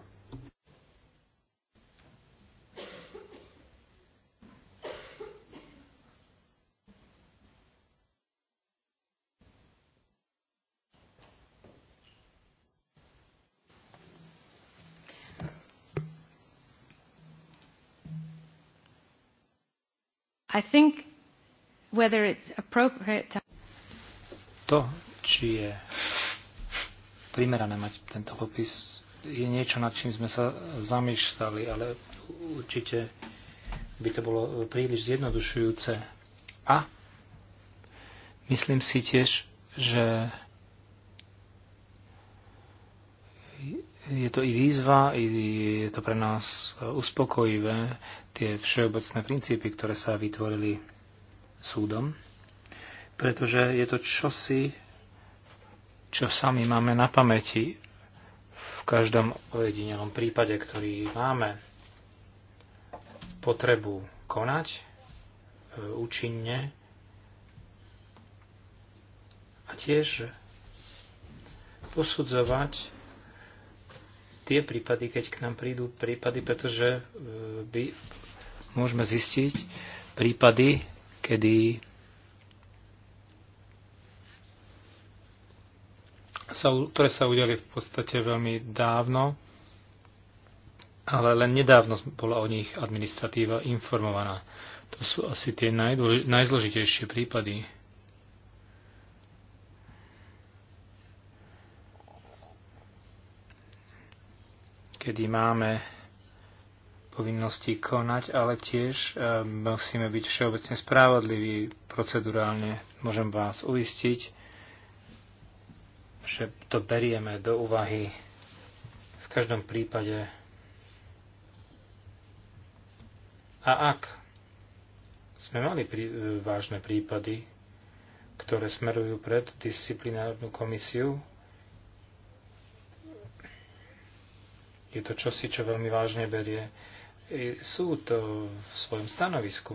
I think whether it's appropriate to to, či je primerané mať tento popis, je niečo, nad čím sme sa zamýšľali, ale určite by to bolo príliš zjednodušujúce. A myslím si tiež, že je to i výzva, i je to pre nás uspokojivé, tie všeobecné princípy, ktoré sa vytvorili súdom pretože je to čosi, čo sami máme na pamäti v každom ojedinelom prípade, ktorý máme potrebu konať e, účinne a tiež posudzovať tie prípady, keď k nám prídu prípady, pretože e, by môžeme zistiť prípady, kedy sa, ktoré sa udiali v podstate veľmi dávno, ale len nedávno bola o nich administratíva informovaná. To sú asi tie najdôlež- najzložitejšie prípady. Kedy máme povinnosti konať, ale tiež e, musíme byť všeobecne spravodliví procedurálne. Môžem vás uistiť, že to berieme do úvahy. V každom prípade a ak sme mali prí, e, vážne prípady, ktoré smerujú pred disciplinárnu komisiu, je to čosi, čo veľmi vážne berie Sú to v svojom stanovisku.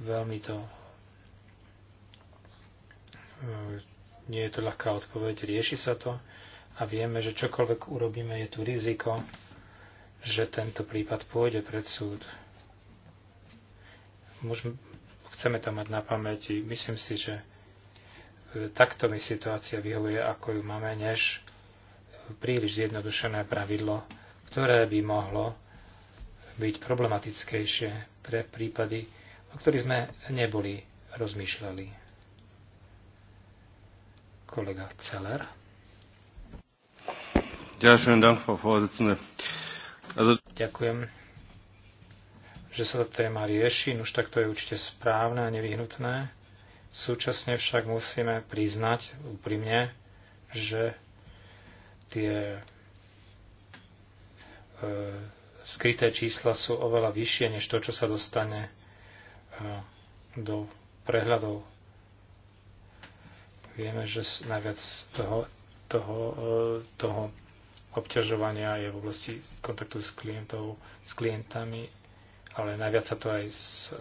Veľmi to... E, nie je to ľahká odpoveď, rieši sa to a vieme, že čokoľvek urobíme, je tu riziko, že tento prípad pôjde pred súd. Môžeme, chceme to mať na pamäti. Myslím si, že e, takto mi situácia vyhovuje, ako ju máme, než príliš zjednodušené pravidlo, ktoré by mohlo byť problematickejšie pre prípady, o ktorých sme neboli rozmýšľali. Kolega Celer. Ďakujem, že sa tá téma rieši, už tak to je určite správne a nevyhnutné. Súčasne však musíme priznať úprimne, že tie e, skryté čísla sú oveľa vyššie než to, čo sa dostane do prehľadov. Vieme, že najviac toho, toho, e, toho obťažovania je v oblasti kontaktu s klientov, s klientami, ale najviac sa to aj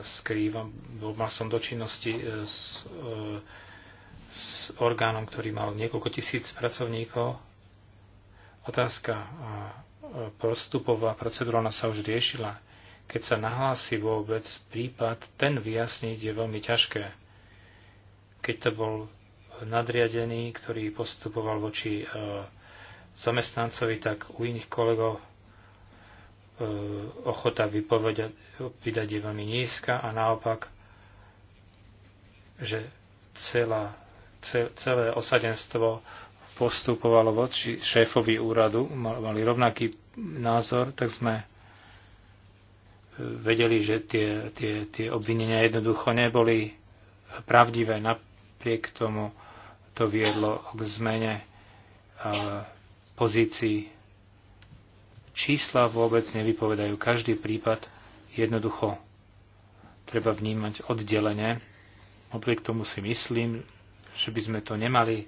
skrýva. Mal som dočinnosti e, s, e, s orgánom, ktorý mal niekoľko tisíc pracovníkov. Otázka postupová procedurálna sa už riešila keď sa nahlási vôbec prípad, ten vyjasniť je veľmi ťažké. Keď to bol nadriadený, ktorý postupoval voči e, zamestnancovi, tak u iných kolegov e, ochota vydať je veľmi nízka a naopak, že celá, ce, celé osadenstvo postupovalo voči šéfovi úradu, mali rovnaký názor, tak sme vedeli, že tie, tie, tie obvinenia jednoducho neboli pravdivé. Napriek tomu to viedlo k zmene eh, pozícií. Čísla vôbec nevypovedajú. Každý prípad jednoducho treba vnímať oddelenie. Napriek tomu si myslím, že by sme to nemali eh,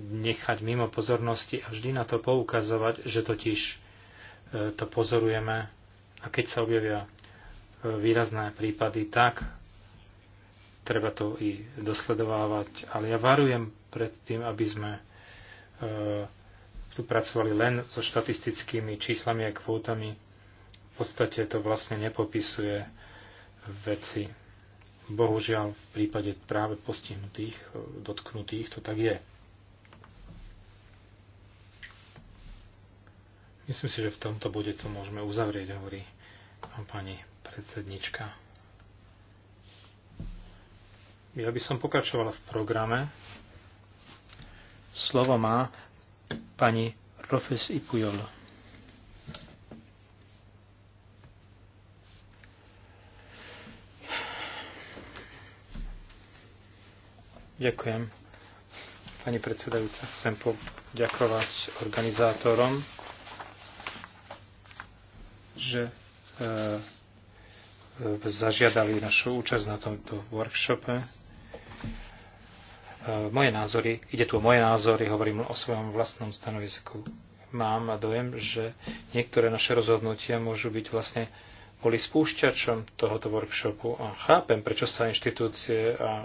nechať mimo pozornosti a vždy na to poukazovať, že totiž eh, to pozorujeme a keď sa objavia e, výrazné prípady, tak treba to i dosledovávať. Ale ja varujem pred tým, aby sme e, tu pracovali len so štatistickými číslami a kvótami. V podstate to vlastne nepopisuje veci. Bohužiaľ, v prípade práve postihnutých, e, dotknutých, to tak je. Myslím si, že v tomto bode to môžeme uzavrieť, hovorí pani predsednička. Ja by som pokračovala v programe. Slovo má pani Rofes Ipujol. Ďakujem. Pani predsedajúca, chcem poďakovať organizátorom že e, e, zažiadali našu účasť na tomto workshope. E, moje názory, ide tu o moje názory, hovorím o svojom vlastnom stanovisku. Mám a dojem, že niektoré naše rozhodnutia môžu byť vlastne boli spúšťačom tohoto workshopu a chápem, prečo sa inštitúcie a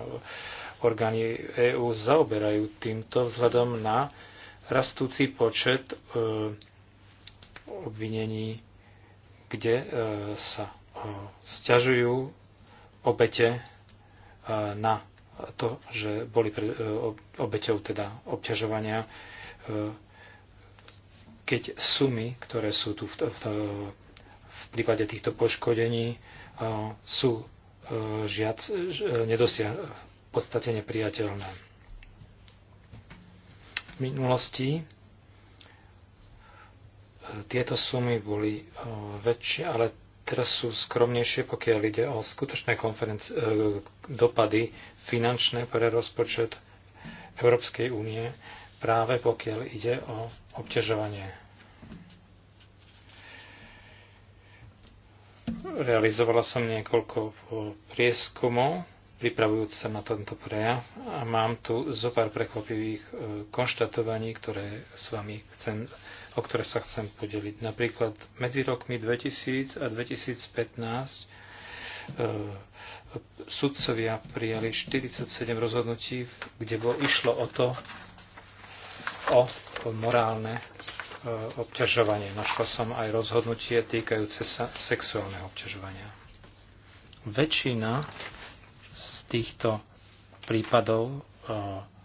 orgány EÚ zaoberajú týmto vzhľadom na rastúci počet e, obvinení kde e, sa e, sťažujú obete e, na to, že boli obeťou teda obťažovania, keď sumy, ktoré sú tu v, v, v prípade týchto poškodení, sú žiac, nedosia, v podstate nepriateľné. V minulosti tieto sumy boli eh, väčšie, ale teraz sú skromnejšie, pokiaľ ide o skutočné konferenc- eh, dopady finančné pre rozpočet Európskej únie, práve pokiaľ ide o obťažovanie realizovala som niekoľko eh, prieskumov, pripravujúc sa na tento prejav a mám tu zo pár prekvapivých konštatovaní, ktoré s vami chcem o ktoré sa chcem podeliť. Napríklad medzi rokmi 2000 a 2015 e, sudcovia prijali 47 rozhodnutí, kde bol, išlo o to, o morálne e, obťažovanie. Našla som aj rozhodnutie týkajúce sa sexuálneho obťažovania. Väčšina z týchto prípadov e,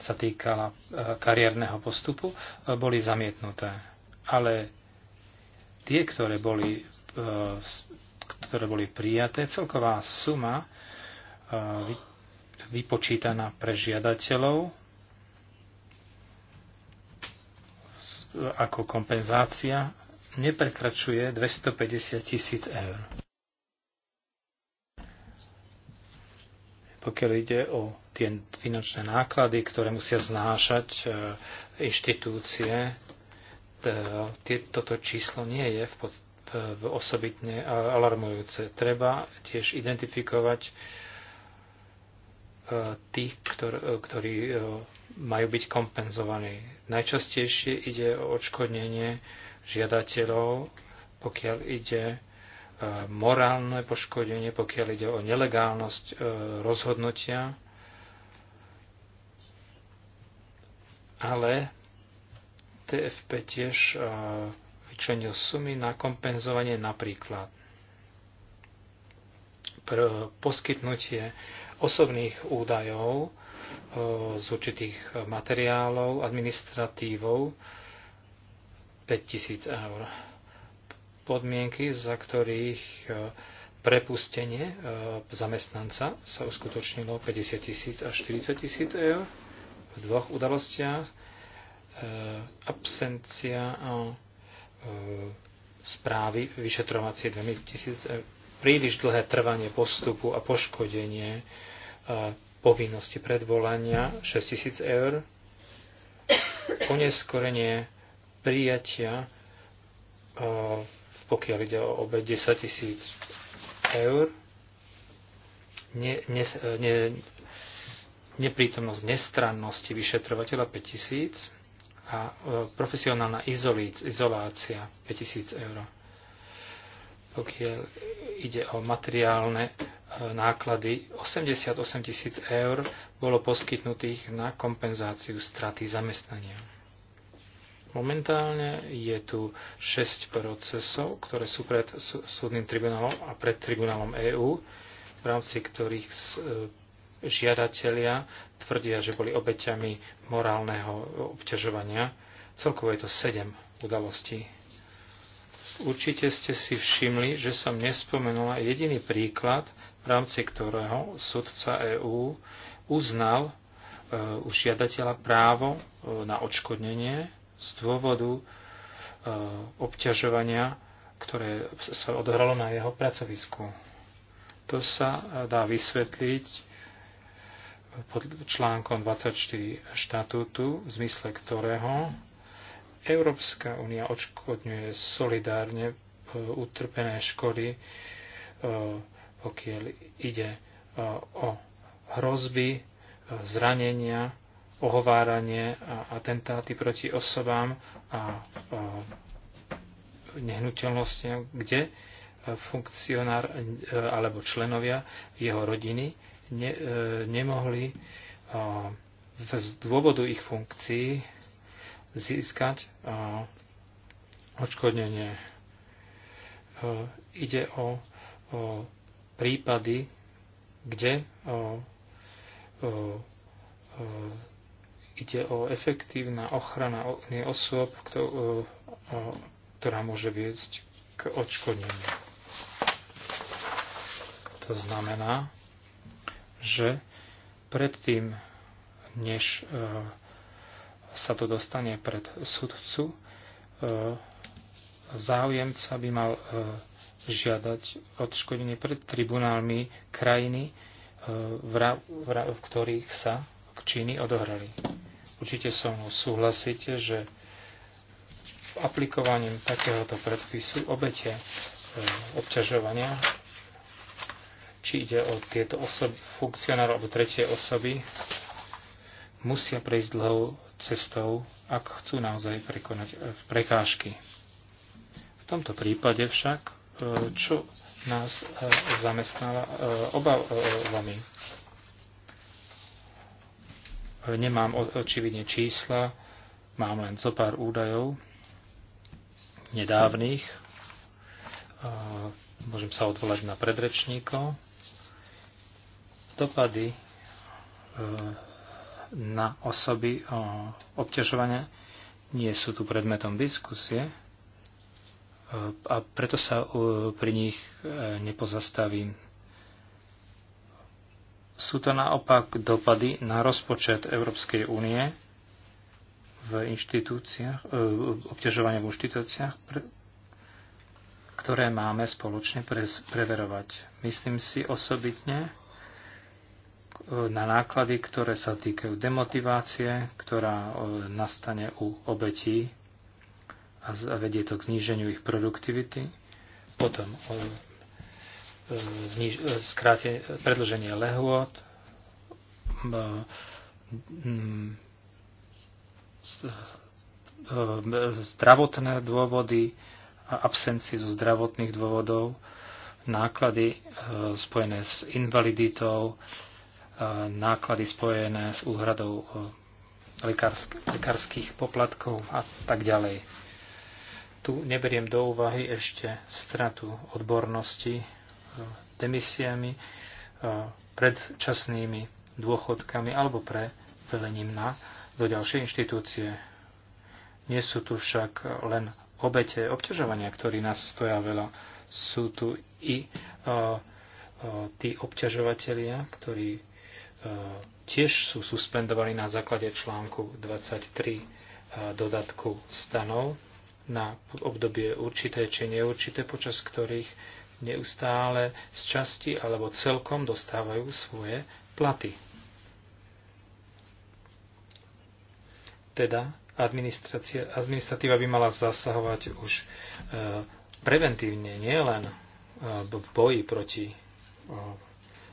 sa týkala e, kariérneho postupu, e, boli zamietnuté. Ale tie, ktoré boli, e, ktoré boli prijaté, celková suma vypočítaná pre žiadateľov ako kompenzácia neprekračuje 250 tisíc eur. Pokiaľ ide o tie finančné náklady, ktoré musia znášať e, inštitúcie, toto číslo nie je v podstate osobitne alarmujúce. Treba tiež identifikovať e, tých, ktor, e, ktorí majú byť kompenzovaní. Najčastejšie ide o odškodnenie žiadateľov, pokiaľ ide morálne poškodenie, pokiaľ ide o nelegálnosť rozhodnutia ale TFP tiež e, vyčlenil sumy na kompenzovanie napríklad pre poskytnutie osobných údajov e, z určitých materiálov, administratívou 5000 eur. Podmienky, za ktorých e, prepustenie zamestnanca sa uskutočnilo 50 tisíc až 40 tisíc eur v dvoch udalostiach. E, absencia e, správy vyšetrovacie 2000, e, príliš dlhé trvanie postupu a poškodenie povinnosti predvolania 6000 eur, oneskorenie prijatia, pokiaľ ide o obe 10 tisíc eur, ne, ne, ne, neprítomnosť nestrannosti vyšetrovateľa 5000 a e, profesionálna izolácia 5000 eur. Pokiaľ ide o materiálne e, náklady, 88 tisíc eur bolo poskytnutých na kompenzáciu straty zamestnania. Momentálne je tu 6 procesov, ktoré sú pred súdnym tribunálom a pred tribunálom EÚ, v rámci ktorých e, žiadatelia tvrdia, že boli obeťami morálneho obťažovania. Celkovo je to sedem udalostí. Určite ste si všimli, že som nespomenula jediný príklad, v rámci ktorého sudca EÚ uznal e, u žiadateľa právo e, na odškodnenie z dôvodu e, obťažovania, ktoré sa odohralo na jeho pracovisku. To sa dá vysvetliť pod článkom 24 štatútu, v zmysle ktorého Európska únia odškodňuje solidárne e, utrpené škody, e, pokiaľ ide e, o hrozby, zranenia, ohováranie a atentáty proti osobám a nehnuteľnostiam, kde funkcionár alebo členovia jeho rodiny ne, e, nemohli e, z dôvodu ich funkcií získať e, odškodnenie. Ide o, o prípady, kde o, o, o, ide o efektívna ochrana osôb, ktorá môže viesť k odškodneniu. To znamená, že predtým, než e, sa to dostane pred sudcu, e, záujemca by mal e, žiadať odškodenie pred tribunálmi krajiny, v ktorých sa činy odohrali. Určite so mnou súhlasíte, že aplikovaním takéhoto predpisu obete obťažovania či ide o tieto osoby, funkcionárov alebo tretie osoby, musia prejsť dlhou cestou, ak chcú naozaj prekonať e, prekážky. V tomto prípade však, e, čo nás e, zamestnáva obavami. Nemám očividne čísla, mám len zo pár údajov nedávnych. Môžem sa odvolať na predrečníkov dopady e, na osoby e, obťažovania nie sú tu predmetom diskusie e, a preto sa pri nich nepozastavím. Sú to naopak dopady na rozpočet Európskej únie v inštitúciách, obťažovania v inštitúciách, ktoré máme spoločne preverovať. Myslím si osobitne, E, na náklady, ktoré sa týkajú demotivácie, ktorá e, nastane u obetí a vedie to k zníženiu ich produktivity, potom e, zniž, skráte, predlženie lehôd, zdravotné dôvody a absencie zo zdravotných dôvodov, náklady spojené s invaliditou, náklady spojené s úhradou lekárskych poplatkov a tak ďalej. Tu neberiem do úvahy ešte stratu odbornosti e, demisiami, e, predčasnými dôchodkami alebo pre velením na do ďalšej inštitúcie. Nie sú tu však len obete obťažovania, ktorí nás stoja veľa. Sú tu i e, tí obťažovatelia, ktorí tiež sú suspendovaní na základe článku 23 e, dodatku stanov na obdobie určité či neurčité, počas ktorých neustále z časti alebo celkom dostávajú svoje platy. Teda administratíva by mala zasahovať už e, preventívne, nielen e, v boji proti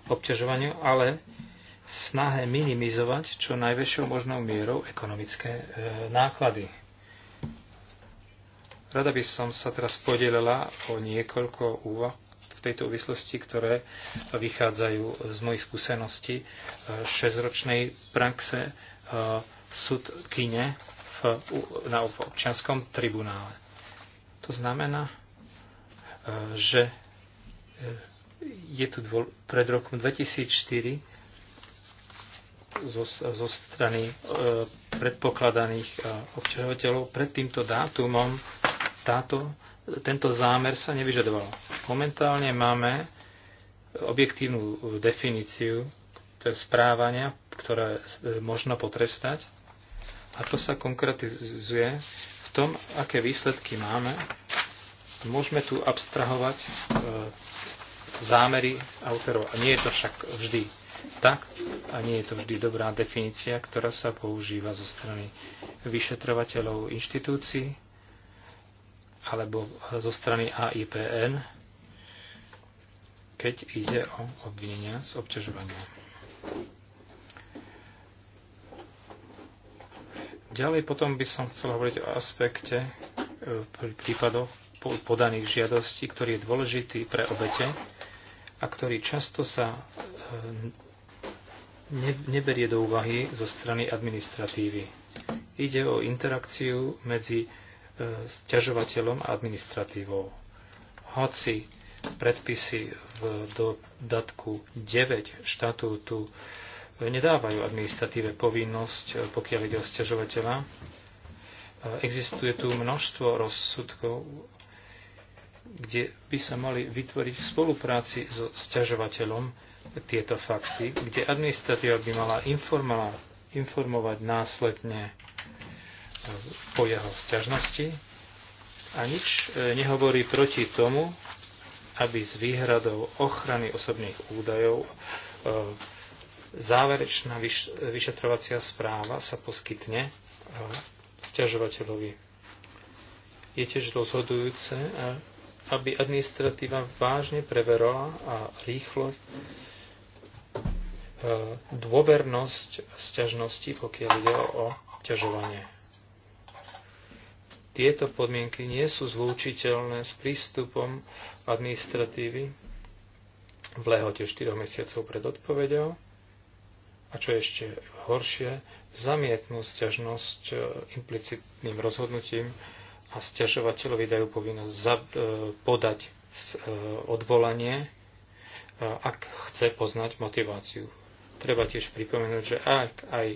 obťažovaniu, ale snahe minimizovať čo najväčšou možnou mierou ekonomické e, náklady. Rada by som sa teraz podelila o niekoľko úvah v tejto úvislosti, ktoré vychádzajú z mojich skúseností e, šesťročnej praxe e, kine v, na občianskom tribunále. To znamená, e, že je tu dvo, pred rokom 2004 zo, zo strany e, predpokladaných e, obťažovateľov. Pred týmto dátumom táto, tento zámer sa nevyžadoval. Momentálne máme objektívnu definíciu správania, ktoré e, možno potrestať. A to sa konkretizuje v tom, aké výsledky máme. Môžeme tu abstrahovať e, zámery autorov. A nie je to však vždy tak a nie je to vždy dobrá definícia, ktorá sa používa zo strany vyšetrovateľov inštitúcií alebo zo strany AIPN, keď ide o obvinenia z obťažovania. Ďalej potom by som chcel hovoriť o aspekte e, prípadov podaných žiadostí, ktorý je dôležitý pre obete a ktorý často sa e, neberie do úvahy zo strany administratívy. Ide o interakciu medzi e, sťažovateľom a administratívou. Hoci predpisy v dodatku 9 štatútu e, nedávajú administratíve povinnosť, pokiaľ ide o sťažovateľa, existuje tu množstvo rozsudkov kde by sa mali vytvoriť v spolupráci so sťažovateľom tieto fakty, kde administratíva by mala informovať následne e, po jeho sťažnosti a nič e, nehovorí proti tomu, aby s výhradou ochrany osobných údajov e, záverečná vyšetrovacia správa sa poskytne sťažovateľovi. Je tiež rozhodujúce, aby administratíva vážne preverala a rýchlo e, dôvernosť sťažnosti, pokiaľ ide o ťažovanie. Tieto podmienky nie sú zlúčiteľné s prístupom administratívy v lehote 4 mesiacov pred odpovedou a čo je ešte horšie, zamietnú sťažnosť e, implicitným rozhodnutím a stiažovateľovi dajú povinnosť za, e, podať e, odvolanie, e, ak chce poznať motiváciu. Treba tiež pripomenúť, že ak aj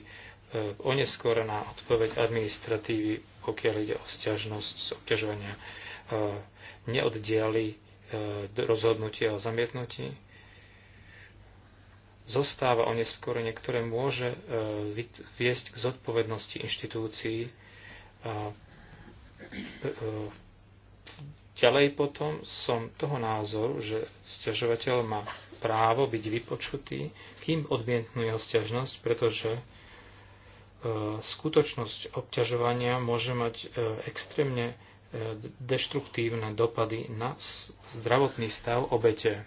oneskorená odpoveď administratívy, pokiaľ ide o stiažnosť z obťažovania, neoddiali rozhodnutie o zamietnutí, zostáva oneskorenie, ktoré môže viesť k zodpovednosti inštitúcií Ďalej potom som toho názoru, že stiažovateľ má právo byť vypočutý, kým odmietnú jeho stiažnosť, pretože e, skutočnosť obťažovania môže mať e, extrémne e, deštruktívne dopady na zdravotný stav obete.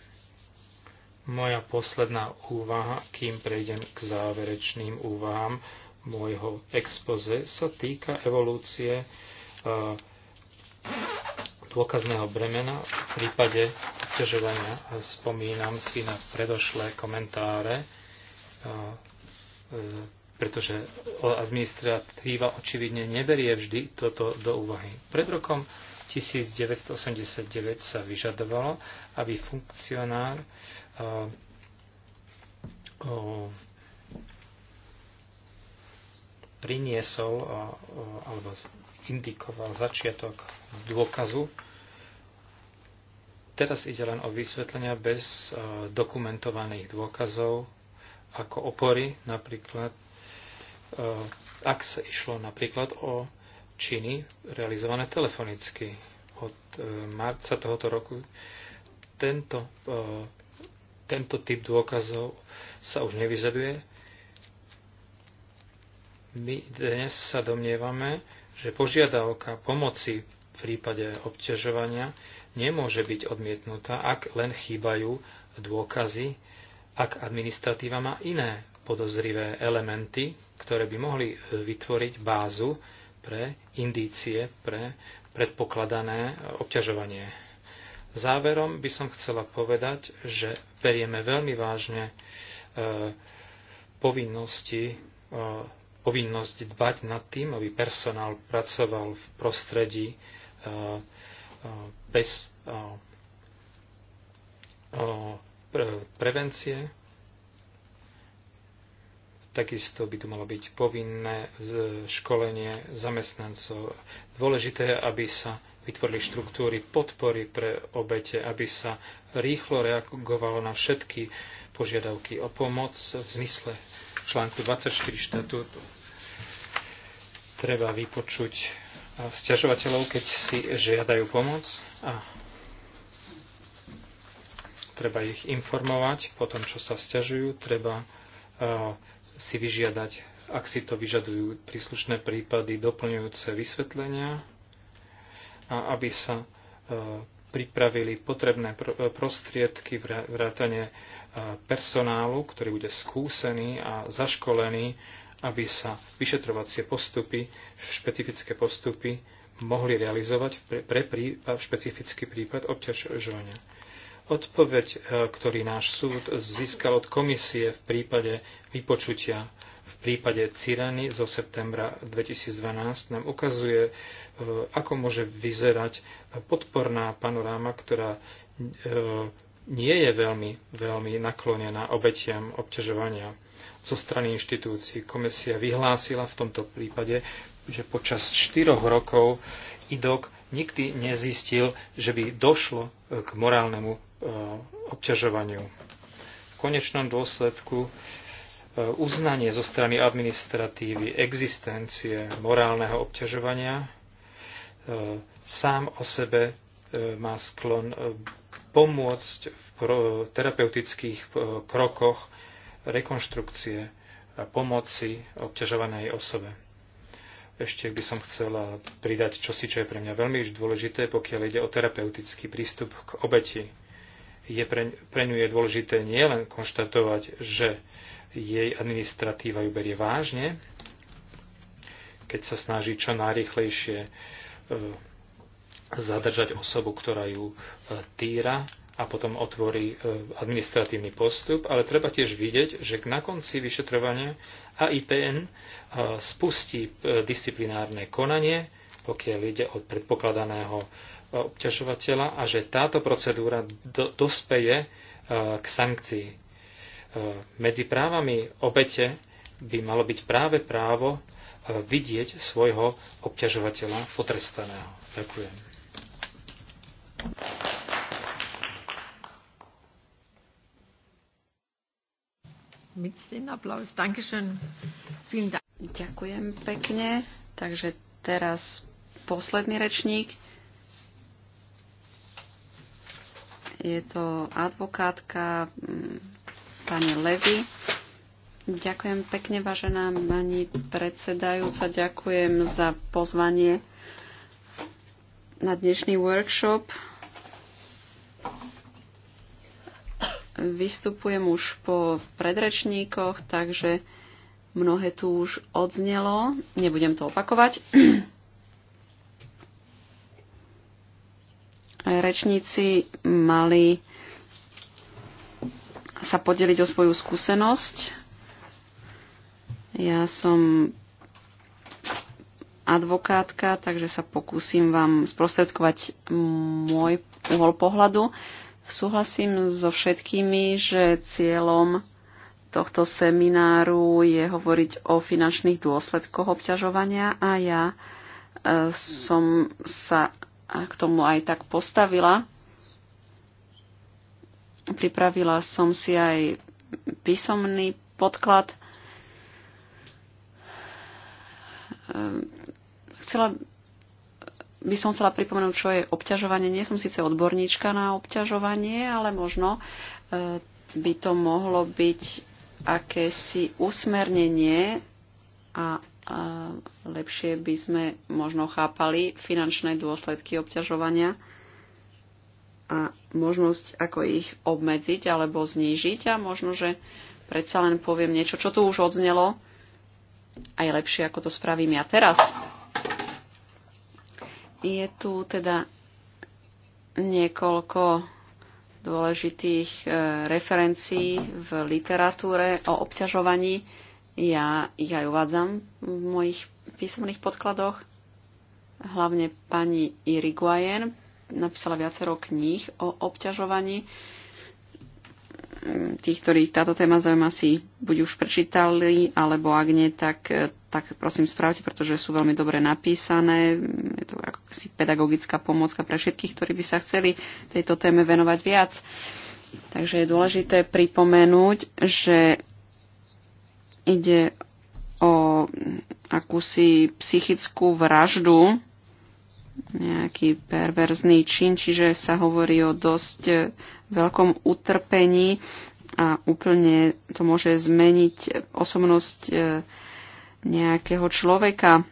Moja posledná úvaha, kým prejdem k záverečným úvahám môjho expoze, sa týka evolúcie E, dôkazného bremena v prípade obťažovania. E, spomínam si na predošlé komentáre, e, pretože administratíva očividne neberie vždy toto do úvahy. Pred rokom 1989 sa vyžadovalo, aby funkcionár priniesol alebo indikoval začiatok dôkazu. Teraz ide len o vysvetlenia bez e, dokumentovaných dôkazov, ako opory napríklad, e, ak sa išlo napríklad o činy realizované telefonicky. Od e, marca tohoto roku tento, tento typ dôkazov sa už nevyžaduje. My dnes sa domnievame, že požiadavka pomoci v prípade obťažovania nemôže byť odmietnutá, ak len chýbajú dôkazy, ak administratíva má iné podozrivé elementy, ktoré by mohli e, vytvoriť bázu pre indície, pre predpokladané e, obťažovanie. Záverom by som chcela povedať, že verieme veľmi vážne e, povinnosti e, povinnosť dbať nad tým, aby personál pracoval v prostredí e, e, bez e, prevencie. Takisto by tu malo byť povinné školenie zamestnancov. Dôležité je, aby sa vytvorili štruktúry podpory pre obete, aby sa rýchlo reagovalo na všetky požiadavky o pomoc v zmysle článku 24 štatútu treba vypočuť sťažovateľov, keď si žiadajú pomoc a treba ich informovať po tom, čo sa sťažujú, treba si vyžiadať, ak si to vyžadujú príslušné prípady, doplňujúce vysvetlenia a aby sa pripravili potrebné e, prostriedky vrátane personálu, ktorý bude skúsený a zaškolený aby sa vyšetrovacie postupy, špecifické postupy mohli realizovať pre, pre prípad, špecifický prípad obťažovania. Odpoveď, e, ktorý náš súd získal od komisie v prípade vypočutia v prípade Cirany zo septembra 2012 nám ukazuje, e, ako môže vyzerať podporná panoráma, ktorá e, nie je veľmi, veľmi naklonená obetiam obťažovania zo strany inštitúcií. Komisia vyhlásila v tomto prípade, že počas štyroch rokov IDOK nikdy nezistil, že by došlo e, k morálnemu e, obťažovaniu. V konečnom dôsledku e, uznanie zo strany administratívy existencie morálneho obťažovania sám o sebe má sklon pomôcť v terapeutických krokoch rekonštrukcie a pomoci obťažovanej osobe. Ešte by som chcela pridať čosi, čo je pre mňa veľmi dôležité, pokiaľ ide o terapeutický prístup k obeti. Je pre, pre ňu je dôležité nielen konštatovať, že jej administratíva ju berie vážne, keď sa snaží čo najrychlejšie e, zadržať osobu, ktorá ju e, týra, a potom otvorí e, administratívny postup, ale treba tiež vidieť, že na konci vyšetrovania AIPN e, spustí e, disciplinárne konanie, pokiaľ ide od predpokladaného obťažovateľa a že táto procedúra dospeje k sankcii. Medzi právami obete by malo byť práve právo vidieť svojho obťažovateľa potrestaného. Ďakujem. mit den Applaus. Dankeschön. Vielen Dank. Ďakujem pekne. Takže teraz posledný rečník. Je to advokátka mm, pani Levy. Ďakujem pekne, vážená pani predsedajúca. Ďakujem za pozvanie na dnešný workshop. Vystupujem už po predrečníkoch, takže mnohé tu už odznelo. Nebudem to opakovať. Rečníci mali sa podeliť o svoju skúsenosť. Ja som advokátka, takže sa pokúsim vám sprostredkovať môj uhol pohľadu. Súhlasím so všetkými, že cieľom tohto semináru je hovoriť o finančných dôsledkoch obťažovania a ja e, som sa k tomu aj tak postavila. Pripravila som si aj písomný podklad. E, chcela by som chcela pripomenúť, čo je obťažovanie. Nie som síce odborníčka na obťažovanie, ale možno e, by to mohlo byť akési usmernenie a lepšie by sme možno chápali finančné dôsledky obťažovania a možnosť, ako ich obmedziť alebo znížiť a možno, že predsa len poviem niečo, čo tu už odznelo a je lepšie, ako to spravím ja teraz. Je tu teda niekoľko dôležitých e, referencií v literatúre o obťažovaní. Ja ich aj uvádzam v mojich písomných podkladoch. Hlavne pani Iriguayen napísala viacero kníh o obťažovaní. Tých, ktorých táto téma zaujíma, si buď už prečítali, alebo ak nie, tak e, tak prosím spravte, pretože sú veľmi dobre napísané. Je to ako si pedagogická pomocka pre všetkých, ktorí by sa chceli tejto téme venovať viac. Takže je dôležité pripomenúť, že ide o akúsi psychickú vraždu, nejaký perverzný čin, čiže sa hovorí o dosť veľkom utrpení a úplne to môže zmeniť osobnosť eh, nejakého človeka.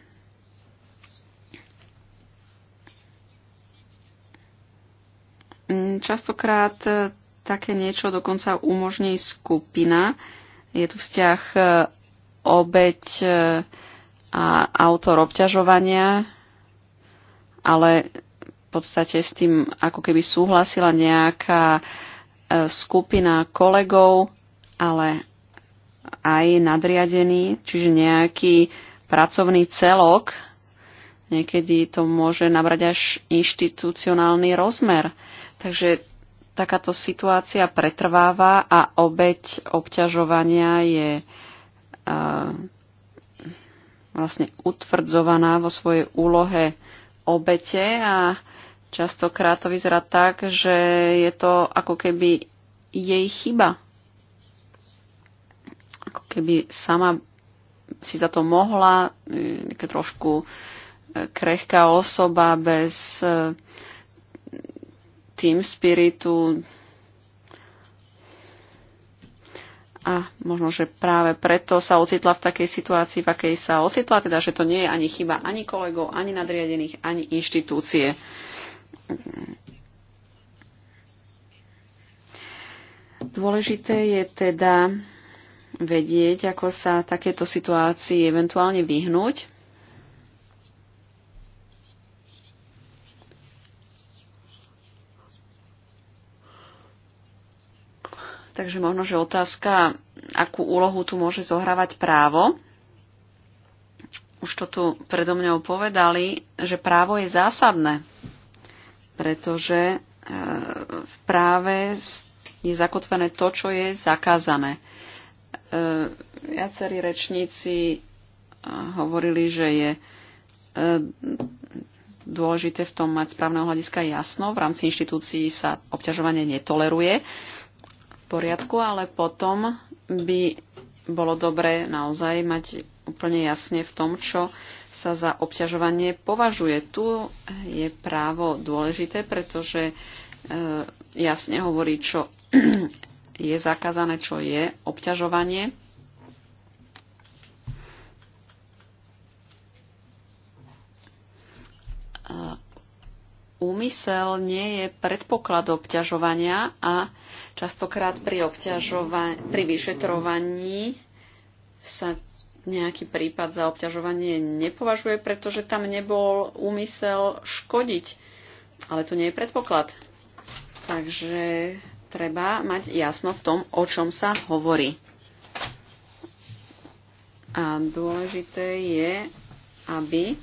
Mm, častokrát e, také niečo dokonca umožní skupina. Je tu vzťah e, obeď e, a autor obťažovania, ale v podstate s tým ako keby súhlasila nejaká skupina kolegov, ale aj nadriadený, čiže nejaký pracovný celok. Niekedy to môže nabrať až inštitucionálny rozmer. Takže takáto situácia pretrváva a obeď obťažovania je uh, vlastne utvrdzovaná vo svojej úlohe obete a častokrát to vyzerá tak, že je to ako keby jej chyba ako keby sama si za to mohla, e, nejaká trošku e, krehká osoba bez e, team spiritu. A možno, že práve preto sa ocitla v takej situácii, v akej sa ocitla, teda, že to nie je ani chyba ani kolegov, ani nadriadených, ani inštitúcie. Dôležité je teda vedieť, ako sa takéto situácii eventuálne vyhnúť. Takže možno, že otázka, akú úlohu tu môže zohrávať právo. Už to tu predo mňou povedali, že právo je zásadné, pretože e, v práve je zakotvené to, čo je zakázané. E, viacerí rečníci hovorili, že je e, dôležité v tom mať správneho hľadiska jasno. V rámci inštitúcií sa obťažovanie netoleruje v poriadku, ale potom by bolo dobré naozaj mať úplne jasne v tom, čo sa za obťažovanie považuje. Tu je právo dôležité, pretože e, jasne hovorí, čo je zakázané, čo je obťažovanie. Úmysel nie je predpoklad obťažovania a častokrát pri, obťažova- pri vyšetrovaní sa nejaký prípad za obťažovanie nepovažuje, pretože tam nebol úmysel škodiť. Ale to nie je predpoklad. Takže treba mať jasno v tom, o čom sa hovorí. A dôležité je, aby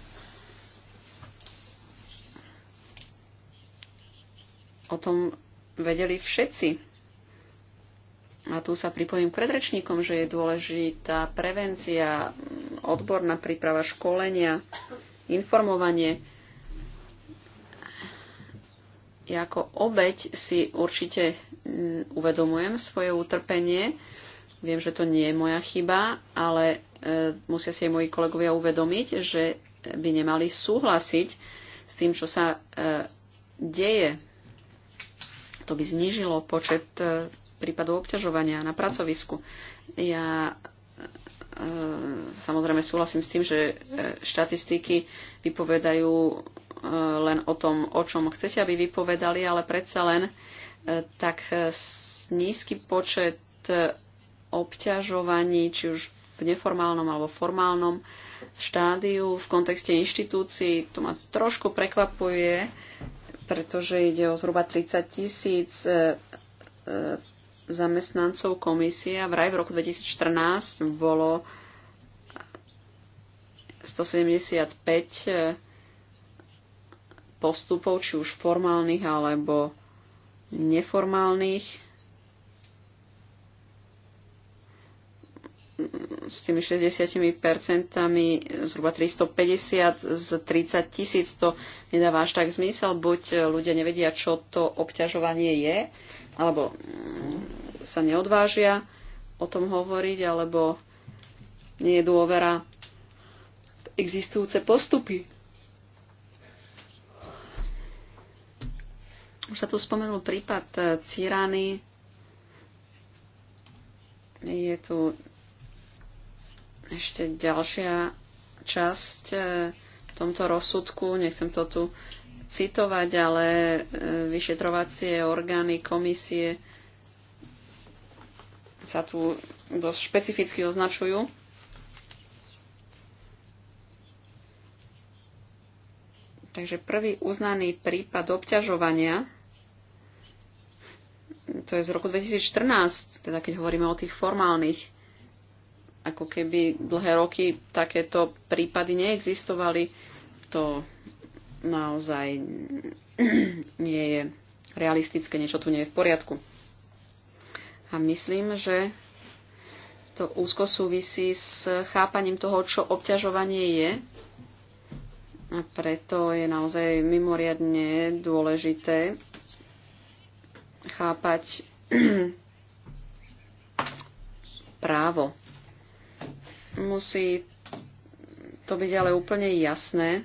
o tom vedeli všetci. A tu sa pripojím k predrečníkom, že je dôležitá prevencia, odborná príprava školenia, informovanie ja ako obeď si určite mm, uvedomujem svoje utrpenie. Viem, že to nie je moja chyba, ale e, musia si aj moji kolegovia uvedomiť, že by nemali súhlasiť s tým, čo sa e, deje. To by znížilo počet e, prípadov obťažovania na pracovisku. Ja e, samozrejme súhlasím s tým, že e, štatistiky vypovedajú Eh, len o tom, o čom chcete, aby vypovedali, ale predsa len eh, tak eh, nízky počet obťažovaní, či už v neformálnom alebo formálnom štádiu v kontexte inštitúcií. To ma trošku prekvapuje, pretože ide o zhruba 30 tisíc zamestnancov komisie a vraj v roku 2014 bolo 175 postupov, či už formálnych alebo neformálnych. s tými 60 percentami zhruba 350 z 30 tisíc, to nedáva až tak zmysel, buď ľudia nevedia, čo to obťažovanie je, alebo mm, sa neodvážia o tom hovoriť, alebo nie je dôvera existujúce postupy. Už sa tu spomenul prípad e, Cirany. Je tu ešte ďalšia časť e, v tomto rozsudku. Nechcem to tu citovať, ale e, vyšetrovacie orgány, komisie sa tu dosť špecificky označujú. Takže prvý uznaný prípad obťažovania to je z roku 2014, teda keď hovoríme o tých formálnych, ako keby dlhé roky takéto prípady neexistovali, to naozaj nie je realistické, niečo tu nie je v poriadku. A myslím, že to úzko súvisí s chápaním toho, čo obťažovanie je. A preto je naozaj mimoriadne dôležité chápať právo. Musí to byť ale úplne jasné,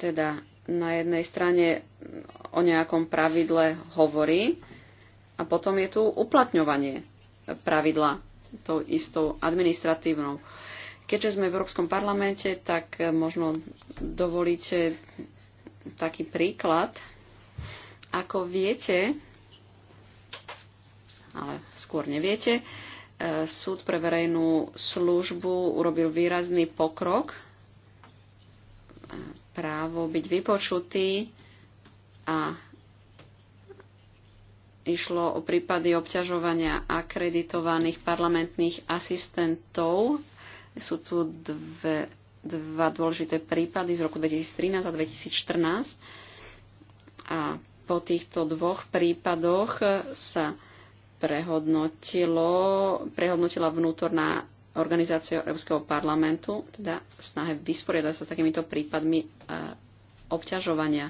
teda na jednej strane o nejakom pravidle hovorí a potom je tu uplatňovanie pravidla tou istou administratívnou. Keďže sme v Európskom parlamente, tak možno dovolíte taký príklad ako viete, ale skôr neviete, e, súd pre verejnú službu urobil výrazný pokrok. Právo byť vypočutý a išlo o prípady obťažovania akreditovaných parlamentných asistentov. Sú tu dve, dva dôležité prípady z roku 2013 a 2014. A po týchto dvoch prípadoch sa prehodnotilo, prehodnotila vnútorná organizácia Európskeho parlamentu, teda v snahe vysporiadať sa takýmito prípadmi e, obťažovania.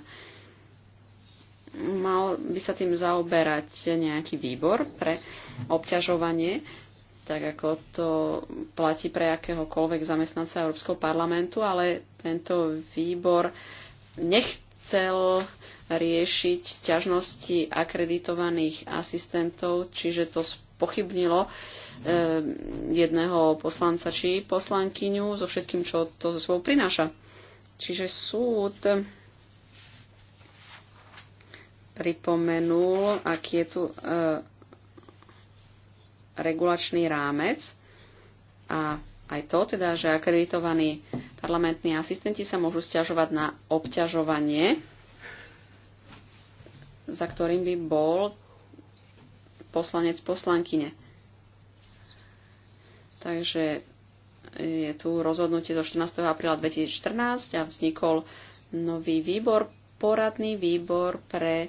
Mal by sa tým zaoberať nejaký výbor pre obťažovanie, tak ako to platí pre akéhokoľvek zamestnanca Európskeho parlamentu, ale tento výbor nechcel riešiť sťažnosti akreditovaných asistentov, čiže to pochybnilo ehm, jedného poslanca či poslankyňu so všetkým, čo to so sebou prináša. Čiže súd pripomenul, aký je tu e, regulačný rámec a aj to, teda, že akreditovaní parlamentní asistenti sa môžu stiažovať na obťažovanie za ktorým by bol poslanec poslankyne. Takže je tu rozhodnutie zo 14. apríla 2014 a vznikol nový výbor, poradný výbor pre e,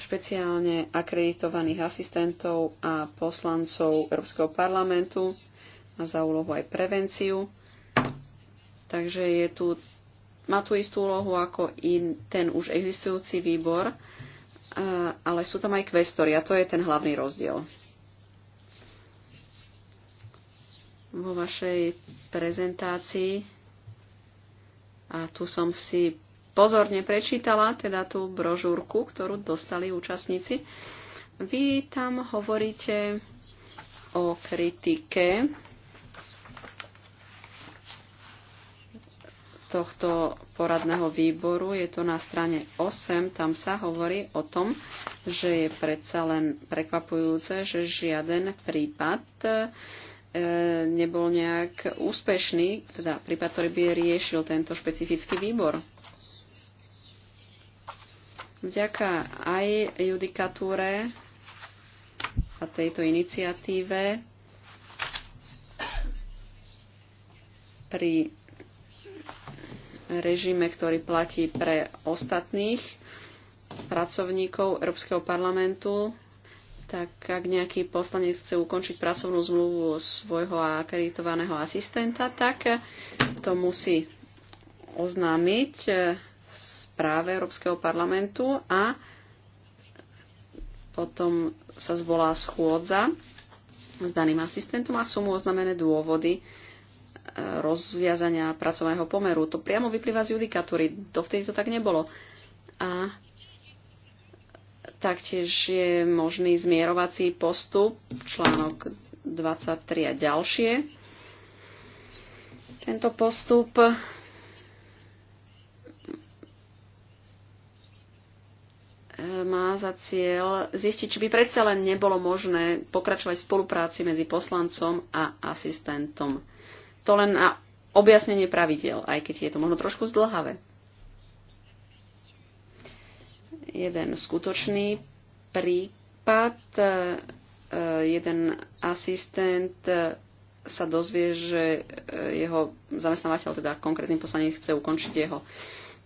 špeciálne akreditovaných asistentov a poslancov Európskeho parlamentu a za úlohu aj prevenciu. Takže je tu má tú istú úlohu ako i ten už existujúci výbor, e, ale sú tam aj kvestory a to je ten hlavný rozdiel. Vo vašej prezentácii a tu som si pozorne prečítala teda tú brožúrku, ktorú dostali účastníci. Vy tam hovoríte o kritike tohto poradného výboru. Je to na strane 8, tam sa hovorí o tom, že je predsa len prekvapujúce, že žiaden prípad e, nebol nejak úspešný, teda prípad, ktorý by riešil tento špecifický výbor. Vďaka aj judikatúre a tejto iniciatíve pri režime, ktorý platí pre ostatných pracovníkov Európskeho parlamentu, tak ak nejaký poslanec chce ukončiť pracovnú zmluvu svojho akreditovaného asistenta, tak to musí oznámiť správe Európskeho parlamentu a potom sa zvolá schôdza s daným asistentom a sú mu oznamené dôvody rozviazania pracovného pomeru. To priamo vyplýva z judikatúry. Dovtedy to tak nebolo. A taktiež je možný zmierovací postup, článok 23 a ďalšie. Tento postup má za cieľ zistiť, či by predsa len nebolo možné pokračovať v spolupráci medzi poslancom a asistentom. To len na objasnenie pravidel, aj keď je to možno trošku zdlhavé. Jeden skutočný prípad, e, jeden asistent e, sa dozvie, že e, jeho zamestnávateľ, teda konkrétny poslanec, chce ukončiť jeho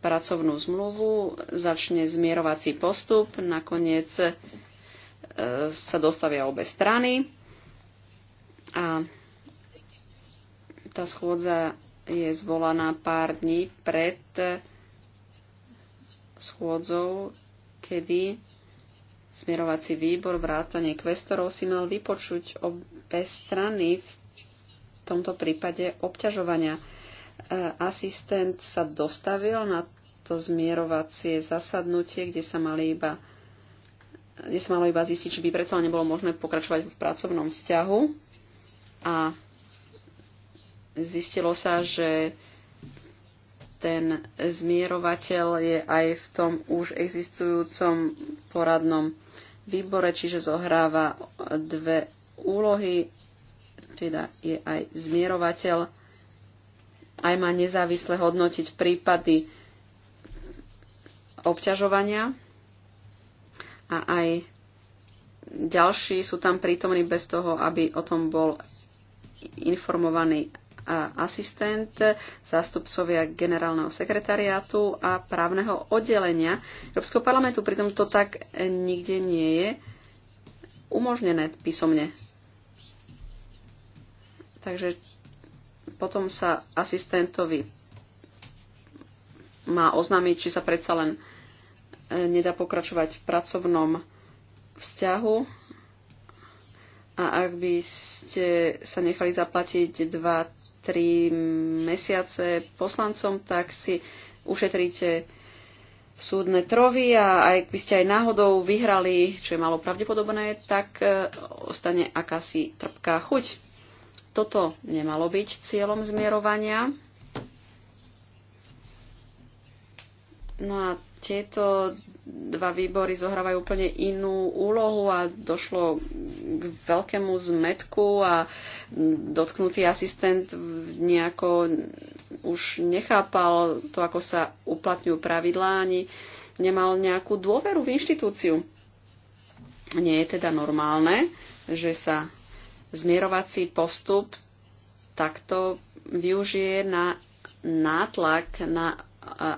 pracovnú zmluvu, začne zmierovací postup, nakoniec sa dostavia obe strany a tá schôdza je zvolaná pár dní pred schôdzou, kedy smerovací výbor vrátane kvestorov si mal vypočuť obe strany v tomto prípade obťažovania. E, asistent sa dostavil na to zmierovacie zasadnutie, kde sa mali iba kde sa malo iba zistiť, či by predsa nebolo možné pokračovať v pracovnom vzťahu. A zistilo sa, že ten zmierovateľ je aj v tom už existujúcom poradnom výbore, čiže zohráva dve úlohy, teda je aj zmierovateľ, aj má nezávisle hodnotiť prípady obťažovania a aj ďalší sú tam prítomní bez toho, aby o tom bol informovaný asistent, zástupcovia generálneho sekretariátu a právneho oddelenia Európskeho parlamentu. Pritom to tak nikde nie je umožnené písomne. Takže potom sa asistentovi má oznámiť, či sa predsa len e, nedá pokračovať v pracovnom vzťahu a ak by ste sa nechali zaplatiť 2 tri mesiace poslancom, tak si ušetríte súdne trovy a aj by ste aj náhodou vyhrali, čo je malo pravdepodobné, tak e, ostane akási trpká chuť. Toto nemalo byť cieľom zmierovania. No a tieto dva výbory zohrávajú úplne inú úlohu a došlo k veľkému zmetku a dotknutý asistent nejako už nechápal to, ako sa uplatňujú pravidlá, ani nemal nejakú dôveru v inštitúciu. Nie je teda normálne, že sa zmierovací postup takto využije na nátlak na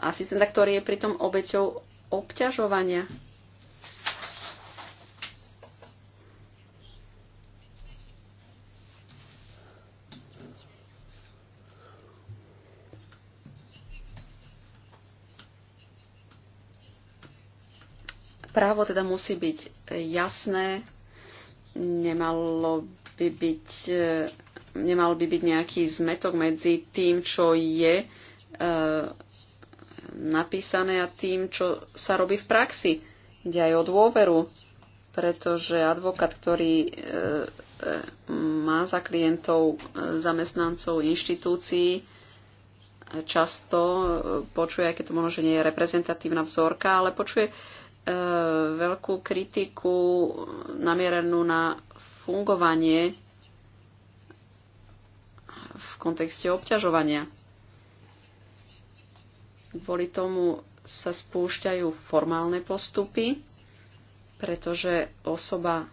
asistenta, ktorý je pritom obeťou obťažovania. Právo teda musí byť jasné, nemalo by byť, nemal by byť nejaký zmetok medzi tým, čo je eh, napísané a tým, čo sa robí v praxi. Ide aj o dôveru, pretože advokát, ktorý e, e, má za klientov e, zamestnancov inštitúcií, často počuje, aj keď to možno, že nie je reprezentatívna vzorka, ale počuje veľkú kritiku namierenú na fungovanie v kontexte obťažovania Kvôli tomu sa spúšťajú formálne postupy, pretože osoba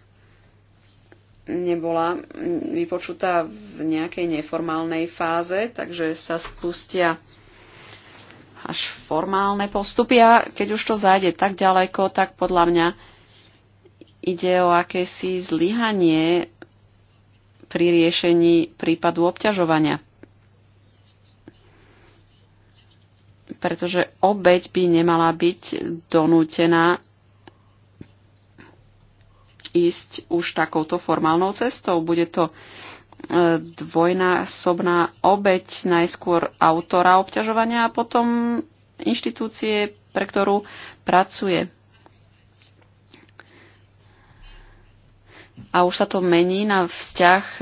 nebola vypočutá v nejakej neformálnej fáze, takže sa spustia až formálne postupy a keď už to zájde tak ďaleko, tak podľa mňa ide o akési zlyhanie pri riešení prípadu obťažovania. pretože obeď by nemala byť donútená ísť už takouto formálnou cestou. Bude to e, dvojnásobná obeď najskôr autora obťažovania a potom inštitúcie, pre ktorú pracuje. A už sa to mení na vzťah e,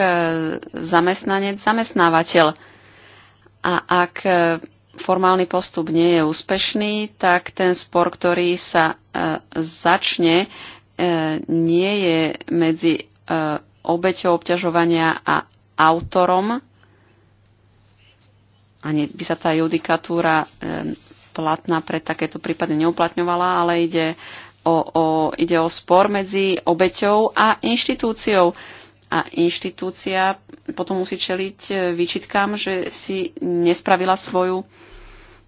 zamestnanec-zamestnávateľ. A ak e, formálny postup nie je úspešný, tak ten spor, ktorý sa e, začne, e, nie je medzi e, obeťou obťažovania a autorom. Ani by sa tá judikatúra platná pre takéto prípady neuplatňovala, ale ide o, o, ide o spor medzi obeťou a inštitúciou a inštitúcia potom musí čeliť e, výčitkám, že si nespravila svoju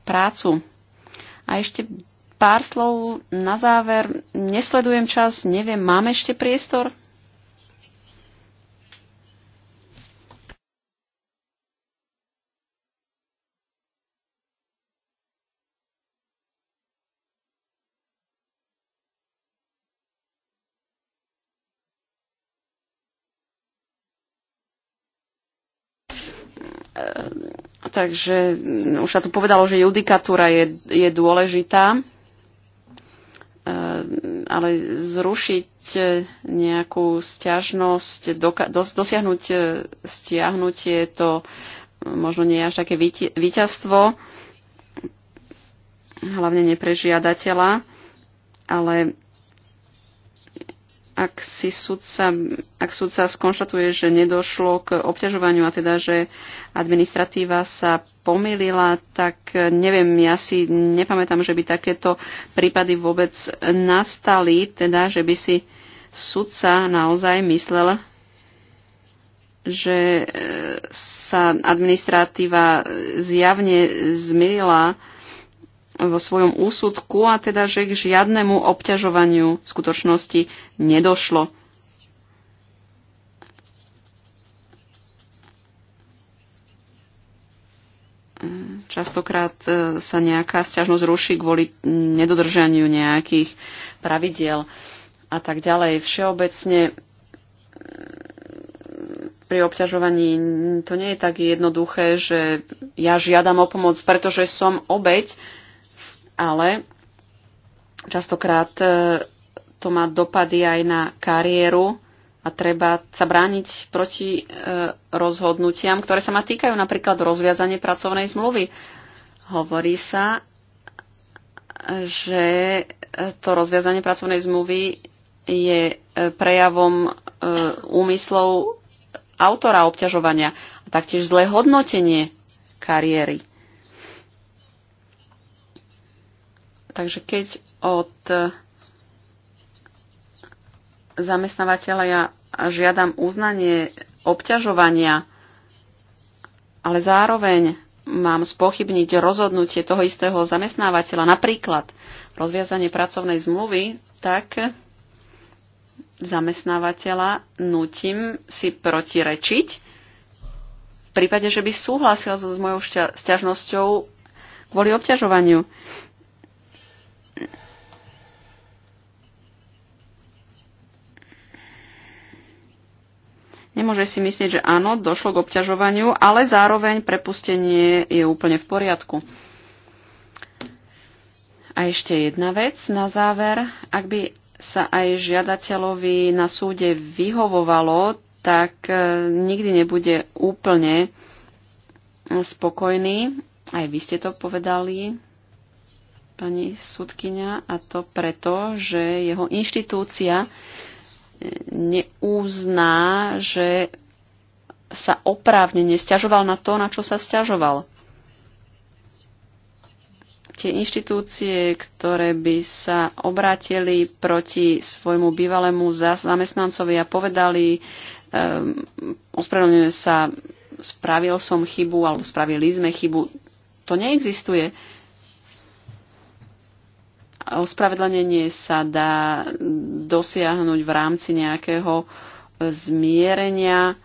prácu. A ešte pár slov na záver. Nesledujem čas, neviem, máme ešte priestor? Takže mm, už sa tu povedalo, že judikatúra je, je dôležitá, e, ale zrušiť e, nejakú stiažnosť, dosiahnuť e, stiahnutie, to možno nie je až také víťazstvo, hlavne neprežiadateľa, ale ak, si sudca, ak sudca skonštatuje, že nedošlo k obťažovaniu a teda, že administratíva sa pomýlila, tak neviem, ja si nepamätám, že by takéto prípady vôbec nastali, teda, že by si sudca naozaj myslel, že e, sa administratíva zjavne zmýlila vo svojom úsudku a teda, že k žiadnemu obťažovaniu v skutočnosti nedošlo. Častokrát e, sa nejaká sťažnosť ruší kvôli nedodržaniu nejakých pravidiel a tak ďalej. Všeobecne pri obťažovaní to nie je tak jednoduché, že ja žiadam o pomoc, pretože som obeď, ale častokrát e, to má dopady aj na kariéru a treba sa brániť proti e, rozhodnutiam, ktoré sa ma týkajú napríklad rozviazanie pracovnej zmluvy. Hovorí sa, že e, to rozviazanie pracovnej zmluvy je prejavom úmyslov autora obťažovania a taktiež zlé hodnotenie kariéry. Takže keď od zamestnávateľa ja žiadam uznanie obťažovania, ale zároveň mám spochybniť rozhodnutie toho istého zamestnávateľa, napríklad rozviazanie pracovnej zmluvy, tak zamestnávateľa nutím si protirečiť. V prípade, že by súhlasil so s mojou sťažnosťou kvôli obťažovaniu. Nemôže si myslieť, že áno, došlo k obťažovaniu, ale zároveň prepustenie je úplne v poriadku. A ešte jedna vec na záver. Ak by sa aj žiadateľovi na súde vyhovovalo, tak e, nikdy nebude úplne spokojný. Aj vy ste to povedali, pani sudkynia, a to preto, že jeho inštitúcia neuzná, že sa oprávne nesťažoval na to, na čo sa stiažoval. Tie inštitúcie, ktoré by sa obrátili proti svojmu bývalému zamestnancovi a povedali, um, ospravedlňujem sa, spravil som chybu alebo spravili sme chybu, to neexistuje. Ospravedlenie sa dá dosiahnuť v rámci nejakého zmierenia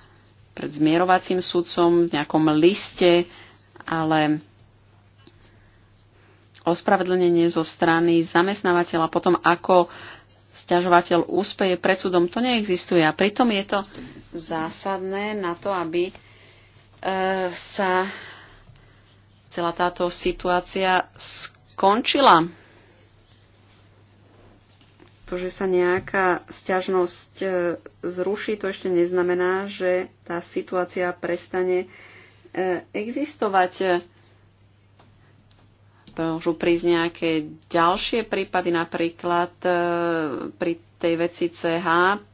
pred zmierovacím sudcom v nejakom liste, ale ospravedlenie zo strany zamestnávateľa potom ako sťažovateľ úspeje pred súdom, to neexistuje. A pritom je to zásadné na to, aby e, sa celá táto situácia skončila to, že sa nejaká sťažnosť e, zruší, to ešte neznamená, že tá situácia prestane e, existovať. E, môžu prísť nejaké ďalšie prípady, napríklad pri tej veci CH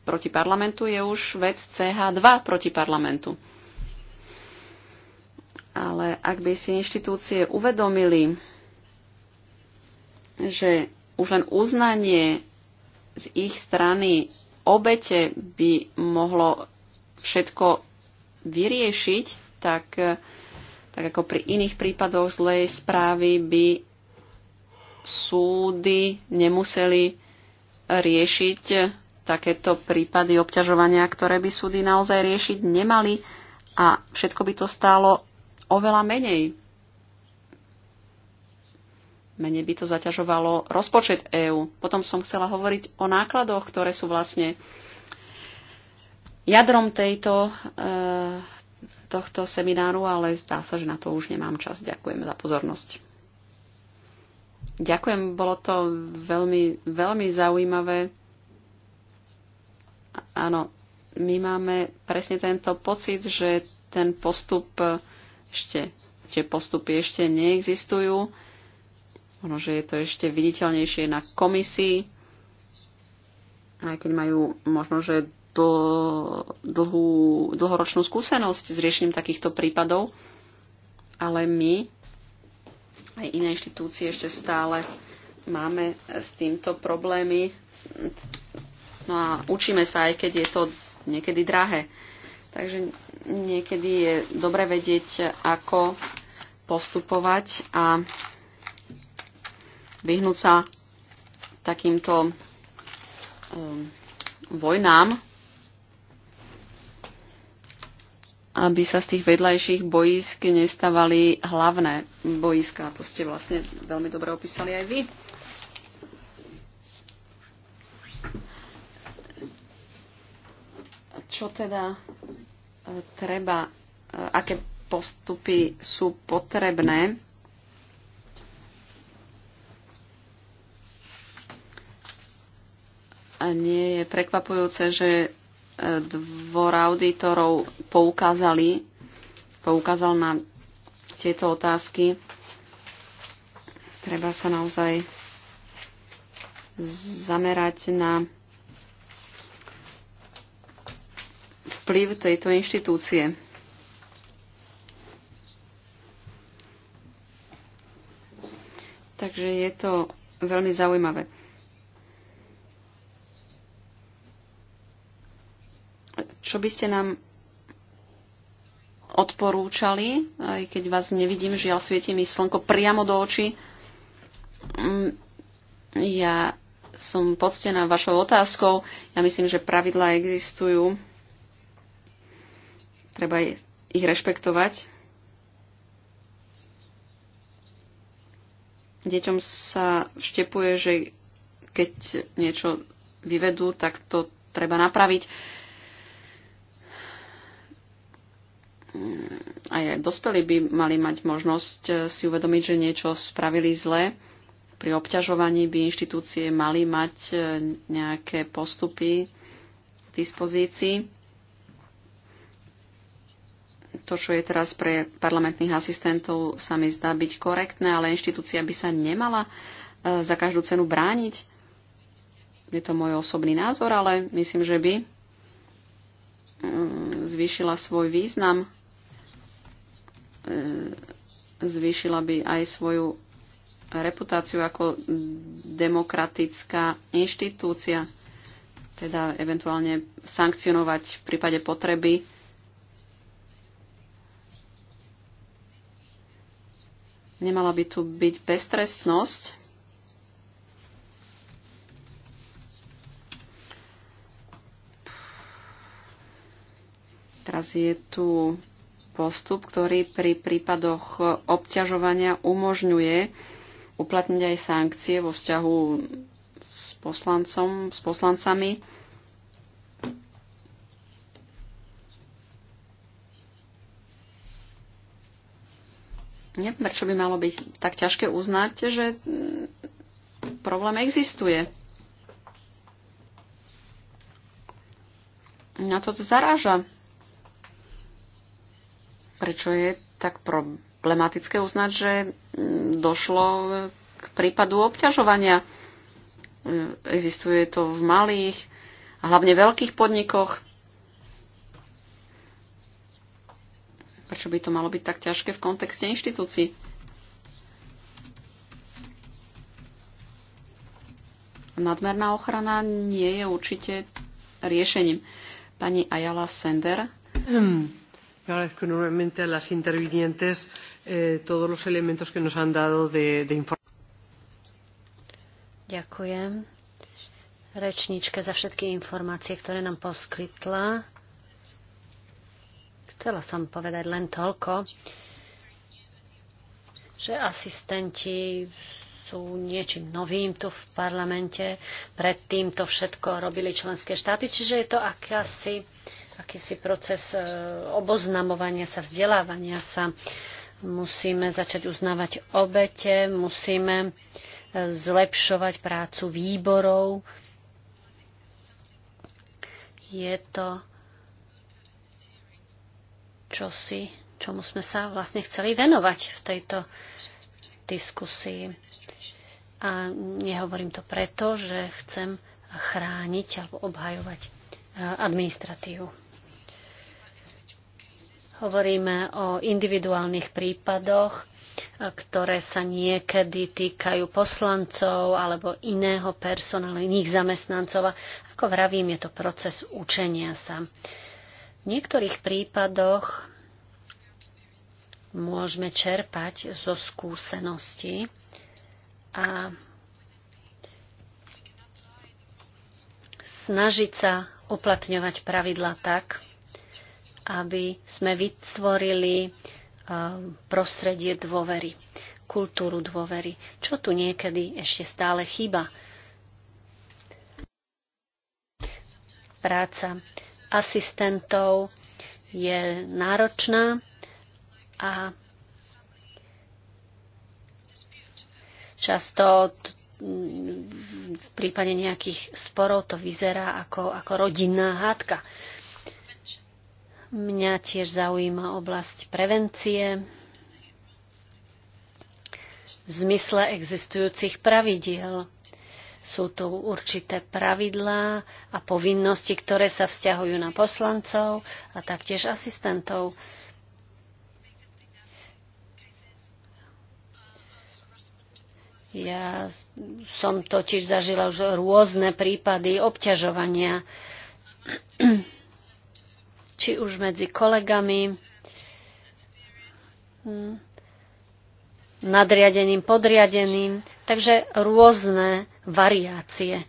proti parlamentu je už vec CH2 proti parlamentu. Ale ak by si inštitúcie uvedomili, že už len uznanie z ich strany obete by mohlo všetko vyriešiť, tak, eh, tak ako pri iných prípadoch zlej správy by súdy nemuseli riešiť takéto prípady obťažovania, ktoré by súdy naozaj riešiť nemali a všetko by to stálo oveľa menej menej by to zaťažovalo rozpočet EÚ. Potom som chcela hovoriť o nákladoch, ktoré sú vlastne jadrom tejto, eh, tohto semináru, ale zdá sa, že na to už nemám čas. Ďakujem za pozornosť. Ďakujem, bolo to veľmi, veľmi zaujímavé. Áno, my máme presne tento pocit, že ten postup eh, ešte, tie postupy ešte neexistujú Možno, že je to ešte viditeľnejšie na komisii, aj keď majú možno, že dl, dlhú, dlhoročnú skúsenosť s riešením takýchto prípadov, ale my, aj iné inštitúcie ešte stále máme s týmto problémy. No a učíme sa, aj keď je to niekedy drahé. Takže niekedy je dobre vedieť, ako postupovať a vyhnúť sa takýmto um, vojnám, aby sa z tých vedľajších boisk nestávali hlavné boiska. To ste vlastne veľmi dobre opísali aj vy. Čo teda e, treba, e, aké postupy sú potrebné nie je prekvapujúce, že e, dvor auditorov poukázali, poukázal na tieto otázky. Treba sa naozaj zamerať na vplyv tejto inštitúcie. Takže je to veľmi zaujímavé. čo by ste nám odporúčali, aj keď vás nevidím, žiaľ svieti mi slnko priamo do očí. Mm, ja som poctená vašou otázkou. Ja myslím, že pravidlá existujú. Treba ich rešpektovať. Deťom sa vštepuje, že keď niečo vyvedú, tak to treba napraviť aj dospelí by mali mať možnosť eh, si uvedomiť, že niečo spravili zle. Pri obťažovaní by inštitúcie mali mať eh, nejaké postupy k dispozícii to, čo je teraz pre parlamentných asistentov, sa mi zdá byť korektné, ale inštitúcia by sa nemala eh, za každú cenu brániť. Je to môj osobný názor, ale myslím, že by zvýšila svoj význam E, zvýšila by aj svoju reputáciu ako demokratická inštitúcia, teda eventuálne sankcionovať v prípade potreby Nemala by tu byť beztrestnosť. Teraz je tu postup, ktorý pri prípadoch obťažovania umožňuje uplatniť aj sankcie vo vzťahu s, poslancom, s poslancami. Neviem, prečo by malo byť tak ťažké uznať, že mm, problém existuje. Na to to zaráža prečo je tak problematické uznať, že mm, došlo k prípadu obťažovania. E, existuje to v malých a hlavne veľkých podnikoch. Prečo by to malo byť tak ťažké v kontexte inštitúcií? Nadmerná ochrana nie je určite riešením. Pani Ayala Sender. Hmm. Agradezco enormemente a las intervinientes eh, todos los elementos que nos han dado de, de información. Ďakujem rečníčke za všetky informácie, ktoré nám poskytla. Chcela som povedať len toľko, že asistenti sú niečím novým tu v parlamente. Predtým to všetko robili členské štáty, čiže je to akási akýsi proces e, oboznamovania sa, vzdelávania sa. Musíme začať uznávať obete, musíme e, zlepšovať prácu výborov. Je to čosi, čomu sme sa vlastne chceli venovať v tejto diskusii. A nehovorím to preto, že chcem chrániť alebo obhajovať e, administratívu. Hovoríme o individuálnych prípadoch, ktoré sa niekedy týkajú poslancov alebo iného personálu, iných zamestnancov. A ako vravím, je to proces učenia sa. V niektorých prípadoch môžeme čerpať zo skúsenosti a snažiť sa uplatňovať pravidla tak, aby sme vytvorili eh, prostredie dôvery, kultúru dôvery, čo tu niekedy ešte stále chýba. Práca asistentov je náročná a často v prípade nejakých sporov to vyzerá ako, ako rodinná hádka. Mňa tiež zaujíma oblasť prevencie v zmysle existujúcich pravidiel. Sú tu určité pravidlá a povinnosti, ktoré sa vzťahujú na poslancov a taktiež asistentov. Ja som totiž zažila už rôzne prípady obťažovania či už medzi kolegami, hm, nadriadeným, podriadeným, takže rôzne variácie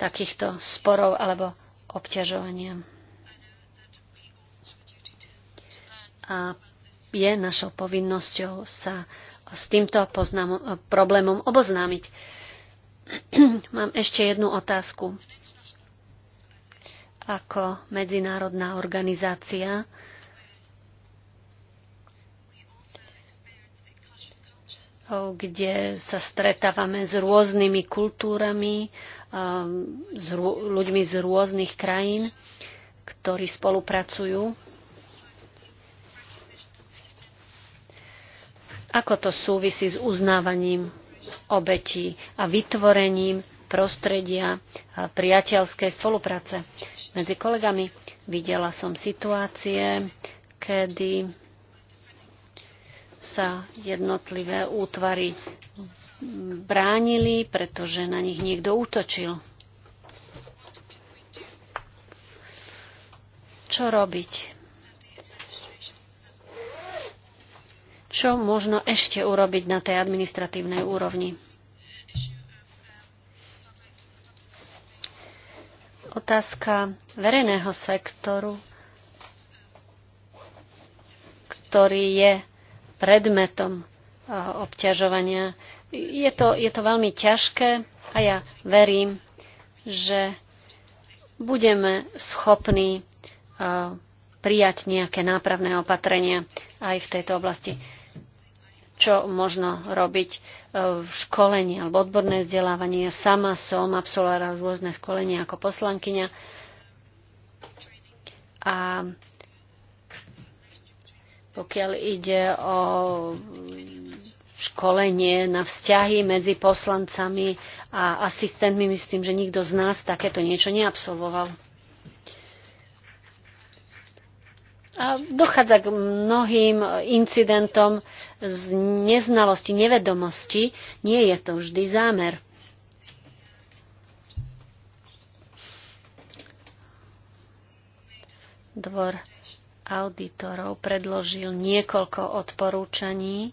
takýchto sporov alebo obťažovania. A je našou povinnosťou sa s týmto poznám, problémom oboznámiť. Mám ešte jednu otázku ako medzinárodná organizácia. kde sa stretávame s rôznymi kultúrami, um, s ľuďmi z rôznych krajín, ktorí spolupracujú. Ako to súvisí s uznávaním obetí a vytvorením prostredia priateľskej spolupráce medzi kolegami. Videla som situácie, kedy sa jednotlivé útvary bránili, pretože na nich niekto útočil. Čo robiť? Čo možno ešte urobiť na tej administratívnej úrovni? otázka verejného sektoru, ktorý je predmetom obťažovania. Je to, je to veľmi ťažké a ja verím, že budeme schopní prijať nejaké nápravné opatrenia aj v tejto oblasti čo možno robiť e, v školení alebo odborné vzdelávanie. Ja sama som absolvovala rôzne školenia ako poslankyňa a pokiaľ ide o školenie na vzťahy medzi poslancami a asistentmi, myslím, že nikto z nás takéto niečo neabsolvoval. A dochádza k mnohým incidentom, z neznalosti, nevedomosti, nie je to vždy zámer. Dvor auditorov predložil niekoľko odporúčaní.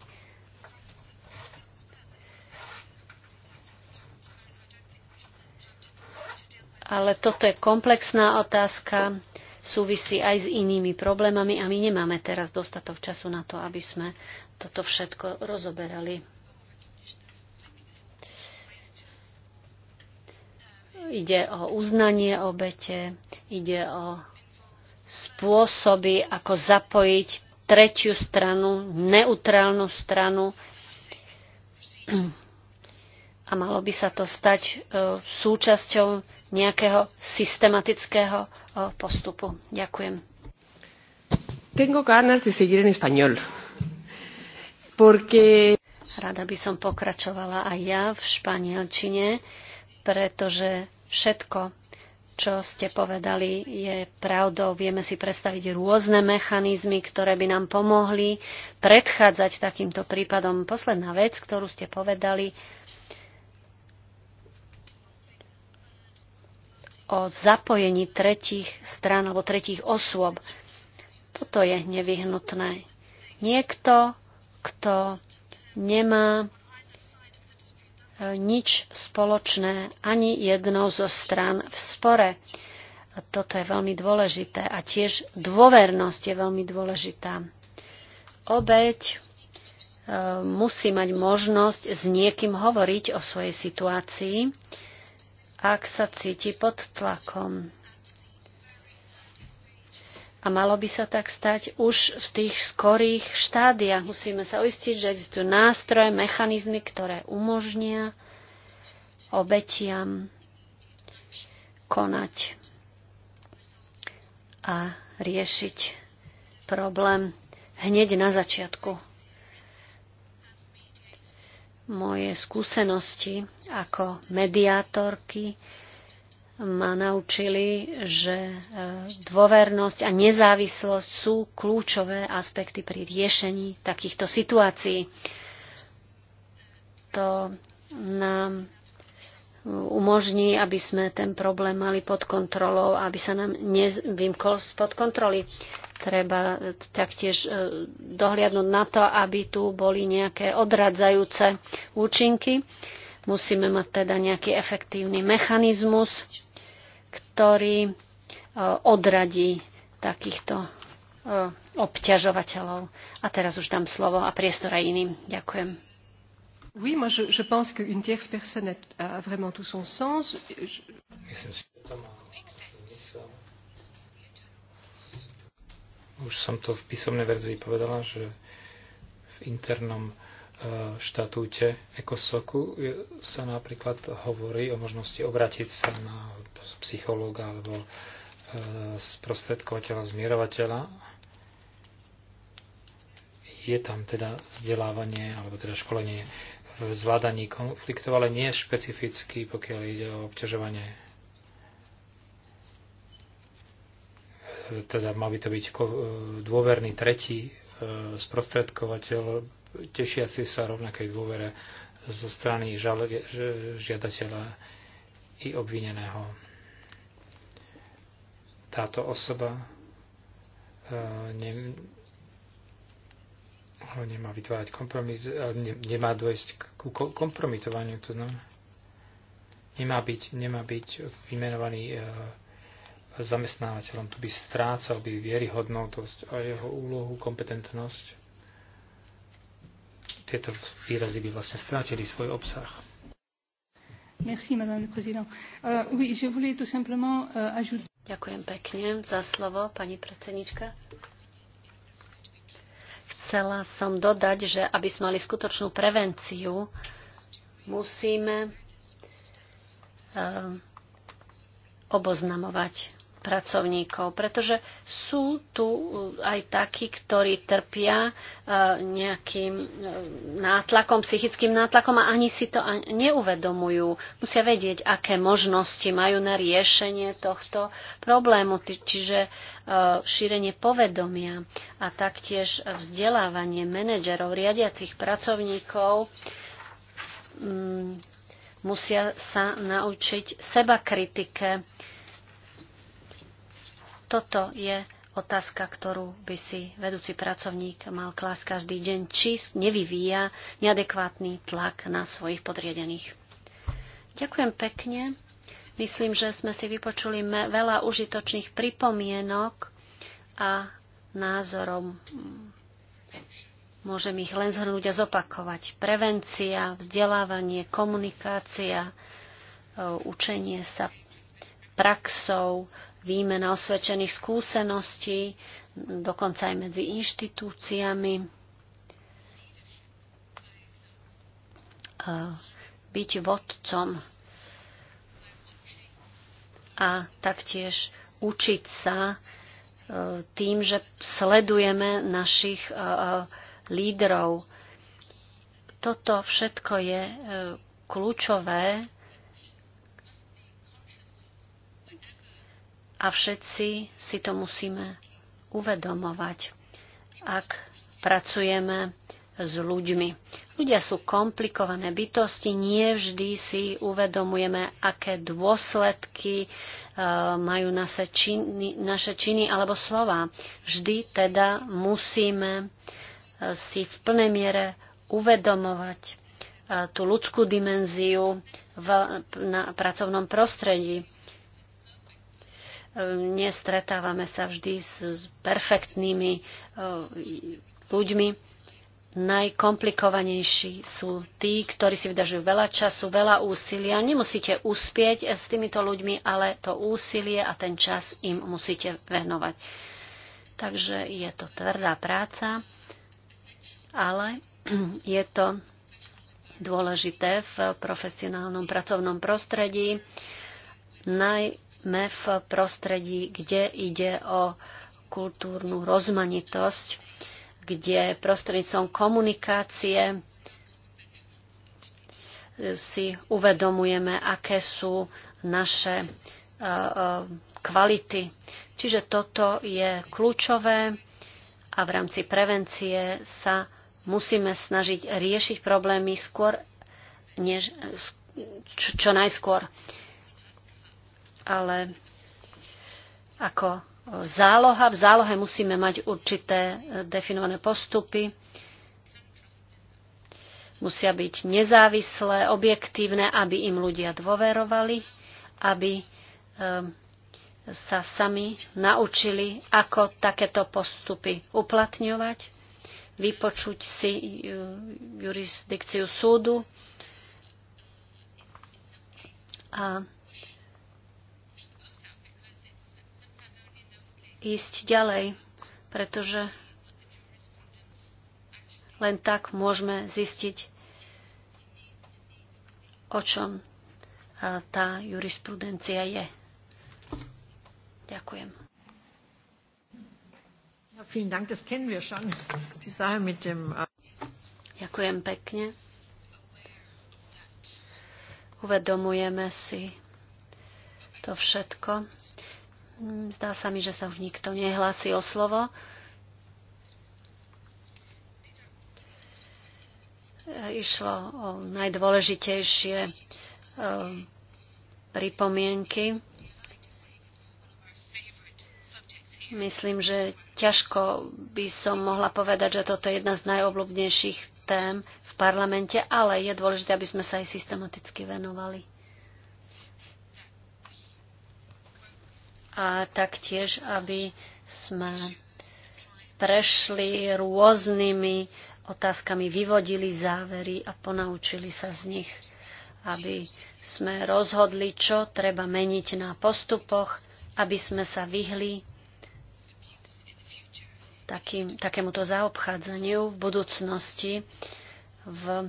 Ale toto je komplexná otázka súvisí aj s inými problémami a my nemáme teraz dostatok času na to, aby sme toto všetko rozoberali. Ide o uznanie obete, ide o spôsoby, ako zapojiť tretiu stranu, neutrálnu stranu a malo by sa to stať e, súčasťou nejakého systematického e, postupu. Ďakujem. Tengo ganas de seguir en español. Porque... Rada by som pokračovala aj ja v španielčine, pretože všetko, čo ste povedali, je pravdou. Vieme si predstaviť rôzne mechanizmy, ktoré by nám pomohli predchádzať takýmto prípadom. Posledná vec, ktorú ste povedali, o zapojení tretích stran alebo tretích osôb. Toto je nevyhnutné. Niekto, kto nemá e, nič spoločné ani jednou zo strán v spore. Toto je veľmi dôležité. A tiež dôvernosť je veľmi dôležitá. Obeď e, musí mať možnosť s niekým hovoriť o svojej situácii ak sa cíti pod tlakom. A malo by sa tak stať už v tých skorých štádiách. Musíme sa uistiť, že existujú nástroje, mechanizmy, ktoré umožnia obetiam konať a riešiť problém hneď na začiatku moje skúsenosti ako mediátorky ma naučili, že e, dôvernosť a nezávislosť sú kľúčové aspekty pri riešení takýchto situácií. To nám umožní, aby sme ten problém mali pod kontrolou, aby sa nám nevymkol spod kontroly. Treba e, taktiež e, dohliadnúť na to, aby tu boli nejaké odradzajúce účinky. Musíme mať teda nejaký efektívny mechanizmus, ktorý e, odradí takýchto obťažovateľov. A teraz už dám slovo a priestor aj iným. Ďakujem. Oui, moi je, je pense qu'une tierce personne a, a vraiment tout son sens. Je... Myslím už som to v písomnej verzii povedala, že v internom e, štatúte ECOSOKu sa napríklad hovorí o možnosti obratiť sa na psychológa alebo e, sprostredkovateľa, zmierovateľa. Je tam teda vzdelávanie alebo teda školenie v zvládaní konfliktov, ale nie špecificky, pokiaľ ide o obťažovanie teda mal by to byť e, dôverný tretí e, sprostredkovateľ, tešiaci sa rovnakej dôvere zo strany žiadateľa i obvineného. Táto osoba e, nemá vytvárať kompromis, nemá dôjsť k kompromitovaniu, to znamená, nemá byť, nemá byť vymenovaný zamestnávateľom. Tu by strácal by vieryhodnotosť a jeho úlohu, kompetentnosť. Tieto výrazy by vlastne strátili svoj obsah. Merci, madame le président. Uh, oui, je voulais tout simplement uh, ajouter... Ďakujem pekne za slovo, pani predsednička chcela som dodať, že aby sme mali skutočnú prevenciu, musíme ehm, oboznamovať pracovníkov, pretože sú tu eh, aj takí, ktorí trpia eh, nejakým eh, nátlakom, psychickým nátlakom a ani si to neuvedomujú. Musia vedieť, aké možnosti majú na riešenie tohto problému, čiže šírenie povedomia a taktiež vzdelávanie manažerov, riadiacich pracovníkov mm, musia sa naučiť seba kritike toto je otázka, ktorú by si vedúci pracovník mal klásť každý deň, či nevyvíja neadekvátny tlak na svojich podriedených. Ďakujem pekne. Myslím, že sme si vypočuli veľa užitočných pripomienok a názorom. Môžem ich len zhrnúť a zopakovať. Prevencia, vzdelávanie, komunikácia, e, učenie sa praxou, výmena osvedčených skúseností, dokonca aj medzi inštitúciami. Byť vodcom a taktiež učiť sa e, tým, že sledujeme našich e, e, lídrov. Toto všetko je kľúčové A všetci si to musíme uvedomovať, ak pracujeme s ľuďmi. Ľudia sú komplikované bytosti, nie vždy si uvedomujeme, aké dôsledky e, majú naše činy, naše činy alebo slova. Vždy teda musíme e, si v plnej miere uvedomovať e, tú ľudskú dimenziu v na pracovnom prostredí nestretávame sa vždy s, s perfektnými e, ľuďmi. Najkomplikovanejší sú tí, ktorí si vydržujú veľa času, veľa úsilia. Nemusíte uspieť s týmito ľuďmi, ale to úsilie a ten čas im musíte venovať. Takže je to tvrdá práca, ale je to dôležité v profesionálnom pracovnom prostredí. Naj sme v prostredí, kde ide o kultúrnu rozmanitosť, kde prostrednícom komunikácie si uvedomujeme, aké sú naše e, e, kvality. Čiže toto je kľúčové a v rámci prevencie sa musíme snažiť riešiť problémy skôr, než, čo najskôr ale ako záloha, v zálohe musíme mať určité e, definované postupy. Musia byť nezávislé, objektívne, aby im ľudia dôverovali, aby e, sa sami naučili, ako takéto postupy uplatňovať, vypočuť si e, jurisdikciu súdu a ísť ďalej, pretože len tak môžeme zistiť, o čom e, tá jurisprudencia je. Ďakujem. Äh, Ďakujem pekne. Uvedomujeme si to všetko. Mm, zdá sa mi, že sa už nikto nehlási o slovo. E, išlo o najdôležitejšie e, pripomienky. Myslím, že ťažko by som mohla povedať, že toto je jedna z najobľúbnejších tém v parlamente, ale je dôležité, aby sme sa aj systematicky venovali. a taktiež, aby sme prešli rôznymi otázkami, vyvodili závery a ponaučili sa z nich, aby sme rozhodli, čo treba meniť na postupoch, aby sme sa vyhli takým, takémuto zaobchádzaniu v budúcnosti v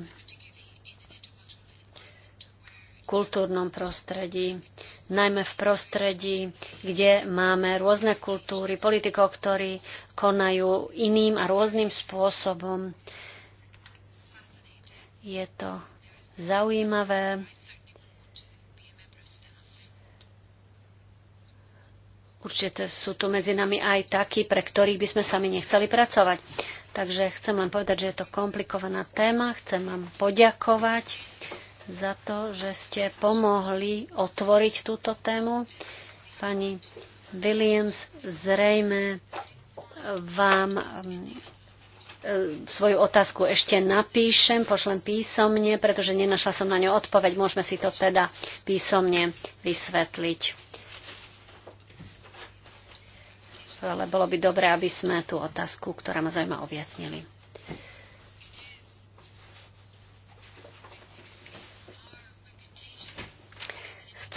kultúrnom prostredí, najmä v prostredí, kde máme rôzne kultúry, politikov, ktorí konajú iným a rôznym spôsobom. Je to zaujímavé. Určite sú tu medzi nami aj takí, pre ktorých by sme sami nechceli pracovať. Takže chcem len povedať, že je to komplikovaná téma. Chcem vám poďakovať za to, že ste pomohli otvoriť túto tému. Pani Williams zrejme eh, vám eh, svoju otázku ešte napíšem, pošlem písomne, pretože nenašla som na ňu odpoveď. Môžeme si to teda písomne vysvetliť. Ale bolo by dobré, aby sme tú otázku, ktorá ma zaujíma, objasnili.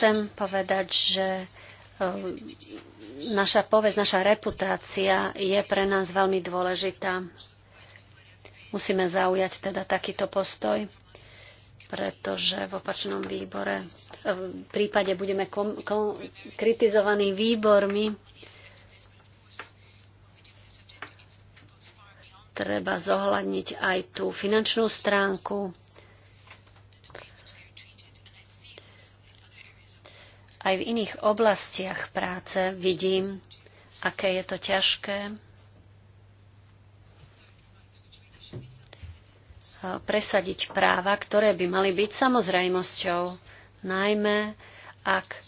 Chcem povedať, že um, naša povesť, naša reputácia je pre nás veľmi dôležitá. Musíme zaujať teda takýto postoj, pretože v opačnom výbore, v prípade budeme kom, kom, kritizovaní výbormi, treba zohľadniť aj tú finančnú stránku aj v iných oblastiach práce vidím, aké je to ťažké presadiť práva, ktoré by mali byť samozrejmosťou, najmä ak e,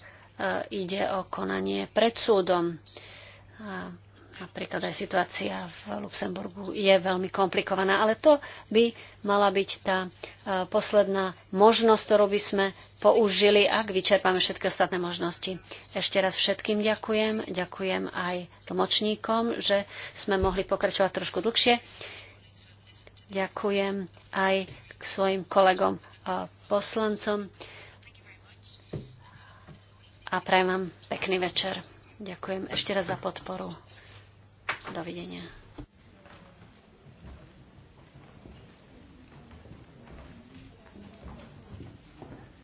ide o konanie pred súdom. Napríklad aj situácia v Luxemburgu je veľmi komplikovaná, ale to by mala byť tá e, posledná možnosť, ktorú by sme použili, ak vyčerpáme všetky ostatné možnosti. Ešte raz všetkým ďakujem. Ďakujem aj tlmočníkom, že sme mohli pokračovať trošku dlhšie. Ďakujem aj k svojim kolegom a e, poslancom a prajem vám pekný večer. Ďakujem ešte raz za podporu. Dovidenia.